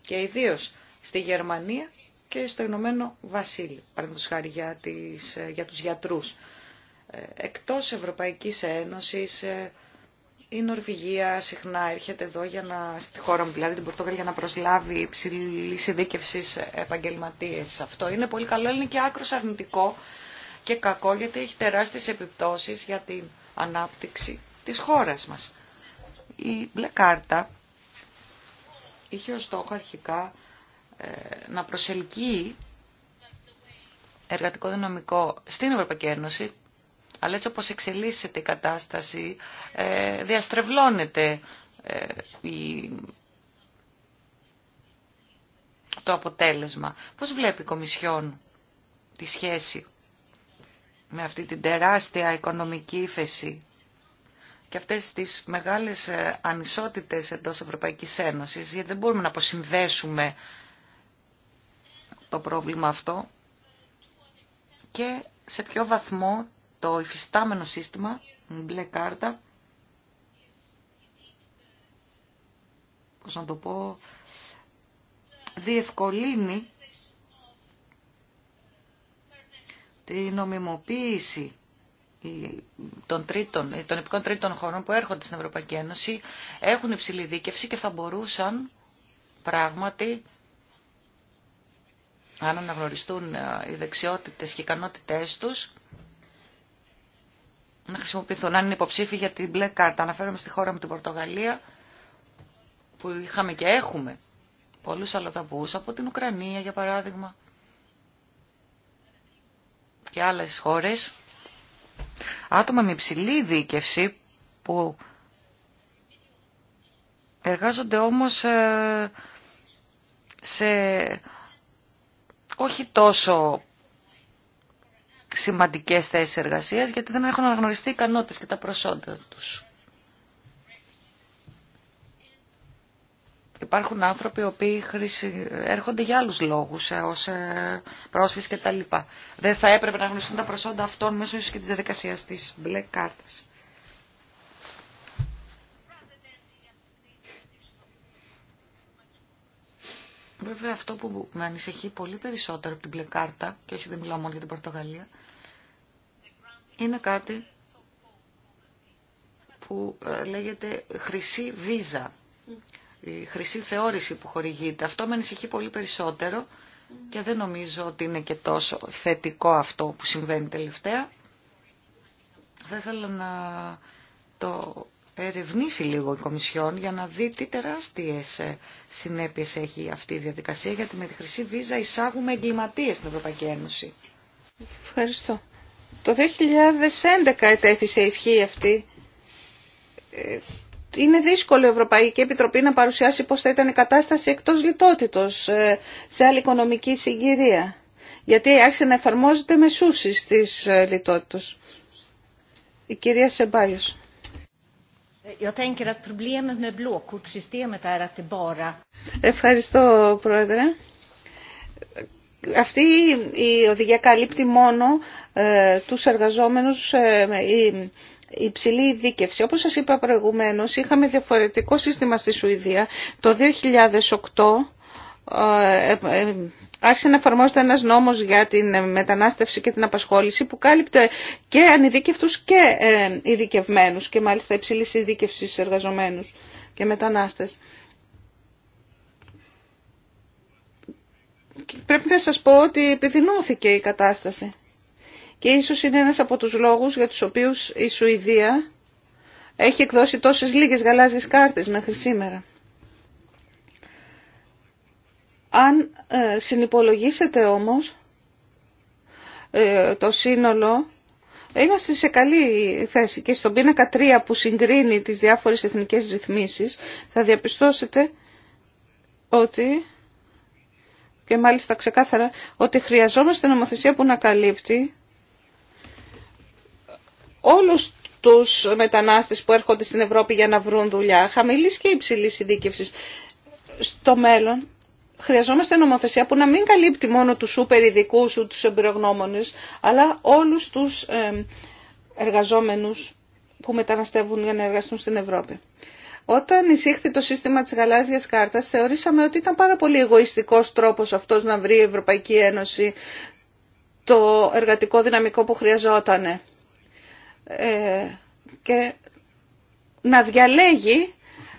Και ιδίω στη Γερμανία και στο Ηνωμένο Βασίλειο, παραδείγματος χάρη για, τις, ε, για τους γιατρούς. Εκτός Ευρωπαϊκής Ένωσης η Νορβηγία συχνά έρχεται εδώ για να, στη χώρα μου, δηλαδή την Πορτογαλία, για να προσλάβει υψηλή ειδίκευση επαγγελματίε. Αυτό είναι πολύ καλό, είναι και άκρο αρνητικό και κακό, γιατί έχει τεράστιε επιπτώσεις για την ανάπτυξη της χώρας μας. Η μπλε κάρτα είχε ως στόχο αρχικά ε, να προσελκύει εργατικό δυναμικό στην Ευρωπαϊκή Ένωση αλλά έτσι όπως εξελίσσεται η κατάσταση, ε, διαστρεβλώνεται ε, το αποτέλεσμα. Πώς βλέπει η Κομισιόν τη σχέση με αυτή την τεράστια οικονομική ύφεση και αυτές τις μεγάλες ε, ανισότητες εντός Ευρωπαϊκής Ένωσης, γιατί δεν μπορούμε να αποσυνδέσουμε το πρόβλημα αυτό και σε ποιο βαθμό το υφιστάμενο σύστημα, μπλε κάρτα, πώς να το πω, διευκολύνει τη νομιμοποίηση των, τρίτων, των επικών τρίτων χωρών που έρχονται στην Ευρωπαϊκή Ένωση έχουν υψηλή δίκευση και θα μπορούσαν πράγματι αν αναγνωριστούν ε, οι δεξιότητες και οι ικανότητές τους να χρησιμοποιηθούν. να είναι υποψήφιοι για την μπλε κάρτα, αναφέρομαι στη χώρα μου την Πορτογαλία, που είχαμε και έχουμε πολλούς αλλοδαπού από την Ουκρανία για παράδειγμα και άλλες χώρες άτομα με υψηλή δίκευση που εργάζονται όμως ε, σε όχι τόσο σημαντικές θέσεις εργασίας γιατί δεν έχουν αναγνωριστεί οι ικανότητες και τα προσόντα τους. Υπάρχουν άνθρωποι οι οποίοι έρχονται για άλλους λόγους ε, ως ε, πρόσφυγες και Δεν θα έπρεπε να γνωριστούν τα προσόντα αυτών μέσω και της διαδικασίας της μπλε κάρτας. βέβαια αυτό που με ανησυχεί πολύ περισσότερο από την μπλε κάρτα, και όχι δεν μιλάω μόνο για την Πορτογαλία, είναι κάτι που ε, λέγεται χρυσή βίζα, η χρυσή θεώρηση που χορηγείται. Αυτό με ανησυχεί πολύ περισσότερο και δεν νομίζω ότι είναι και τόσο θετικό αυτό που συμβαίνει τελευταία. Θα ήθελα να το ερευνήσει λίγο η Κομισιόν για να δει τι τεράστιες ε, συνέπειες έχει αυτή η διαδικασία, γιατί με τη Χρυσή Βίζα εισάγουμε εγκληματίες στην Ευρωπαϊκή Ένωση. Ευχαριστώ. Το 2011 ετέθησε σε ισχύ αυτή. Ε, είναι δύσκολο η Ευρωπαϊκή Επιτροπή να παρουσιάσει πώς θα ήταν η κατάσταση εκτός λιτότητος ε, σε άλλη οικονομική συγκυρία. Γιατί άρχισε να εφαρμόζεται με σούσεις της λιτότητος. Η κυρία Σεμπάγιος. Ευχαριστώ, Πρόεδρε. Αυτή η οδηγία καλύπτει μόνο ε, τους εργαζόμενους ε, η, υψηλή δίκευση. Όπως σας είπα προηγουμένως, είχαμε διαφορετικό σύστημα στη Σουηδία το 2008 ε, ε, άρχισε να εφαρμόζεται ένας νόμος για την μετανάστευση και την απασχόληση που κάλυπτε και ανειδίκευτους και ε, ειδικευμένους και μάλιστα υψηλή ειδίκευση εργαζομένους και μετανάστες. Πρέπει να σας πω ότι επιδεινώθηκε η κατάσταση και ίσως είναι ένας από τους λόγους για τους οποίους η Σουηδία έχει εκδώσει τόσες λίγες γαλάζιες κάρτες μέχρι σήμερα. Αν ε, συνυπολογίσετε όμως ε, το σύνολο, είμαστε σε καλή θέση και στον πίνακα 3 που συγκρίνει τις διάφορες εθνικές ρυθμίσεις θα διαπιστώσετε ότι και μάλιστα ξεκάθαρα ότι χρειαζόμαστε νομοθεσία που να καλύπτει όλους τους μετανάστες που έρχονται στην Ευρώπη για να βρουν δουλειά, χαμηλής και υψηλής ειδίκευσης. Στο μέλλον χρειαζόμαστε νομοθεσία που να μην καλύπτει μόνο τους σούπερ ειδικού ή τους εμπειρογνώμονες, αλλά όλους τους εργαζόμενους που μεταναστεύουν για να εργαστούν στην Ευρώπη. Όταν εισήχθη το σύστημα της γαλάζιας κάρτας, θεωρήσαμε ότι ήταν πάρα πολύ εγωιστικός τρόπος αυτός να βρει η Ευρωπαϊκή Ένωση το εργατικό δυναμικό που χρειαζόταν. Ε, και να διαλέγει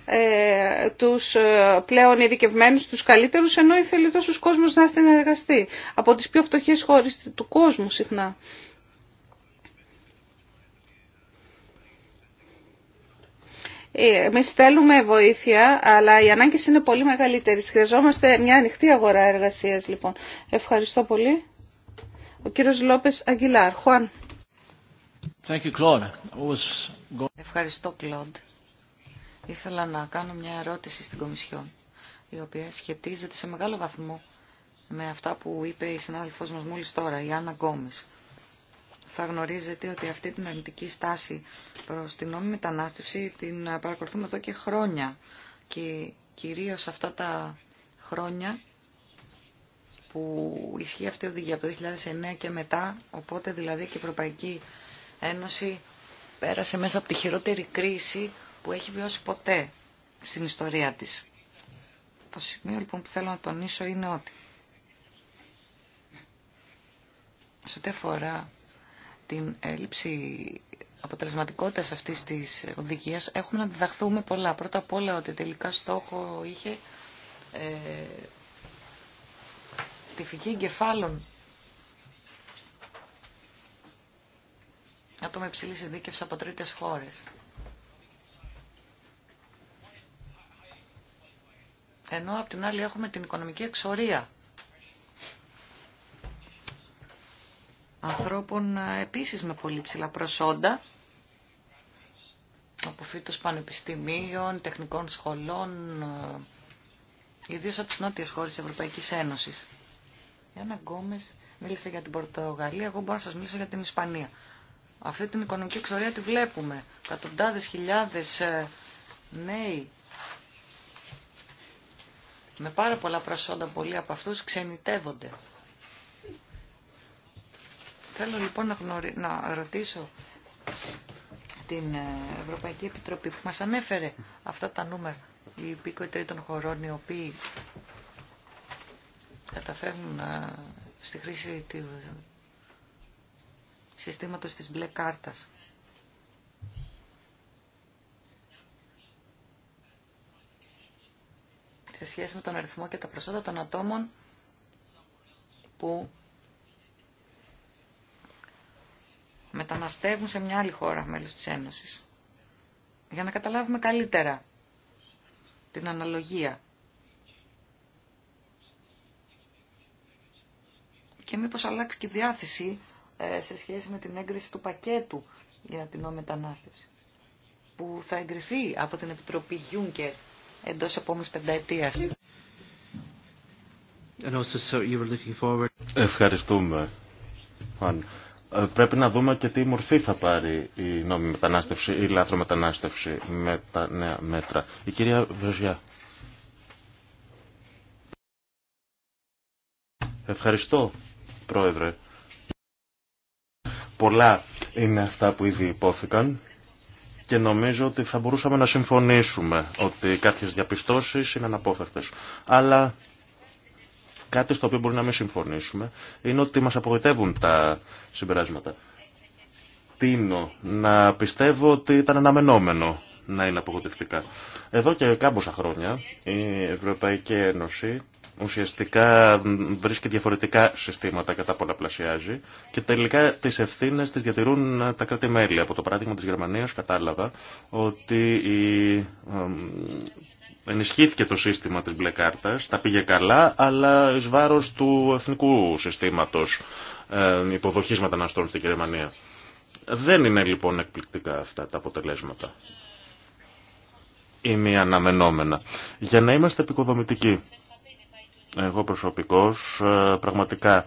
ε, τους ε, πλέον ειδικευμένους, τους καλύτερους, ενώ ήθελε τόσο κόσμος να έρθει να εργαστεί. Από τις πιο φτωχές χώρες του κόσμου συχνά. Ε, Εμεί θέλουμε βοήθεια, αλλά οι ανάγκε είναι πολύ μεγαλύτερε. Χρειαζόμαστε μια ανοιχτή αγορά εργασία, λοιπόν. Ευχαριστώ πολύ. Ο κύριο Λόπε Αγγιλάρ. Χουάν. Ευχαριστώ, Κλοντ. Ήθελα να κάνω μια ερώτηση στην Κομισιόν, η οποία σχετίζεται σε μεγάλο βαθμό με αυτά που είπε η συνάδελφός μας μόλις τώρα, η Άννα Γκόμες. Θα γνωρίζετε ότι αυτή την αρνητική στάση προς την νόμιμη μετανάστευση την παρακολουθούμε εδώ και χρόνια και κυρίως αυτά τα χρόνια που ισχύει αυτή η οδηγία από το 2009 και μετά, οπότε δηλαδή και η Ευρωπαϊκή Ένωση πέρασε μέσα από τη χειρότερη κρίση που έχει βιώσει ποτέ στην ιστορία της. Το σημείο λοιπόν που θέλω να τονίσω είναι ότι σε ό,τι αφορά την έλλειψη αποτελεσματικότητας αυτής της οδηγίας έχουμε να διδαχθούμε πολλά. Πρώτα απ' όλα ότι τελικά στόχο είχε ε, τη φυγή εγκεφάλων άτομα υψηλής ειδίκευσης από τρίτες χώρες. ενώ απ' την άλλη έχουμε την οικονομική εξορία ανθρώπων ε, επίσης με πολύ ψηλά προσόντα, από φύτους πανεπιστημίων, τεχνικών σχολών, ε, ιδίως από τις νότιες χώρες της Ευρωπαϊκής Ένωσης. Για να Γκόμες μίλησε για την Πορτογαλία, εγώ μπορώ να σας μιλήσω για την Ισπανία. Αυτή την οικονομική εξορία τη βλέπουμε. Κατοντάδες χιλιάδες ε, νέοι με πάρα πολλά προσόντα πολλοί από αυτούς ξενιτεύονται. Θέλω λοιπόν να, να ρωτήσω την ε, Ευρωπαϊκή Επιτροπή που μας ανέφερε αυτά τα νούμερα, οι υπήκοοι τρίτων χωρών οι οποίοι καταφέρνουν ε, στη χρήση του συστήματος της μπλε κάρτας. σε σχέση με τον αριθμό και τα προσώτα των ατόμων που μεταναστεύουν σε μια άλλη χώρα μέλος της Ένωσης. Για να καταλάβουμε καλύτερα την αναλογία. Και μήπως αλλάξει και η διάθεση ε, σε σχέση με την έγκριση του πακέτου για την μετανάστευση που θα εγκριθεί από την Επιτροπή Γιούγκερ εντός επόμενης πενταετίας. Ευχαριστούμε. Ε, πρέπει να δούμε και τι μορφή θα πάρει η νόμιμη μετανάστευση ή η λάθρο μετανάστευση με τα νέα μέτρα. Η κυρία Βεζιά. Ευχαριστώ, Πρόεδρε. Πολλά είναι αυτά που ήδη υπόθηκαν και νομίζω ότι θα μπορούσαμε να συμφωνήσουμε ότι κάποιες διαπιστώσεις είναι αναπόφευκτες. Αλλά κάτι στο οποίο μπορεί να μην συμφωνήσουμε είναι ότι μας απογοητεύουν τα συμπεράσματα. Τίνω να πιστεύω ότι ήταν αναμενόμενο να είναι απογοητευτικά. Εδώ και κάμποσα χρόνια η Ευρωπαϊκή Ένωση ουσιαστικά βρίσκει διαφορετικά συστήματα και τα πολλαπλασιάζει και τελικά τις ευθύνες τις διατηρούν τα κράτη-μέλη. Από το παράδειγμα της Γερμανίας κατάλαβα ότι η ενισχύθηκε το σύστημα της μπλε κάρτας, τα πήγε καλά, αλλά εις βάρος του εθνικού συστήματος ε, υποδοχής μεταναστών στην Γερμανία. Δεν είναι λοιπόν εκπληκτικά αυτά τα αποτελέσματα ή μη αναμενόμενα. Για να είμαστε επικοδομητικοί εγώ προσωπικώς ε, πραγματικά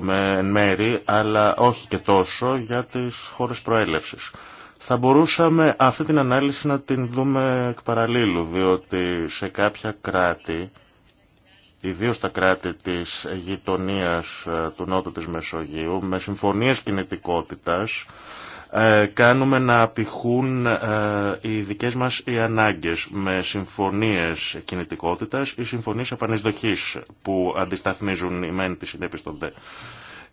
με εν μέρη, αλλά όχι και τόσο για τις χώρες προέλευσης. Θα μπορούσαμε αυτή την ανάλυση να την δούμε εκ παραλίλου, διότι σε κάποια κράτη, ιδίως τα κράτη της γειτονίας ε, του νότου της Μεσογείου, με συμφωνίες κινητικότητας, ε, κάνουμε να απηχούν ε, οι δικές μας οι ανάγκες με συμφωνίες κινητικότητας ή συμφωνίες επανεισδοχής που αντισταθμίζουν οι μεν τις συνέπειες των δε.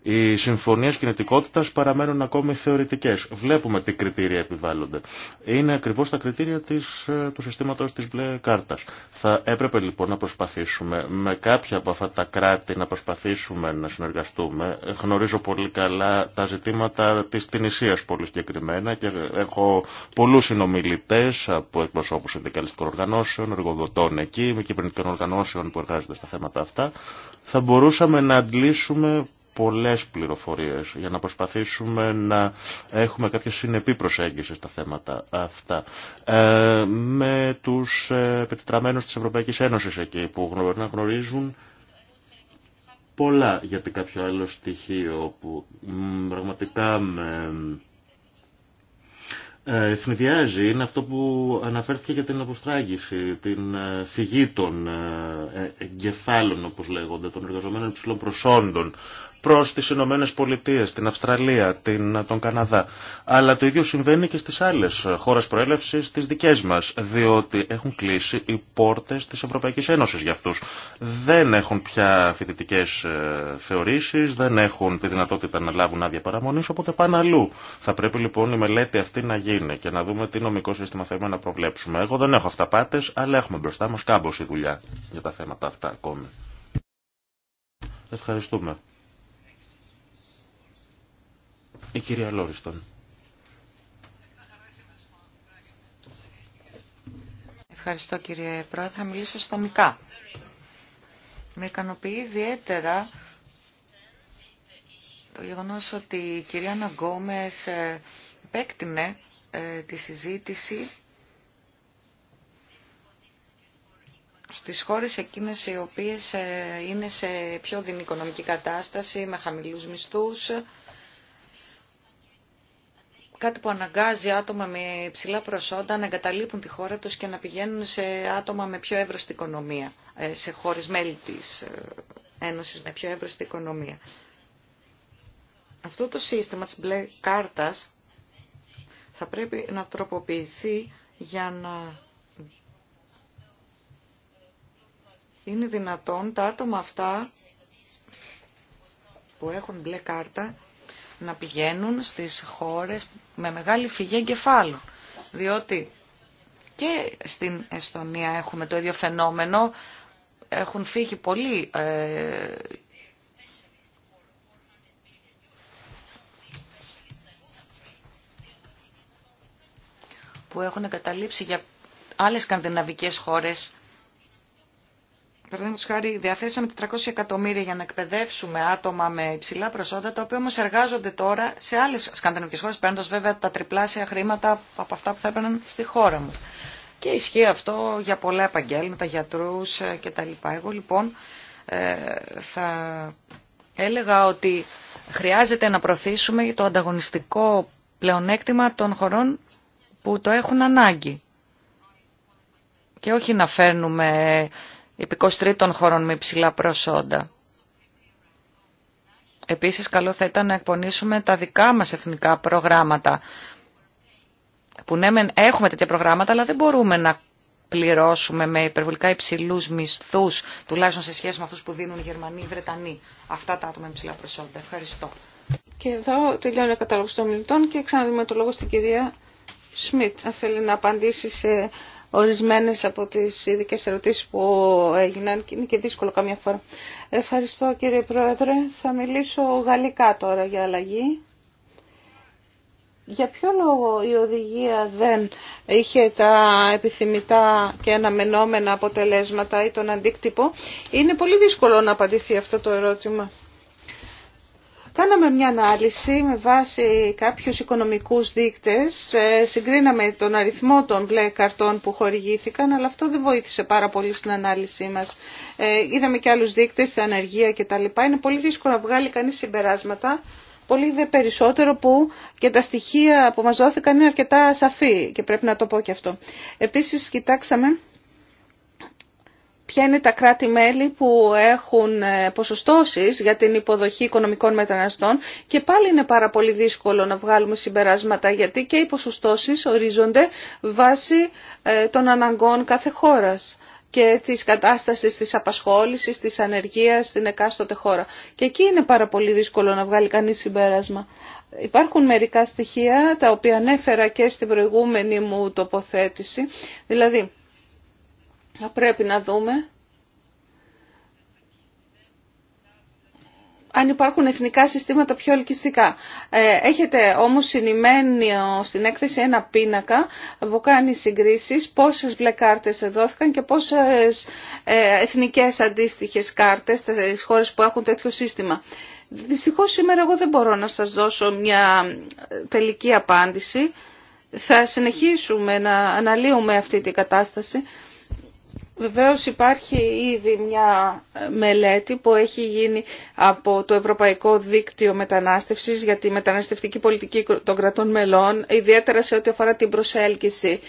Οι συμφωνίες κινητικότητας παραμένουν ακόμη θεωρητικές. Βλέπουμε τι κριτήρια επιβάλλονται. Είναι ακριβώς τα κριτήρια της, ε, του συστήματος της μπλε κάρτας. Θα έπρεπε λοιπόν να προσπαθήσουμε με κάποια από αυτά τα κράτη να προσπαθήσουμε να συνεργαστούμε. Γνωρίζω πολύ καλά τα ζητήματα της Τινησίας πολύ συγκεκριμένα και έχω πολλούς συνομιλητές από εκπροσώπους συνδικαλιστικών οργανώσεων, εργοδοτών εκεί, με κυβερνητικών οργανώσεων που εργάζονται στα θέματα αυτά. Θα μπορούσαμε να αντλήσουμε πολλές πληροφορίες για να προσπαθήσουμε να έχουμε κάποια συνεπή προσέγγιση στα θέματα αυτά. Ε, με τους ε, πετυτραμένους της Ευρωπαϊκής Ένωσης εκεί που γνωρίζουν πολλά γιατί κάποιο άλλο στοιχείο που πραγματικά με ε, είναι αυτό που αναφέρθηκε για την αποστράγγιση, την ε, φυγή των εγκεφάλων όπως λέγονται, των εργαζομένων υψηλών προσόντων προς τις Ηνωμένε Πολιτείε, την Αυστραλία, την, τον Καναδά. Αλλά το ίδιο συμβαίνει και στις άλλες χώρες προέλευσης τις δικές μας, διότι έχουν κλείσει οι πόρτες της Ευρωπαϊκής Ένωσης για αυτούς. Δεν έχουν πια φοιτητικέ ε, θεωρήσεις, δεν έχουν τη δυνατότητα να λάβουν άδεια παραμονής, οπότε πάνε αλλού. Θα πρέπει λοιπόν η μελέτη αυτή να γίνει και να δούμε τι νομικό σύστημα θέλουμε να προβλέψουμε. Εγώ δεν έχω αυταπάτες, αλλά έχουμε μπροστά μας κάμποση δουλειά για τα θέματα αυτά ακόμη. Ευχαριστούμε. Η κυρία Λόριστον. Ευχαριστώ κύριε Πρόεδρε. Θα μιλήσω στομικά. Με ικανοποιεί ιδιαίτερα το γεγονός ότι η κυρία Ναγκόμες ε, επέκτηνε ε, τη συζήτηση στις χώρες εκείνες οι οποίες ε, είναι σε πιο δινή οικονομική κατάσταση, με χαμηλούς μισθούς, κάτι που αναγκάζει άτομα με ψηλά προσόντα να εγκαταλείπουν τη χώρα τους και να πηγαίνουν σε άτομα με πιο εύρωστη οικονομία, ε, σε χώρες μέλη της ε, Ένωσης με πιο εύρωστη οικονομία. Αυτό το σύστημα της μπλε κάρτας θα πρέπει να τροποποιηθεί για να είναι δυνατόν τα άτομα αυτά που έχουν μπλε κάρτα να πηγαίνουν στις χώρες με μεγάλη φυγή εγκεφάλου Διότι και στην Εστονία έχουμε το ίδιο φαινόμενο. Έχουν φύγει πολλοί ε, που έχουν καταλήψει για άλλες σκανδιναβικές χώρες Παραδείγματο χάρη, διαθέσαμε 400 εκατομμύρια για να εκπαιδεύσουμε άτομα με υψηλά προσόντα, τα οποία όμω εργάζονται τώρα σε άλλε σκανδιναβικέ χώρε, παίρνοντα βέβαια τα τριπλάσια χρήματα από αυτά που θα έπαιρναν στη χώρα μα. Και ισχύει αυτό για πολλά επαγγέλματα, γιατρού ε, κτλ. Εγώ λοιπόν ε, θα έλεγα ότι χρειάζεται να προωθήσουμε το ανταγωνιστικό πλεονέκτημα των χωρών που το έχουν ανάγκη. Και όχι να φέρνουμε υπηκός τρίτων χωρών με υψηλά προσόντα. Επίσης, καλό θα ήταν να εκπονήσουμε τα δικά μας εθνικά προγράμματα, που ναι, έχουμε τέτοια προγράμματα, αλλά δεν μπορούμε να πληρώσουμε με υπερβολικά υψηλούς μισθούς, τουλάχιστον σε σχέση με αυτούς που δίνουν οι Γερμανοί ή Βρετανοί, αυτά τα άτομα με υψηλά προσόντα. Ευχαριστώ. Και εδώ τελειώνει ο κατάλογος των μιλητών και ξαναδούμε το λόγο στην κυρία Σμιτ, αν θέλει να απαντήσει σε ορισμένες από τις ειδικέ ερωτήσεις που έγιναν και είναι και δύσκολο καμιά φορά. Ευχαριστώ κύριε Πρόεδρε. Θα μιλήσω γαλλικά τώρα για αλλαγή. Για ποιο λόγο η οδηγία δεν είχε τα επιθυμητά και αναμενόμενα αποτελέσματα ή τον αντίκτυπο. Είναι πολύ δύσκολο να απαντηθεί αυτό το ερώτημα. Κάναμε μια ανάλυση με βάση κάποιους οικονομικούς δείκτες, ε, συγκρίναμε τον αριθμό των μπλε καρτών που χορηγήθηκαν, αλλά αυτό δεν βοήθησε πάρα πολύ στην ανάλυση μας. Ε, είδαμε και άλλους δείκτες, την ανεργία κτλ. Είναι πολύ δύσκολο να βγάλει κανείς συμπεράσματα, πολύ δε περισσότερο που και τα στοιχεία που μας δόθηκαν είναι αρκετά σαφή και πρέπει να το πω και αυτό. Επίσης κοιτάξαμε ποια είναι τα κράτη-μέλη που έχουν ε, ποσοστώσεις για την υποδοχή οικονομικών μεταναστών και πάλι είναι πάρα πολύ δύσκολο να βγάλουμε συμπεράσματα γιατί και οι ποσοστώσεις ορίζονται βάσει ε, των αναγκών κάθε χώρας και της κατάστασης της απασχόλησης, της ανεργίας στην εκάστοτε χώρα. Και εκεί είναι πάρα πολύ δύσκολο να βγάλει κανείς συμπέρασμα. Υπάρχουν μερικά στοιχεία τα οποία ανέφερα και στην προηγούμενη μου τοποθέτηση. Δηλαδή, θα πρέπει να δούμε αν υπάρχουν εθνικά συστήματα πιο ελκυστικά. Ε, έχετε όμως συνημένει στην έκθεση ένα πίνακα που κάνει συγκρίσεις πόσες μπλε κάρτες δόθηκαν και πόσες ε, εθνικές αντίστοιχες κάρτες στις χώρες που έχουν τέτοιο σύστημα. Δυστυχώς σήμερα εγώ δεν μπορώ να σας δώσω μια τελική απάντηση. Θα συνεχίσουμε να αναλύουμε αυτή την κατάσταση. Βεβαίως υπάρχει ήδη μια μελέτη που έχει γίνει από το Ευρωπαϊκό Δίκτυο Μετανάστευσης για τη μεταναστευτική πολιτική των κρατών μελών, ιδιαίτερα σε ό,τι αφορά την προσέλκυση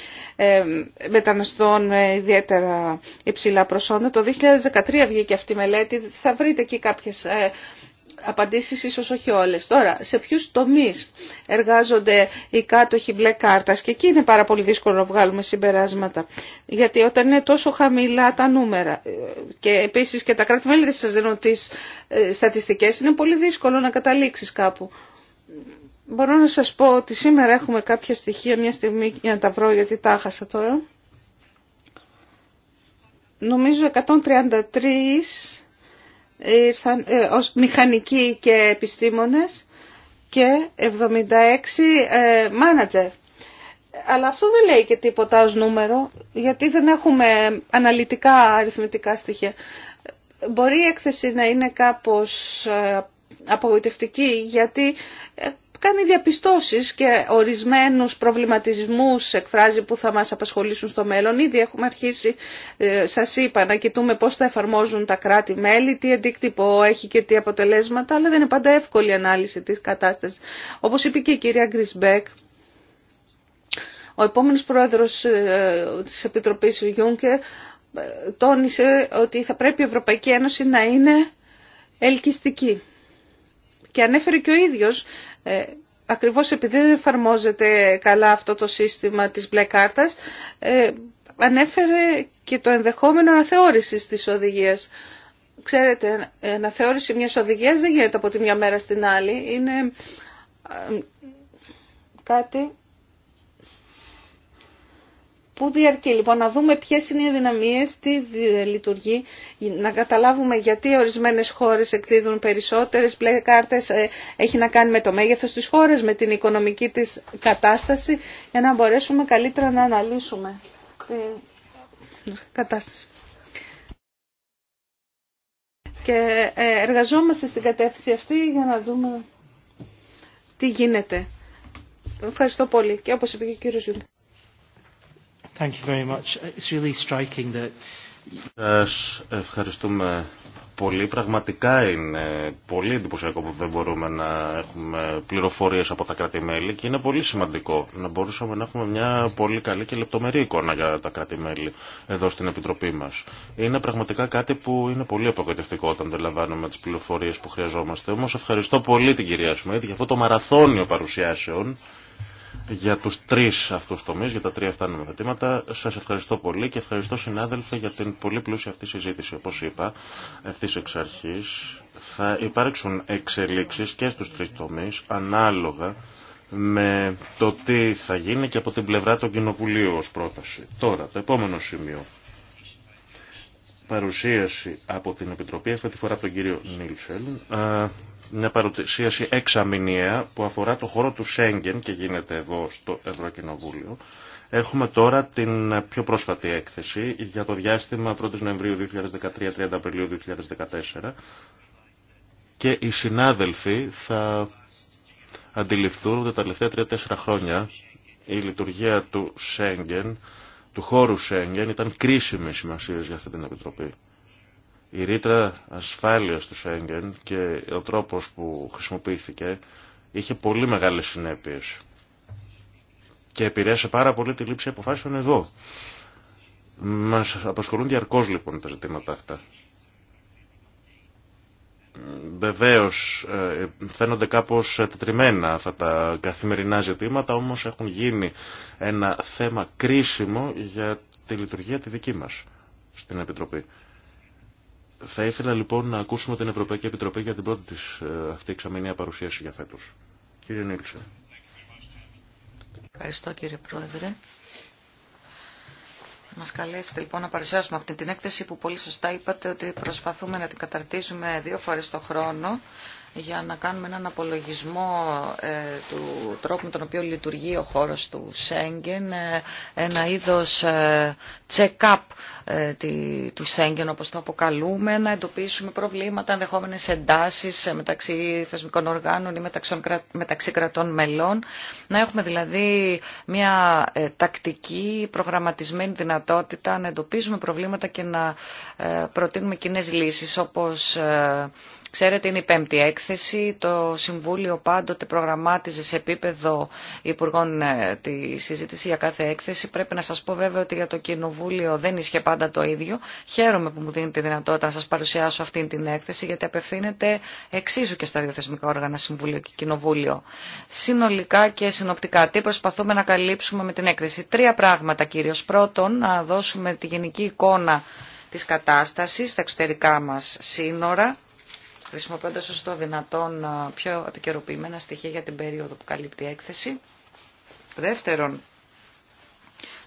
μεταναστών με ιδιαίτερα υψηλά προσόντα. Το 2013 βγήκε αυτή η μελέτη, θα βρείτε εκεί κάποιες ε, απαντήσεις ίσως όχι όλες. Τώρα, σε ποιους τομείς εργάζονται οι κάτοχοι μπλε κάρτας και εκεί είναι πάρα πολύ δύσκολο να βγάλουμε συμπεράσματα. Γιατί όταν είναι τόσο χαμηλά τα νούμερα ε, και επίσης και τα κράτη-μέλη δεν σας δίνουν τις στατιστικές, είναι πολύ δύσκολο να καταλήξεις κάπου. Μπορώ να σας πω ότι σήμερα έχουμε κάποια στοιχεία, μια στιγμή για να τα βρω γιατί τα άχασα τώρα. Νομίζω 133 ήρθαν ε, ως μηχανικοί και επιστήμονες και 76 ε, μάνατζερ. Αλλά αυτό δεν λέει και τίποτα ως νούμερο, γιατί δεν έχουμε αναλυτικά αριθμητικά στοιχεία. Μπορεί η έκθεση να είναι κάπως ε, απογοητευτική, γιατί κάνει διαπιστώσεις και ορισμένους προβληματισμούς εκφράζει που θα μας απασχολήσουν στο μέλλον. Ήδη έχουμε αρχίσει, ε, σας είπα, να κοιτούμε πώς θα εφαρμόζουν τα κράτη-μέλη, τι αντίκτυπο έχει και τι αποτελέσματα, αλλά δεν είναι πάντα εύκολη η ανάλυση της κατάστασης. Όπως είπε και η κυρία Γκρισμπέκ, ο επόμενος πρόεδρος ε, της Επιτροπής Γιούνκερ ε, τόνισε ότι θα πρέπει η Ευρωπαϊκή Ένωση να είναι ελκυστική. Και ανέφερε και ο ίδιος, ε, ακριβώς επειδή δεν εφαρμόζεται καλά αυτό το σύστημα της μπλε κάρτας, ε, ανέφερε και το ενδεχόμενο αναθεώρησης της οδηγίας. Ξέρετε, αναθεώρηση μιας οδηγίας δεν γίνεται από τη μια μέρα στην άλλη. Είναι ε, κάτι που διαρκεί. Λοιπόν, να δούμε ποιες είναι οι δυναμίες, τι λειτουργεί, να καταλάβουμε γιατί ορισμένες χώρες εκδίδουν περισσότερες μπλε κάρτες, ε, έχει να κάνει με το μέγεθος της χώρας, με την οικονομική της κατάσταση, για να μπορέσουμε καλύτερα να αναλύσουμε την ε, κατάσταση. Και ε, εργαζόμαστε στην κατεύθυνση αυτή για να δούμε τι γίνεται. Ευχαριστώ πολύ και όπως είπε και ο κύριος Thank ευχαριστούμε πολύ. Πραγματικά είναι πολύ εντυπωσιακό που δεν μπορούμε να έχουμε πληροφορίες από τα κράτη-μέλη και είναι πολύ σημαντικό να μπορούσαμε να έχουμε μια πολύ καλή και λεπτομερή εικόνα για τα κράτη-μέλη εδώ στην Επιτροπή μας. Είναι πραγματικά κάτι που είναι πολύ απογοητευτικό όταν δεν λαμβάνουμε τις πληροφορίες που χρειαζόμαστε. Όμως ευχαριστώ πολύ την κυρία Σμίτ για αυτό το μαραθώνιο παρουσιάσεων για τους τρεις αυτούς τομείς, για τα τρία αυτά νομοθετήματα. Σας ευχαριστώ πολύ και ευχαριστώ συνάδελφε για την πολύ πλούσια αυτή συζήτηση. Όπως είπα, ευθύς εξ αρχής θα υπάρξουν εξελίξεις και στους τρεις τομείς ανάλογα με το τι θα γίνει και από την πλευρά των Κοινοβουλίου ως πρόταση. Τώρα, το επόμενο σημείο. Παρουσίαση από την Επιτροπή, αυτή τη φορά από τον κύριο Νίλσελ, μια παρουσίαση εξαμηνιαία που αφορά το χώρο του Σέγγεν και γίνεται εδώ στο Ευρωκοινοβούλιο. Έχουμε τώρα την πιο πρόσφατη έκθεση για το διάστημα 1 Νοεμβρίου 2013-30 Απριλίου 2014 και οι συνάδελφοι θα αντιληφθούν ότι τα τελευταία 3-4 χρόνια η λειτουργία του Σέγγεν, του χώρου Σέγγεν ήταν κρίσιμη σημασία για αυτή την Επιτροπή. Η ρήτρα ασφάλειας του Σέγγεν και ο τρόπος που χρησιμοποιήθηκε είχε πολύ μεγάλες συνέπειες και επηρέασε πάρα πολύ τη λήψη αποφάσεων εδώ. Μας απασχολούν διαρκώς λοιπόν τα ζητήματα αυτά. Βεβαίω ε, φαίνονται κάπως τετριμένα αυτά τα καθημερινά ζητήματα, όμως έχουν γίνει ένα θέμα κρίσιμο για τη λειτουργία τη δική μας στην Επιτροπή. Θα ήθελα λοιπόν να ακούσουμε την Ευρωπαϊκή Επιτροπή για την πρώτη της ε, αυτή εξαμηνία παρουσίαση για φέτος. Κύριε Νίλξε. Ευχαριστώ κύριε Πρόεδρε. Μα καλέσετε λοιπόν να παρουσιάσουμε αυτή την έκθεση που πολύ σωστά είπατε ότι προσπαθούμε να την καταρτίζουμε δύο φορές το χρόνο για να κάνουμε έναν απολογισμό ε, του τρόπου με τον οποίο λειτουργεί ο χώρος του Σέγγεν, ε, ένα είδος ε, check-up του Σέγγεν όπως το αποκαλούμε, να εντοπίσουμε προβλήματα, ενδεχόμενες εντάσεις μεταξύ θεσμικών οργάνων ή μεταξύ κρατών μελών, να έχουμε δηλαδή μια τακτική προγραμματισμένη δυνατότητα να εντοπίζουμε προβλήματα και να προτείνουμε κοινέ λύσεις όπως Ξέρετε, είναι η πέμπτη έκθεση. Το Συμβούλιο πάντοτε προγραμμάτιζε σε επίπεδο υπουργών ε, τη συζήτηση για κάθε έκθεση. Πρέπει να σα πω βέβαια ότι για το Κοινοβούλιο δεν ίσχυε πάντα το ίδιο. Χαίρομαι που μου δίνετε τη δυνατότητα να σα παρουσιάσω αυτή την έκθεση, γιατί απευθύνεται εξίσου και στα δύο όργανα, Συμβούλιο και Κοινοβούλιο. Συνολικά και συνοπτικά, τι προσπαθούμε να καλύψουμε με την έκθεση. Τρία πράγματα κυρίω. Πρώτον, να δώσουμε τη γενική εικόνα της κατάστασης στα εξωτερικά μας σύνορα, χρησιμοποιώντας ως το δυνατόν πιο επικαιροποιημένα στοιχεία για την περίοδο που καλύπτει η έκθεση. Δεύτερον,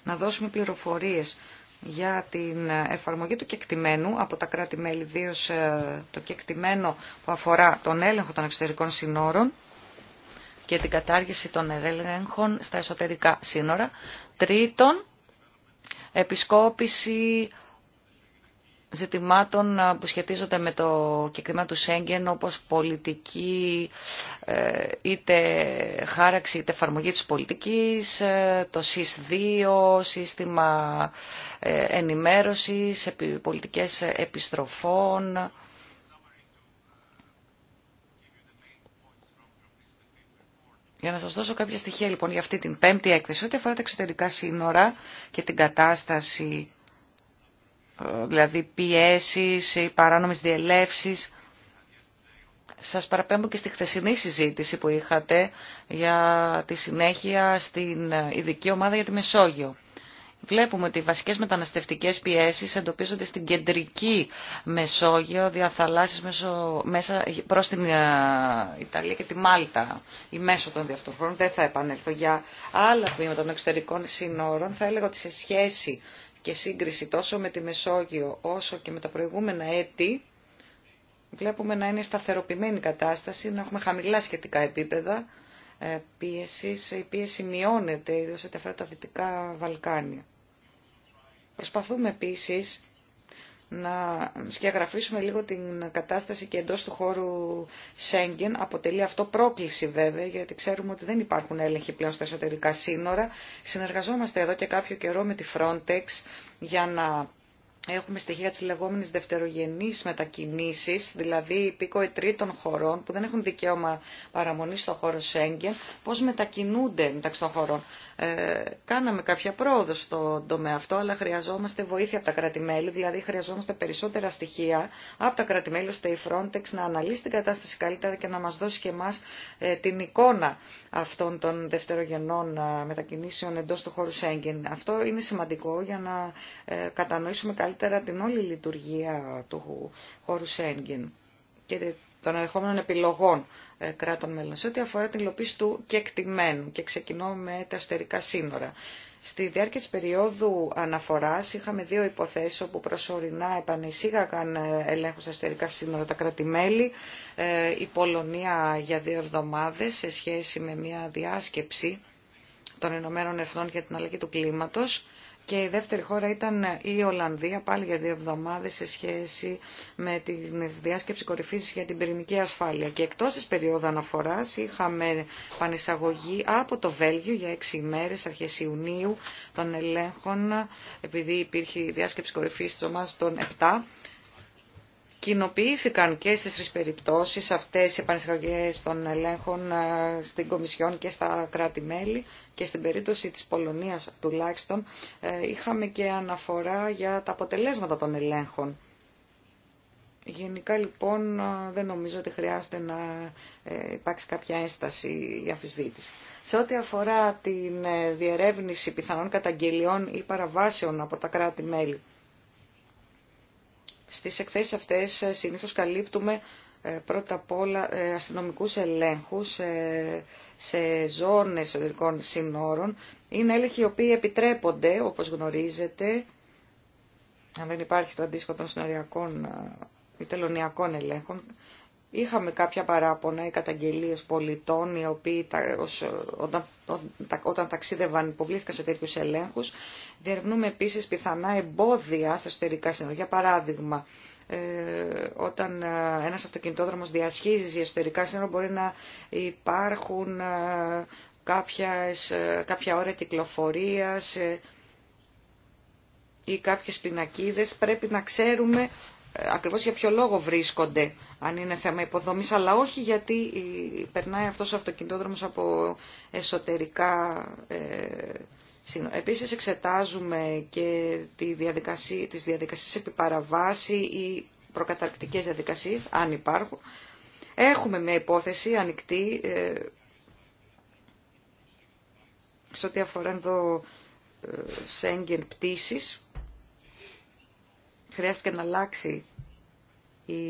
να δώσουμε πληροφορίες για την ε, εφαρμογή του κεκτημένου από τα κράτη-μέλη, ιδίω ε, το κεκτημένο που αφορά τον έλεγχο των εξωτερικών συνόρων και την κατάργηση των ελέγχων στα εσωτερικά σύνορα. Τρίτον, επισκόπηση ζητημάτων ε, που σχετίζονται με το κεκτήμα του Σέγγεν όπως πολιτική ε, είτε χάραξη είτε εφαρμογή της πολιτικής, ε, το ΣΥΣ2, σύστημα ενημέρωσης, πολιτικές επιστροφών. Για να σας δώσω κάποια στοιχεία λοιπόν για αυτή την πέμπτη έκθεση, ό,τι αφορά τα εξωτερικά σύνορα και την κατάσταση δηλαδή πιέσεις, οι παράνομες διελεύσεις. Σας παραπέμπω και στη χθεσινή συζήτηση που είχατε για τη συνέχεια στην ειδική ομάδα για τη Μεσόγειο. Βλέπουμε ότι οι βασικές μεταναστευτικές πιέσεις εντοπίζονται στην κεντρική Μεσόγειο, διαθαλάσσεις μέσω, μέσα προς την ε, Ιταλία και τη Μάλτα, ή μέσω των διαφορών. Δεν θα επανέλθω για άλλα βήματα των εξωτερικών σύνορων. Θα έλεγα ότι σε σχέση και σύγκριση τόσο με τη Μεσόγειο όσο και με τα προηγούμενα έτη, βλέπουμε να είναι σταθεροποιημένη η κατάσταση, να έχουμε χαμηλά σχετικά επίπεδα ε, πίεσης. Η πίεση μειώνεται, ιδίως ότι αφορά τα Δυτικά Βαλκάνια. Προσπαθούμε επίσης να σκιαγραφίσουμε λίγο την κατάσταση και εντός του χώρου Σέγγεν. Αποτελεί αυτό πρόκληση βέβαια, γιατί ξέρουμε ότι δεν υπάρχουν έλεγχοι πλέον στα εσωτερικά σύνορα. Συνεργαζόμαστε εδώ και κάποιο καιρό με τη Frontex για να Έχουμε στοιχεία της λεγόμενης δευτερογενής μετακινήσεις, δηλαδή υπήκοοι τρίτων χωρών που δεν έχουν δικαίωμα παραμονή στο χώρο Σέγγεν, πώς μετακινούνται μεταξύ των χωρών. Ε, κάναμε κάποια πρόοδο στον τομέα αυτό, αλλά χρειαζόμαστε βοήθεια από τα κρατη δηλαδή χρειαζόμαστε περισσότερα στοιχεία από τα κράτη-μέλη, ώστε η Frontex να αναλύσει την κατάσταση καλύτερα και να μας δώσει και εμάς ε, την εικόνα αυτών των δευτερογενών ε, μετακινήσεων εντός του χώρου Σέγγεν. Αυτό είναι σημαντικό για να κατανοήσουμε καλύτερα την όλη λειτουργία του χώρου Σέγγεν των ενδεχόμενων επιλογών ε, κράτων μέλων. Σε ό,τι αφορά την υλοποίηση του κεκτημένου και ξεκινώ με τα αστερικά σύνορα. Στη διάρκεια της περίοδου αναφοράς είχαμε δύο υποθέσεις όπου προσωρινά επανεισήγαγαν ε, ελέγχους στα αστερικά σύνορα τα κρατημέλη, ε, η Πολωνία για δύο εβδομάδες σε σχέση με μια διάσκεψη των Ηνωμένων Εθνών για την αλλαγή του κλίματος και η δεύτερη χώρα ήταν η Ολλανδία, πάλι για δύο εβδομάδες σε σχέση με τη διάσκεψη κορυφής για την πυρηνική ασφάλεια. Και εκτός της περίοδου αναφοράς είχαμε πανεισαγωγή από το Βέλγιο για έξι ημέρες, αρχές Ιουνίου, των ελέγχων, επειδή υπήρχε η διάσκεψη κορυφής της ομάδας των 7 κοινοποιήθηκαν και στις τρεις περιπτώσεις αυτές οι επανεισαγωγές των ελέγχων ε, στην Κομισιόν και στα κράτη-μέλη και στην περίπτωση της Πολωνίας τουλάχιστον ε, είχαμε και αναφορά για τα αποτελέσματα των ελέγχων. Γενικά λοιπόν ε, δεν νομίζω ότι χρειάζεται να υπάρξει κάποια ένσταση ή αμφισβήτηση. Σε ό,τι αφορά την διερεύνηση πιθανών καταγγελιών ή παραβάσεων από τα κράτη-μέλη, στις εκθέσεις αυτές ε, συνήθως καλύπτουμε ε, πρώτα απ' όλα ε, αστυνομικούς ελέγχους σε ζώνες εσωτερικών συνόρων. Είναι έλεγχοι οι οποίοι επιτρέπονται, όπως γνωρίζετε, αν δεν υπάρχει το αντίστοιχο των συνοριακών ή τελωνιακών ελέγχων, Είχαμε κάποια παράπονα ή καταγγελίες πολιτών οι οποίοι όταν, όταν ταξίδευαν υποβλήθηκαν σε τέτοιους ελέγχους. Διερευνούμε επίσης πιθανά εμπόδια στα εσωτερικά σύνορα. Για παράδειγμα, ε, όταν ε, ένας αυτοκινητόδρομος διασχίζει εσωτερικά σύνορα μπορεί να υπάρχουν ε, κάποιες, κάποια ώρα κυκλοφορίας ή κάποιες πινακίδες. Πρέπει να ξέρουμε ακριβώς για ποιο λόγο βρίσκονται, αν είναι θέμα υποδομής, αλλά όχι γιατί περνάει αυτός ο αυτοκινητόδρομος από εσωτερικά ε, Επίσης εξετάζουμε και τη διαδικασία, τις διαδικασίες επί παραβάση ή προκαταρκτικές διαδικασίες, αν υπάρχουν. Έχουμε μια υπόθεση ανοιχτή ε, σε ό,τι αφορά εδώ ε, Σέγγεν πτήσεις χρειάστηκε να αλλάξει η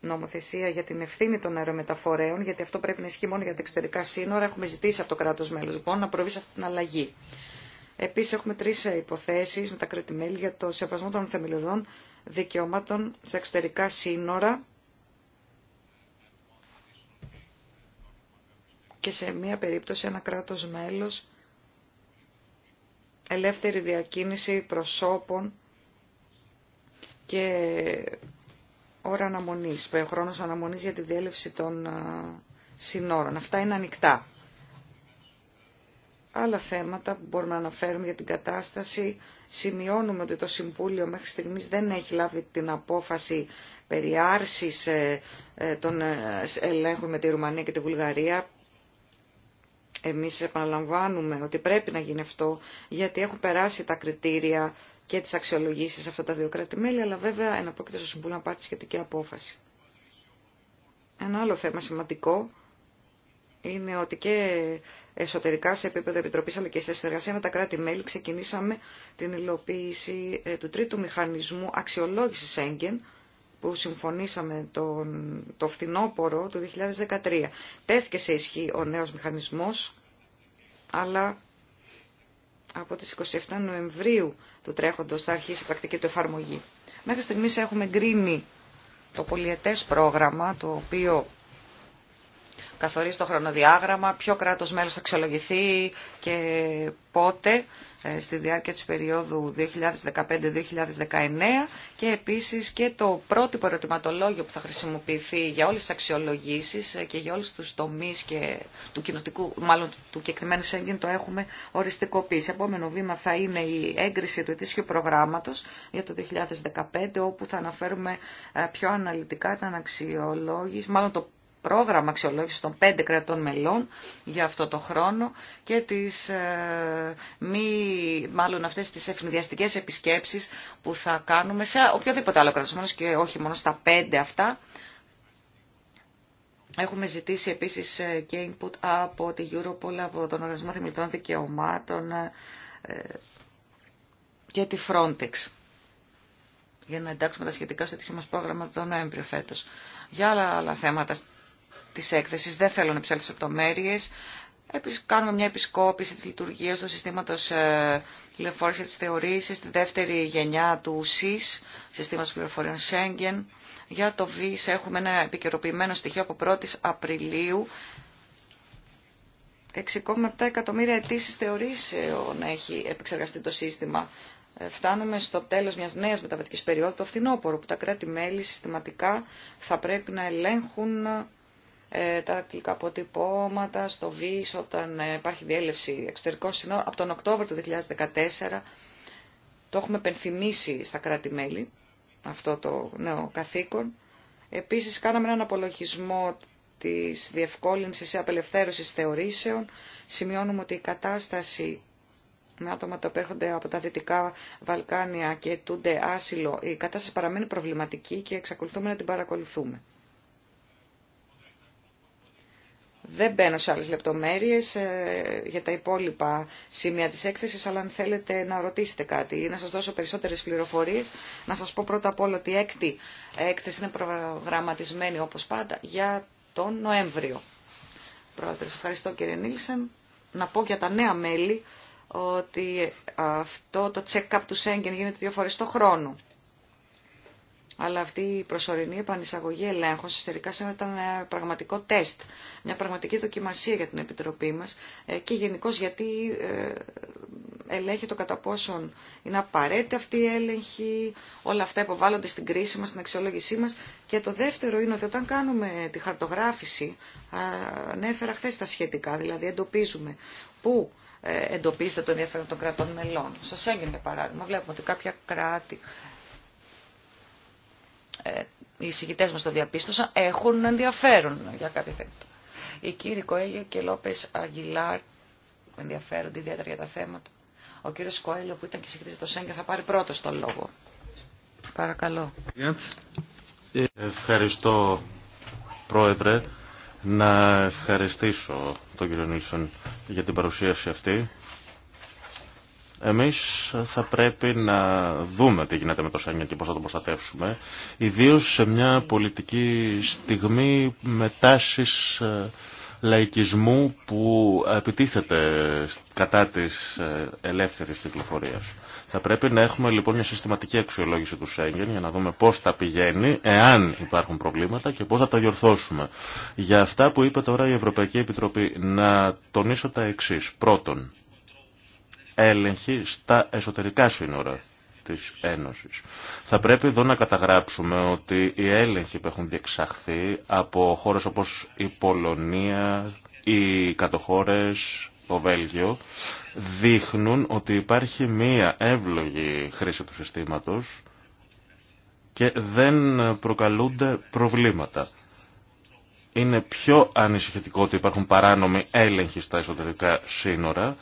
νομοθεσία για την ευθύνη των αερομεταφορέων, γιατί αυτό πρέπει να ισχύει μόνο για τα εξωτερικά σύνορα. Έχουμε ζητήσει από το κράτο μέλο λοιπόν να προβεί σε αυτή την αλλαγή. Επίση, έχουμε τρει υποθέσει με τα κρατημέλη για το σεβασμό των θεμελιωδών δικαιωμάτων σε εξωτερικά σύνορα. Και σε μία περίπτωση ένα κράτος μέλος ελεύθερη διακίνηση προσώπων και ώρα αναμονής, χρόνος αναμονής για τη διέλευση των συνόρων. Αυτά είναι ανοιχτά. Άλλα θέματα που μπορούμε να αναφέρουμε για την κατάσταση. Σημειώνουμε ότι το Συμβούλιο μέχρι στιγμής δεν έχει λάβει την απόφαση περί άρσης ε, ε, των ε, ελέγχων με τη Ρουμανία και τη Βουλγαρία. Εμείς επαναλαμβάνουμε ότι πρέπει να γίνει αυτό γιατί έχουν περάσει τα κριτήρια και τις αξιολογήσεις σε αυτά τα δύο κράτη-μέλη, αλλά βέβαια εναπόκειται στο Συμβούλιο να πάρει τη σχετική απόφαση. Ένα άλλο θέμα σημαντικό είναι ότι και εσωτερικά σε επίπεδο Επιτροπή, αλλά και σε συνεργασία με τα κράτη-μέλη ξεκινήσαμε την υλοποίηση ε, του τρίτου μηχανισμού αξιολόγησης έγκεν που συμφωνήσαμε τον, το φθινόπορο του 2013. Τέθηκε σε ισχύ ο νέος μηχανισμός αλλά από τις 27 Νοεμβρίου του τρέχοντος θα αρχίσει η πρακτική του εφαρμογή. Μέχρι στιγμής έχουμε γκρίνει το πολιετές πρόγραμμα, το οποίο καθορίσει το χρονοδιάγραμμα, ποιο κράτος μέλος θα αξιολογηθεί και πότε ε, στη διάρκεια της περίοδου 2015-2019 και επίσης και το πρότυπο ερωτηματολόγιο που θα χρησιμοποιηθεί για όλες τις αξιολογήσεις ε, και για όλους τους τομείς και του κοινοτικού, μάλλον του κεκτημένου Σέγγιν το έχουμε οριστικοποιήσει. Επόμενο βήμα θα είναι η έγκριση του ετήσιου προγράμματος για το 2015 όπου θα αναφέρουμε ε, πιο αναλυτικά τα αξιολόγηση, μάλλον το πρόγραμμα αξιολόγηση των πέντε κρατών μελών για αυτό το χρόνο και τις, ε, μη, μάλλον αυτές τις ευνηδιαστικές επισκέψεις που θα κάνουμε σε οποιοδήποτε άλλο κρατοσμένος και όχι μόνο στα πέντε αυτά. Έχουμε ζητήσει επίσης ε, και input από τη Europol, από τον Οργανισμό Θεμελιτών Δικαιωμάτων ε, και τη Frontex για να εντάξουμε τα σχετικά στο τέτοιο μας πρόγραμμα το Νοέμβριο φέτος. Για άλλα, άλλα θέματα της έκθεσης. Δεν θέλω να επισέλθω σε λεπτομέρειες. Κάνουμε μια επισκόπηση της λειτουργίας του συστήματος ε, πληροφόρηση και της θεωρήση στη δεύτερη γενιά του ΣΥΣ, συστήματος πληροφοριών Σέγγεν. Για το ΒΙΣ έχουμε ένα επικαιροποιημένο στοιχείο από 1η Απριλίου. 6,7 εκατομμύρια αιτήσει θεωρήσεων έχει επεξεργαστεί το σύστημα. Ε, φτάνουμε στο τέλος μιας νέας μεταβατικής περίοδου, το φθινόπωρο, που τα κράτη-μέλη συστηματικά θα πρέπει να ελέγχουν ε, τα αποτυπώματα στο ΒΙΣ όταν ε, υπάρχει διέλευση εξωτερικών συνόρων. Από τον Οκτώβριο του 2014 το έχουμε πενθυμίσει στα κράτη-μέλη αυτό το νέο καθήκον. Επίσης κάναμε έναν απολογισμό της διευκόλυνσης ή απελευθέρωσης θεωρήσεων. Σημειώνουμε ότι η κατάσταση με άτομα τα οποία έρχονται από τα Δυτικά Βαλκάνια και αιτούνται άσυλο, η κατασταση με ατομα που ερχονται απο προβληματική και τουνται ασυλο η κατασταση παραμενει προβληματικη και εξακολουθουμε να την παρακολουθούμε. Δεν μπαίνω σε άλλες λεπτομέρειες ε, για τα υπόλοιπα σημεία της έκθεσης, αλλά αν θέλετε να ρωτήσετε κάτι ή να σας δώσω περισσότερες πληροφορίες, να σας πω πρώτα απ' όλο ότι η έκτη έκθεση είναι προγραμματισμένη όπως πάντα για τον Νοέμβριο. Πρόεδρε, ευχαριστώ κύριε Νίλσεν. Να πω για τα νέα μέλη ότι αυτό το check-up του Σέγγεν γίνεται δύο φορές το χρόνο. Αλλά αυτή η προσωρινή επανεισαγωγή ελέγχων ειστερικά σαν ήταν ένα πραγματικό τεστ, μια πραγματική δοκιμασία για την Επιτροπή μας ε, και γενικώ γιατί ε, ελέγχει το κατά πόσον είναι απαραίτητη αυτή η έλεγχη, όλα αυτά υποβάλλονται στην κρίση μας, στην αξιολόγησή μας. Και το δεύτερο είναι ότι όταν κάνουμε τη χαρτογράφηση, ανέφερα χθε τα σχετικά, δηλαδή εντοπίζουμε πού ε, εντοπίζεται το ενδιαφέρον των κρατών μελών. Σα έγινε παράδειγμα, βλέπουμε ότι κάποια κράτη ε, οι συγκητές μας το διαπίστωσαν, έχουν ενδιαφέρον για κάτι θέμα. Οι κύριε Κοέλιο και Λόπες Αγγιλάρ ενδιαφέρονται ιδιαίτερα για τα θέματα. Ο κύριο Κοέλιο που ήταν και συγκητής το ΣΕΝΚΑ θα πάρει πρώτο τον λόγο. Παρακαλώ. Ευχαριστώ Πρόεδρε. Να ευχαριστήσω τον κύριο Νίλσον για την παρουσίαση αυτή εμείς θα πρέπει να δούμε τι γίνεται με το Σέγγεν και πώς θα το προστατεύσουμε, ιδίως σε μια πολιτική στιγμή με ε, λαϊκισμού που επιτίθεται κατά της ε, ελεύθερης κυκλοφορίας. Θα πρέπει να έχουμε λοιπόν μια συστηματική αξιολόγηση του Σέγγεν για να δούμε πώς τα πηγαίνει, εάν υπάρχουν προβλήματα και πώς θα τα διορθώσουμε. Για αυτά που είπε τώρα η Ευρωπαϊκή Επιτροπή, να τονίσω τα εξής. Πρώτον, έλεγχοι στα εσωτερικά σύνορα της Ένωσης. Θα πρέπει εδώ να καταγράψουμε ότι οι έλεγχοι που έχουν διεξαχθεί από χώρες όπως η Πολωνία, οι κατοχώρες, το Βέλγιο, δείχνουν ότι υπάρχει μία εύλογη χρήση του συστήματος και δεν προκαλούνται προβλήματα. Είναι πιο ανησυχητικό ότι υπάρχουν παράνομοι έλεγχοι στα εσωτερικά σύνορα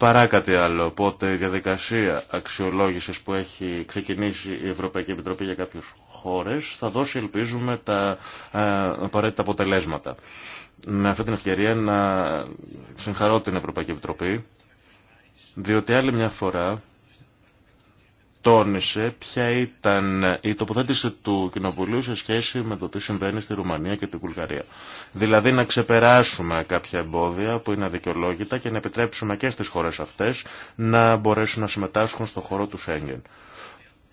παρά κάτι άλλο. Οπότε η διαδικασία αξιολόγησης που έχει ξεκινήσει η Ευρωπαϊκή Επιτροπή για κάποιους χώρες θα δώσει ελπίζουμε τα ε, απαραίτητα αποτελέσματα. Με αυτή την ευκαιρία να συγχαρώ την Ευρωπαϊκή Επιτροπή διότι άλλη μια φορά τόνισε ποια ήταν η τοποθέτηση του Κοινοβουλίου σε σχέση με το τι συμβαίνει στη Ρουμανία και τη Βουλγαρία. Δηλαδή να ξεπεράσουμε κάποια εμπόδια που είναι αδικαιολόγητα και να επιτρέψουμε και στις χώρες αυτές να μπορέσουν να συμμετάσχουν στο χώρο του Σέγγεν.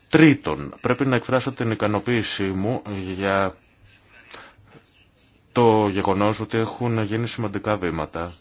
Τρίτον, πρέπει να εκφράσω την ικανοποίησή μου για το γεγονός ότι έχουν γίνει σημαντικά βήματα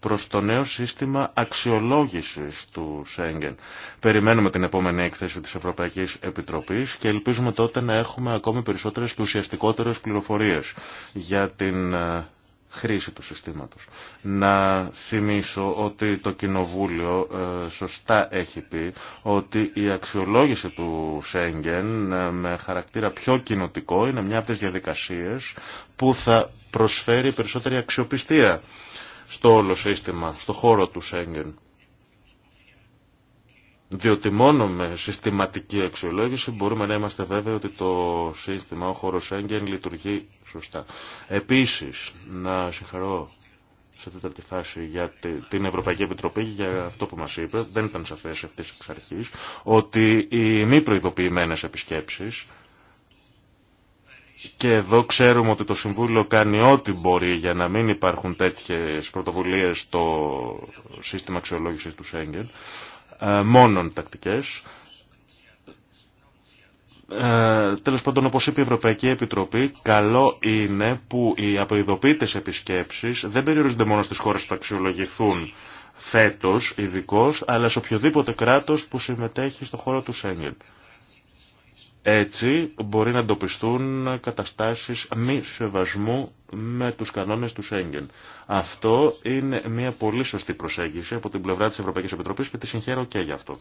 προς το νέο σύστημα αξιολόγησης του Σέγγεν. Περιμένουμε την επόμενη έκθεση της Ευρωπαϊκής Επιτροπής και ελπίζουμε τότε να έχουμε ακόμη περισσότερες και ουσιαστικότερες πληροφορίες για την ε, χρήση του συστήματος. Να θυμίσω ότι το Κοινοβούλιο ε, σωστά έχει πει ότι η αξιολόγηση του Σέγγεν ε, με χαρακτήρα πιο κοινοτικό είναι μια από τις διαδικασίες που θα προσφέρει περισσότερη αξιοπιστία στο όλο σύστημα, στο χώρο του Σέγγεν. Διότι μόνο με συστηματική αξιολόγηση μπορούμε να είμαστε βέβαιοι ότι το σύστημα, ο χώρος Σέγγεν λειτουργεί σωστά. Επίσης, να συγχαρώ σε τέταρτη φάση για την Ευρωπαϊκή Επιτροπή για αυτό που μας είπε, δεν ήταν σαφές αυτής εξ αρχής, ότι οι μη προειδοποιημένες επισκέψεις και εδώ ξέρουμε ότι το Συμβούλιο κάνει ό,τι μπορεί για να μην υπάρχουν τέτοιες πρωτοβουλίες στο σύστημα αξιολόγησης του Σέγγεν, ε, μόνον τακτικές. Ε, τέλος πάντων, όπως είπε η Ευρωπαϊκή Επιτροπή, καλό είναι που οι αποειδοποιητέ επισκέψεις δεν περιορίζονται μόνο στις χώρες που αξιολογηθούν φέτος ειδικώ, αλλά σε οποιοδήποτε κράτος που συμμετέχει στο χώρο του Σέγγεν. Έτσι μπορεί να εντοπιστούν καταστάσεις μη σεβασμού με τους κανόνες του Σέγγεν. Αυτό είναι μια πολύ σωστή προσέγγιση από την πλευρά της Ευρωπαϊκής Επιτροπής και τη συγχαίρω και γι' αυτό.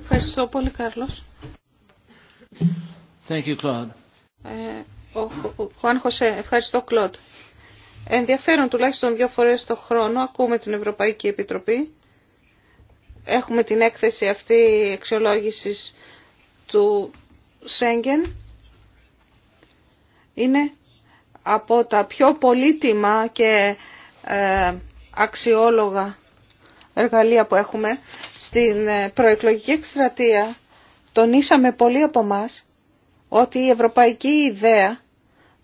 Ευχαριστώ πολύ, Κάρλος. Thank ε, Χωσέ, ευχαριστώ, Κλοντ. Ενδιαφέρον τουλάχιστον δύο φορές το χρόνο ακούμε την Ευρωπαϊκή Επιτροπή έχουμε την έκθεση αυτή αξιολόγησης του Σέγγεν είναι από τα πιο πολύτιμα και ε, αξιόλογα εργαλεία που έχουμε στην ε, προεκλογική εκστρατεία τονίσαμε πολύ από εμά ότι η ευρωπαϊκή ιδέα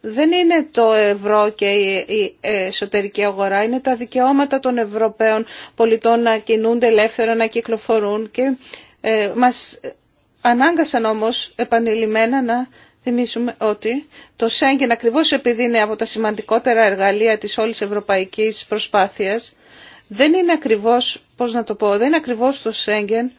δεν είναι το ευρώ και η εσωτερική αγορά, είναι τα δικαιώματα των Ευρωπαίων πολιτών να κινούνται ελεύθερα, να κυκλοφορούν και ε, μας ανάγκασαν όμως επανειλημμένα να θυμίσουμε ότι το Σέγγεν ακριβώς επειδή είναι από τα σημαντικότερα εργαλεία της όλης ευρωπαϊκής προσπάθειας, δεν είναι ακριβώς, πώς να το πω, δεν το Σέγγεν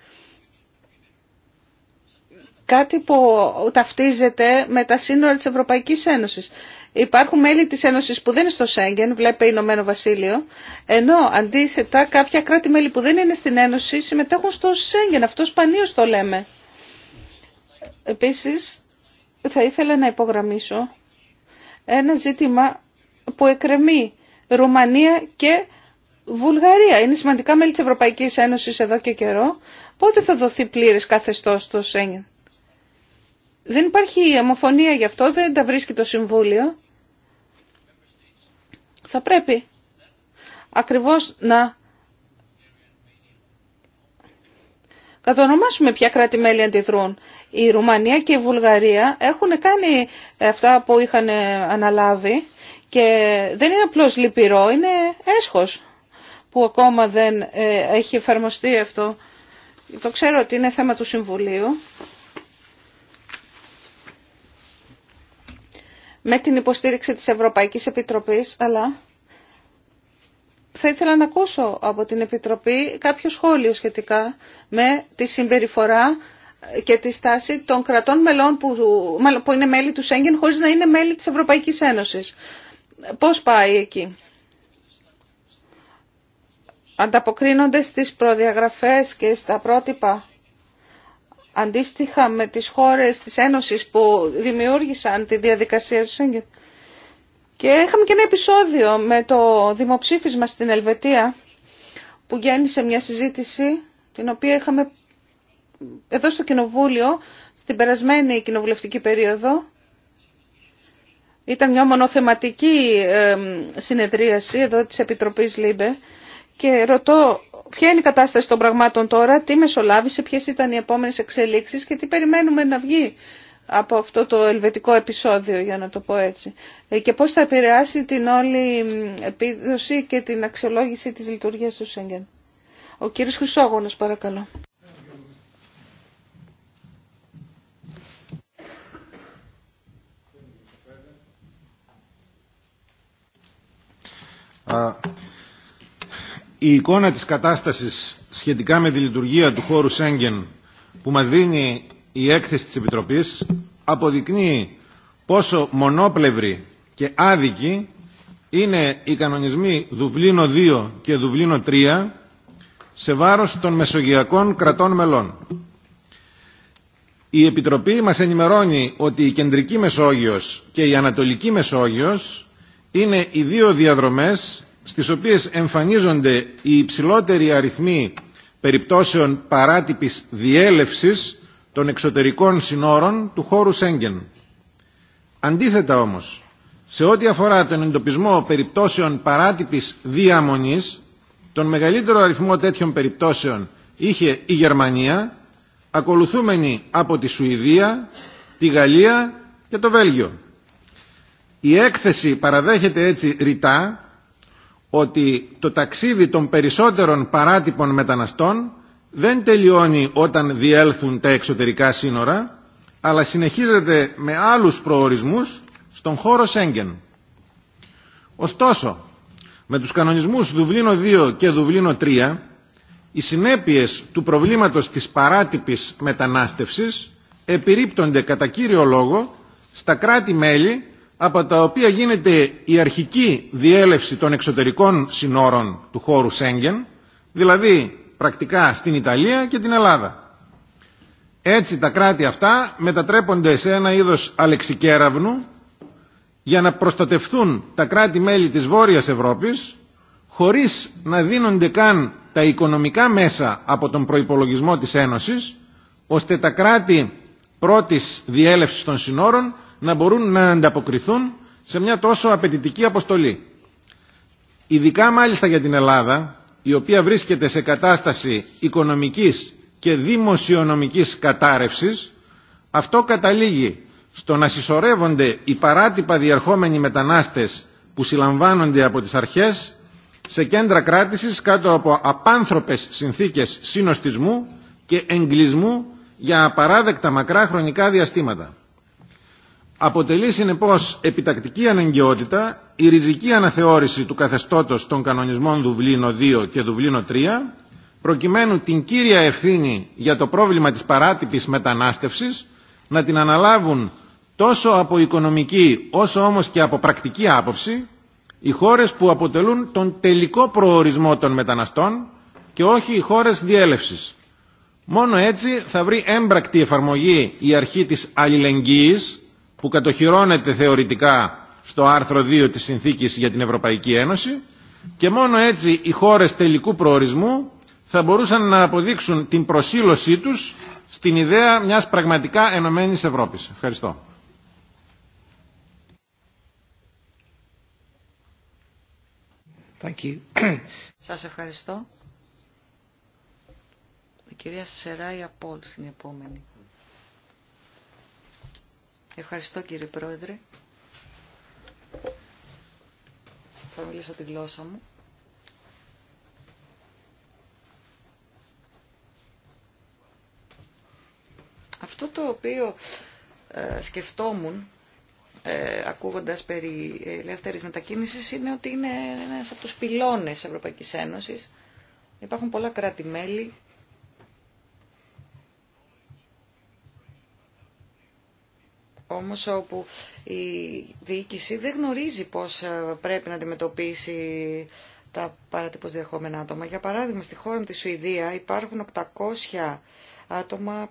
κάτι που ταυτίζεται με τα σύνορα της Ευρωπαϊκής Ένωσης. Υπάρχουν μέλη της Ένωσης που δεν είναι στο Σέγγεν, βλέπει Ηνωμένο Βασίλειο, ενώ αντίθετα κάποια κράτη-μέλη που δεν είναι στην Ένωση συμμετέχουν στο Σέγγεν. Αυτό σπανίως το λέμε. Επίσης, θα ήθελα να υπογραμμίσω ένα ζήτημα που εκρεμεί Ρουμανία και Βουλγαρία. Είναι σημαντικά μέλη της Ευρωπαϊκής Ένωσης εδώ και καιρό. Πότε θα δοθεί πλήρες καθεστώς στο Σέγγεν. Δεν υπάρχει ομοφωνία γι' αυτό, δεν τα βρίσκει το Συμβούλιο. Θα πρέπει ακριβώς να κατονομάσουμε ποια κράτη-μέλη αντιδρούν. Η Ρουμανία και η Βουλγαρία έχουν κάνει αυτά που είχαν αναλάβει και δεν είναι απλώς λυπηρό, είναι έσχος που ακόμα δεν ε, έχει εφαρμοστεί αυτό. Το ξέρω ότι είναι θέμα του Συμβουλίου με την υποστήριξη της Ευρωπαϊκής Επιτροπής, αλλά θα ήθελα να ακούσω από την Επιτροπή κάποιο σχόλιο σχετικά με τη συμπεριφορά και τη στάση των κρατών μελών που, που είναι μέλη του Σέγγεν χωρίς να είναι μέλη της Ευρωπαϊκής Ένωσης. Πώς πάει εκεί. Ανταποκρίνονται στις προδιαγραφές και στα πρότυπα αντίστοιχα με τις χώρες της Ένωσης που δημιούργησαν τη διαδικασία του Σέγγεν. Και είχαμε και ένα επεισόδιο με το δημοψήφισμα στην Ελβετία που γέννησε μια συζήτηση την οποία είχαμε εδώ στο Κοινοβούλιο στην περασμένη κοινοβουλευτική περίοδο. Ήταν μια μονοθεματική συνεδρίαση εδώ της Επιτροπής ΛΥΜΠΕ και ρωτώ ποια είναι η κατάσταση των πραγμάτων τώρα, τι μεσολάβησε, ποιε ήταν οι επόμενε εξελίξει και τι περιμένουμε να βγει από αυτό το ελβετικό επεισόδιο, για να το πω έτσι. Ε, και πώς θα επηρεάσει την όλη επίδοση και την αξιολόγηση της λειτουργίας του Σέγγεν. Ο κύριος Χρυσόγονος, παρακαλώ. Uh η εικόνα της κατάστασης σχετικά με τη λειτουργία του χώρου Σέγγεν που μας δίνει η έκθεση της Επιτροπής αποδεικνύει πόσο μονόπλευρη και άδικη είναι οι κανονισμοί Δουβλίνο 2 και Δουβλίνο 3 σε βάρος των μεσογειακών κρατών μελών. Η Επιτροπή μας ενημερώνει ότι η Κεντρική Μεσόγειος και η Ανατολική Μεσόγειος είναι οι δύο διαδρομές στις οποίες εμφανίζονται οι υψηλότεροι αριθμοί περιπτώσεων παράτυπης διέλευσης των εξωτερικών συνόρων του χώρου Σέγγεν. Αντίθετα όμως, σε ό,τι αφορά τον εντοπισμό περιπτώσεων παράτυπης διαμονής, τον μεγαλύτερο αριθμό τέτοιων περιπτώσεων είχε η Γερμανία, ακολουθούμενη από τη Σουηδία, τη Γαλλία και το Βέλγιο. Η έκθεση παραδέχεται έτσι ρητά ότι το ταξίδι των περισσότερων παράτυπων μεταναστών δεν τελειώνει όταν διέλθουν τα εξωτερικά σύνορα, αλλά συνεχίζεται με άλλους προορισμούς στον χώρο Σέγγεν. Ωστόσο, με τους κανονισμούς Δουβλίνο 2 και Δουβλίνο 3, οι συνέπειες του προβλήματος της παράτυπης μετανάστευσης επιρρύπτονται κατά κύριο λόγο στα κράτη-μέλη από τα οποία γίνεται η αρχική διέλευση των εξωτερικών συνόρων του χώρου Σέγγεν, δηλαδή πρακτικά στην Ιταλία και την Ελλάδα. Έτσι τα κράτη αυτά μετατρέπονται σε ένα είδος αλεξικέραυνου για να προστατευθούν τα κράτη-μέλη της Βόρειας Ευρώπης χωρίς να δίνονται καν τα οικονομικά μέσα από τον προϋπολογισμό της Ένωσης ώστε τα κράτη πρώτης διέλευσης των συνόρων να μπορούν να ανταποκριθούν σε μια τόσο απαιτητική αποστολή. Ειδικά μάλιστα για την Ελλάδα, η οποία βρίσκεται σε κατάσταση οικονομικής και δημοσιονομικής κατάρρευσης, αυτό καταλήγει στο να συσσωρεύονται οι παράτυπα διερχόμενοι μετανάστες που συλλαμβάνονται από τις αρχές σε κέντρα κράτησης κάτω από απάνθρωπες συνθήκες συνοστισμού και εγκλισμού για απαράδεκτα μακρά χρονικά διαστήματα. Αποτελεί συνεπώς επιτακτική αναγκαιότητα η ριζική αναθεώρηση του καθεστώτος των κανονισμών Δουβλίνο 2 και Δουβλίνο 3 προκειμένου την κύρια ευθύνη για το πρόβλημα της παράτυπης μετανάστευσης να την αναλάβουν τόσο από οικονομική όσο όμως και από πρακτική άποψη οι χώρες που αποτελούν τον τελικό προορισμό των μεταναστών και όχι οι χώρες διέλευσης. Μόνο έτσι θα βρει έμπρακτη εφαρμογή η αρχή της αλληλεγγύης που κατοχυρώνεται θεωρητικά στο άρθρο 2 της Συνθήκης για την Ευρωπαϊκή Ένωση και μόνο έτσι οι χώρες τελικού προορισμού θα μπορούσαν να αποδείξουν την προσήλωσή τους στην ιδέα μιας πραγματικά ενωμένης Ευρώπης. Ευχαριστώ. Σας ευχαριστώ. Η κυρία Σεράια Πολ στην επόμενη. Ευχαριστώ κύριε Πρόεδρε. Θα μιλήσω τη γλώσσα μου. Αυτό το οποίο ε, σκεφτόμουν ε, ακούγοντας περί ελεύθερης μετακίνησης είναι ότι είναι ένας από τους πυλώνες της Ευρωπαϊκής Ένωσης. Υπάρχουν πολλά κράτη-μέλη όμως όπου η διοίκηση δεν γνωρίζει πώς ε, πρέπει να αντιμετωπίσει τα παρατύπως διερχόμενα άτομα. Για παράδειγμα, στη χώρα μου τη Σουηδία υπάρχουν 800 άτομα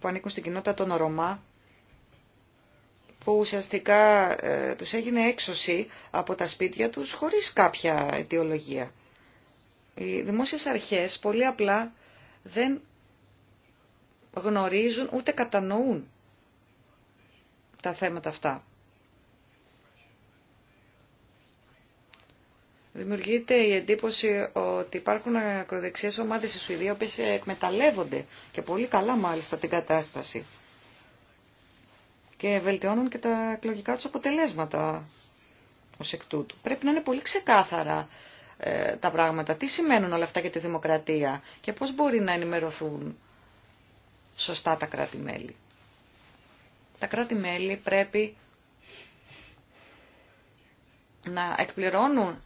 που ανήκουν στην κοινότητα των Ρωμά, που ουσιαστικά ε, τους έγινε έξωση από τα σπίτια τους χωρίς κάποια αιτιολογία. Οι δημόσιες αρχές πολύ απλά δεν γνωρίζουν ούτε κατανοούν τα θέματα αυτά. Δημιουργείται η εντύπωση ότι υπάρχουν ακροδεξιές ομάδες στη Σουηδία, οποίες εκμεταλλεύονται και πολύ καλά μάλιστα την κατάσταση. Και βελτιώνουν και τα εκλογικά τους αποτελέσματα ως εκ τούτου. Πρέπει να είναι πολύ ξεκάθαρα ε, τα πράγματα. Τι σημαίνουν όλα αυτά για τη δημοκρατία και πώς μπορεί να ενημερωθούν σωστά τα κράτη-μέλη τα κράτη-μέλη πρέπει να εκπληρώνουν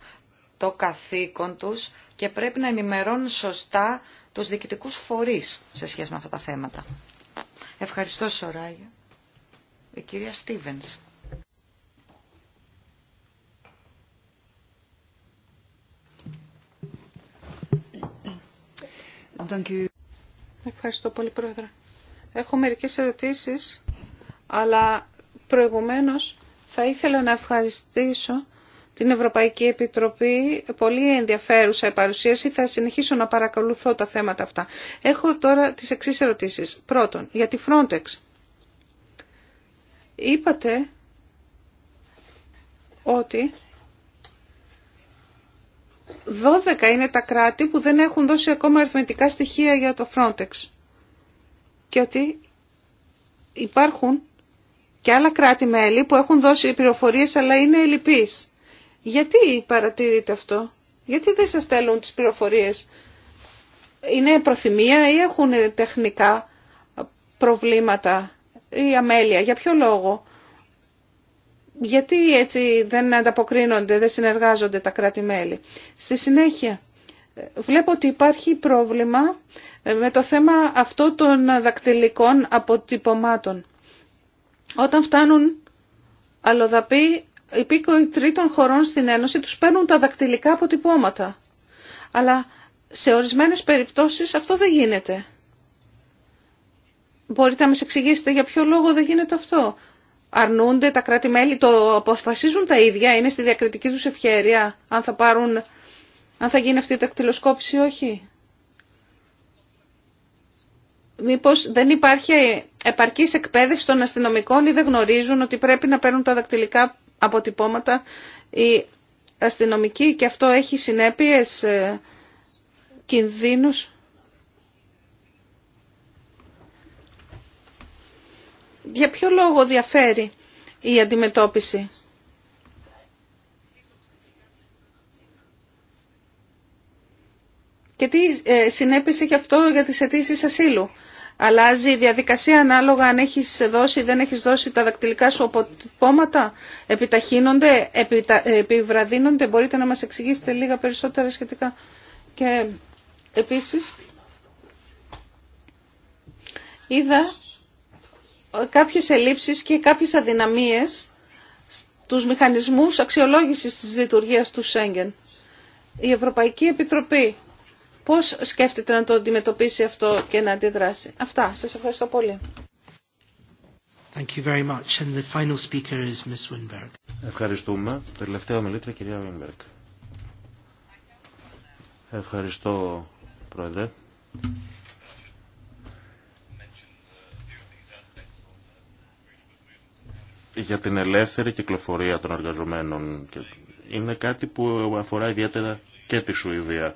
το καθήκον τους και πρέπει να ενημερώνουν σωστά τους διοικητικούς φορείς σε σχέση με αυτά τα θέματα. Ευχαριστώ Σωράγια. Η κυρία Στίβενς. Ευχαριστώ πολύ, Πρόεδρε. Έχω μερικές ερωτήσεις αλλά προηγουμένως θα ήθελα να ευχαριστήσω την Ευρωπαϊκή Επιτροπή. Πολύ ενδιαφέρουσα η παρουσίαση. Θα συνεχίσω να παρακολουθώ τα θέματα αυτά. Έχω τώρα τις εξής ερωτήσεις. Πρώτον, για τη Frontex. Είπατε ότι 12 είναι τα κράτη που δεν έχουν δώσει ακόμα αριθμητικά στοιχεία για το Frontex και ότι υπάρχουν και άλλα κράτη-μέλη που έχουν δώσει πληροφορίες αλλά είναι ελλειπείς. Γιατί παρατηρείτε αυτό, γιατί δεν σας στέλνουν τις πληροφορίες. Είναι προθυμία ή έχουν τεχνικά προβλήματα ή αμέλεια, για ποιο λόγο. Γιατί έτσι δεν ανταποκρίνονται, δεν συνεργάζονται τα κράτη-μέλη. Στη συνέχεια, βλέπω ότι υπάρχει πρόβλημα με το θέμα αυτό των δακτυλικών αποτυπωμάτων. Όταν φτάνουν αλλοδαποί υπήκοοι τρίτων χωρών στην Ένωση, τους παίρνουν τα δακτυλικά αποτυπώματα. Αλλά σε ορισμένες περιπτώσεις αυτό δεν γίνεται. Μπορείτε να μας εξηγήσετε για ποιο λόγο δεν γίνεται αυτό. Αρνούνται τα κράτη-μέλη, το αποφασίζουν τα ίδια, είναι στη διακριτική τους ευχαίρεια, αν θα, πάρουν, αν θα γίνει αυτή η δακτυλοσκόπηση ή όχι μήπως δεν υπάρχει επαρκής εκπαίδευση των αστυνομικών ή δεν γνωρίζουν ότι πρέπει να παίρνουν τα δακτυλικά αποτυπώματα οι αστυνομικοί και αυτό έχει συνέπειες, ε, κινδύνους. Για ποιο λόγο διαφέρει η αντιμετώπιση. Και τι ε, συνέπειες έχει αυτό για τις αιτήσει ασύλου. Αλλάζει η διαδικασία ανάλογα αν έχεις δώσει ή δεν έχεις δώσει τα δακτυλικά σου αποτυπώματα. Επιταχύνονται, επιβραδύνονται. Μπορείτε να μας εξηγήσετε λίγα περισσότερα σχετικά. Και επίσης είδα κάποιες ελλείψεις και κάποιες αδυναμίες τους μηχανισμούς αξιολόγησης της λειτουργίας του Σέγγεν. Η Ευρωπαϊκή Επιτροπή Πώς σκέφτεται να το αντιμετωπίσει αυτό και να αντιδράσει. Αυτά. Σας ευχαριστώ πολύ. Ευχαριστούμε. Τελευταία ομιλήτρια κυρία Winberg. Ευχαριστώ Πρόεδρε. Για την ελεύθερη κυκλοφορία των εργαζομένων είναι κάτι που αφορά ιδιαίτερα και τη Σουηδία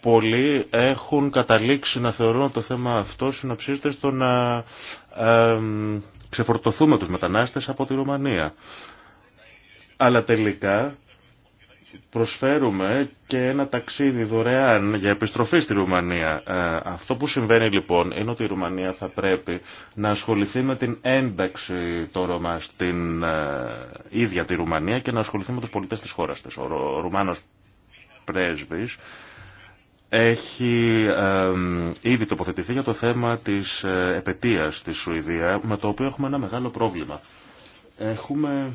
πολλοί έχουν καταλήξει να θεωρούν το θέμα αυτό συνοψίζεται στο να ξεφορτωθούμε τους μετανάστες από τη Ρουμανία. Αλλά τελικά προσφέρουμε και ένα ταξίδι δωρεάν για επιστροφή στη Ρουμανία. Ε, αυτό που συμβαίνει λοιπόν είναι ότι η Ρουμανία θα πρέπει να ασχοληθεί με την ένταξη τώρα Ρωμά στην ε, ίδια τη Ρουμανία και να ασχοληθεί με τους πολιτές της χώρας της. Ο Ρουμάνος πρέσβης έχει ε, ήδη τοποθετηθεί για το θέμα της ε, επαιτίας στη Σουηδία, με το οποίο έχουμε ένα μεγάλο πρόβλημα. Έχουμε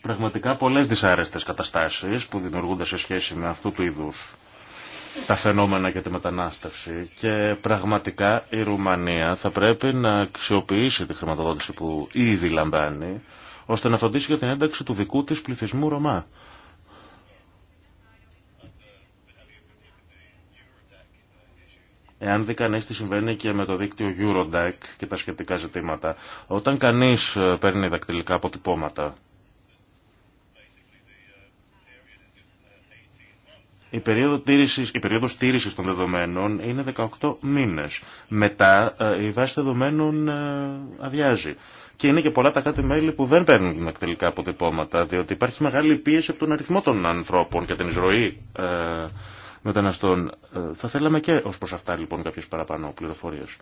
πραγματικά πολλές δυσάρεστες καταστάσεις που δημιουργούνται σε σχέση με αυτού του είδους τα φαινόμενα και τη μετανάστευση και πραγματικά η Ρουμανία θα πρέπει να αξιοποιήσει τη χρηματοδότηση που ήδη λαμβάνει ώστε να φροντίσει για την ένταξη του δικού της πληθυσμού Ρωμά. Εάν δει κανεί τι συμβαίνει και με το δίκτυο Eurodac και τα σχετικά ζητήματα, όταν κανεί ε, παίρνει δακτυλικά αποτυπώματα, Η περίοδος, τήρησης, η περίοδος τήρησης των δεδομένων είναι 18 μήνες. Μετά ε, η βάση δεδομένων ε, αδειάζει. Και είναι και πολλά τα κάτι μέλη που δεν παίρνουν δακτυλικά αποτυπώματα, διότι υπάρχει μεγάλη πίεση από τον αριθμό των ανθρώπων και την εισρωή μεταναστών. Ε, θα θέλαμε και ως προς αυτά λοιπόν κάποιες παραπάνω πληροφορίες.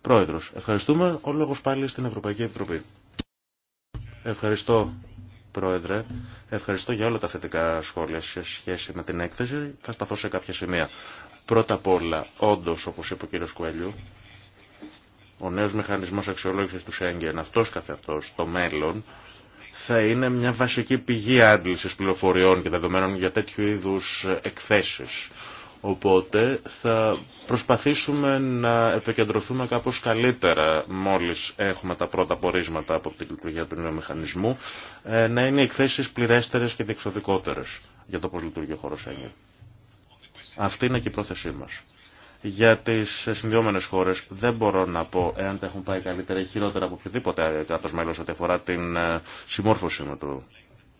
Πρόεδρος, ευχαριστούμε. Ο λόγος πάλι στην Ευρωπαϊκή Επιτροπή. Ευχαριστώ. Πρόεδρε, ευχαριστώ για όλα τα θετικά σχόλια σε σχέση με την έκθεση. Θα σταθώ σε κάποια σημεία. Πρώτα απ' όλα, όντω, όπω είπε ο κύριο Κουέλιου, ο νέο μηχανισμό αξιολόγηση του Σέγγεν, αυτό καθεαυτό, το μέλλον, θα είναι μια βασική πηγή άντλησης πληροφοριών και δεδομένων για τέτοιου είδους εκθέσεις. Οπότε θα προσπαθήσουμε να επικεντρωθούμε κάπως καλύτερα μόλις έχουμε τα πρώτα πορίσματα από την λειτουργία του νέου μηχανισμού ε, να είναι εκθέσεις πληρέστερες και διεξοδικότερες για το πώς λειτουργεί ο χώρος Αυτή είναι και η πρόθεσή μας. Για τι συνδυόμενε χώρε δεν μπορώ να πω εάν τα έχουν πάει καλύτερα ή χειρότερα από οποιοδήποτε κράτο μέλο ό,τι αφορά την ε, συμμόρφωση με το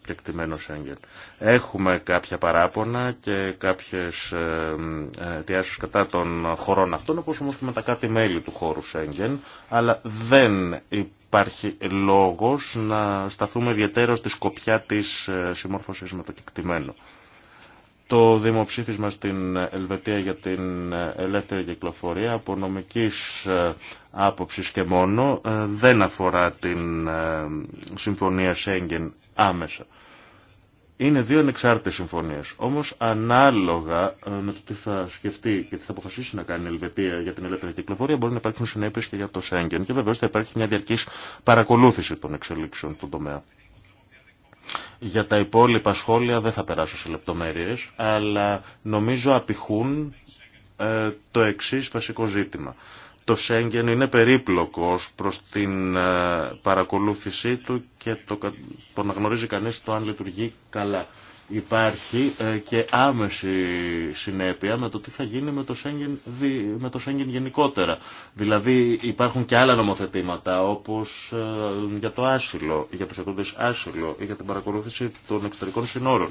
κεκτημένο Σέγγεν. Έχουμε κάποια παράπονα και κάποιε ε, αιτιάσει κατά των χωρών αυτών, όπω όμω και με τα κάτι μέλη του χώρου Σέγγεν, αλλά δεν υπάρχει λόγο να σταθούμε ιδιαίτερα στη σκοπιά τη ε, συμμόρφωση με το κεκτημένο το δημοψήφισμα στην Ελβετία για την ελεύθερη κυκλοφορία από νομικής ε, άποψης και μόνο ε, δεν αφορά την ε, συμφωνία Σέγγεν άμεσα. Είναι δύο ανεξάρτητες συμφωνίες. Όμως ανάλογα με το τι θα σκεφτεί και τι θα αποφασίσει να κάνει η Ελβετία για την ελεύθερη κυκλοφορία μπορεί να υπάρξουν συνέπειες και για το Σέγγεν και βεβαίως θα υπάρχει μια διαρκής παρακολούθηση των εξελίξεων του τομέα. Για τα υπόλοιπα σχόλια δεν θα περάσω σε λεπτομέρειες, αλλά νομίζω απηχούν ε, το εξής βασικό ζήτημα. Το Σέγγεν είναι περίπλοκος προς την ε, παρακολούθησή του και το, το να γνωρίζει κανείς το αν λειτουργεί καλά υπάρχει ε, και άμεση συνέπεια με το τι θα γίνει με το Σέγγεν, με το Σέγγεν γενικότερα. Δηλαδή υπάρχουν και άλλα νομοθετήματα όπως ε, για το άσυλο, για τους εκόντες άσυλο ή για την παρακολούθηση των εξωτερικών συνόρων.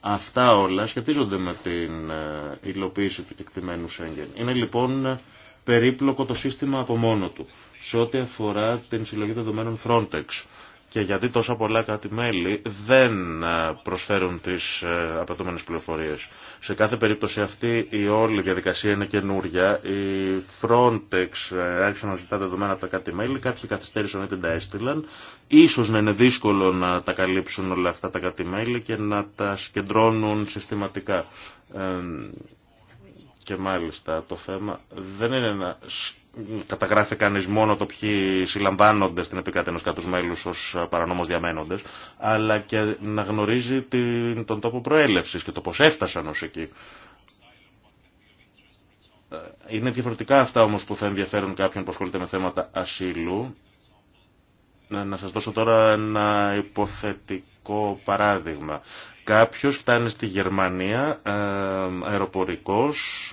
Αυτά όλα σχετίζονται με την ε, υλοποίηση του κεκτημένου Σέγγεν. Είναι λοιπόν περίπλοκο το σύστημα από μόνο του σε ό,τι αφορά την συλλογή δεδομένων Frontex και γιατί τόσα πολλά κράτη-μέλη δεν ε, προσφέρουν τις ε, απαιτούμενες πληροφορίες. Σε κάθε περίπτωση αυτή η όλη διαδικασία είναι καινούρια. Η Frontex ε, άρχισε να ζητά δεδομένα από τα κράτη-μέλη, κάποιοι καθυστέρησαν ή τα έστειλαν. Ίσως να είναι δύσκολο να τα καλύψουν όλα αυτά τα κατι μελη και να τα συγκεντρώνουν συστηματικά. Και μάλιστα το θέμα δεν είναι να καταγράφει κανεί μόνο το ποιοι συλλαμβάνονται στην επικρατεία ενό μέλου ω παρανόμω διαμένοντε, αλλά και να γνωρίζει την, τον τόπο προέλευση και το πώ έφτασαν ω εκεί. Ε, είναι διαφορετικά αυτά όμως που θα ενδιαφέρουν κάποιον που ασχολείται με θέματα ασύλου. Ε, να σας δώσω τώρα ένα υποθετικό κλασικό παράδειγμα. Κάποιος φτάνει στη Γερμανία ε, αεροπορικός.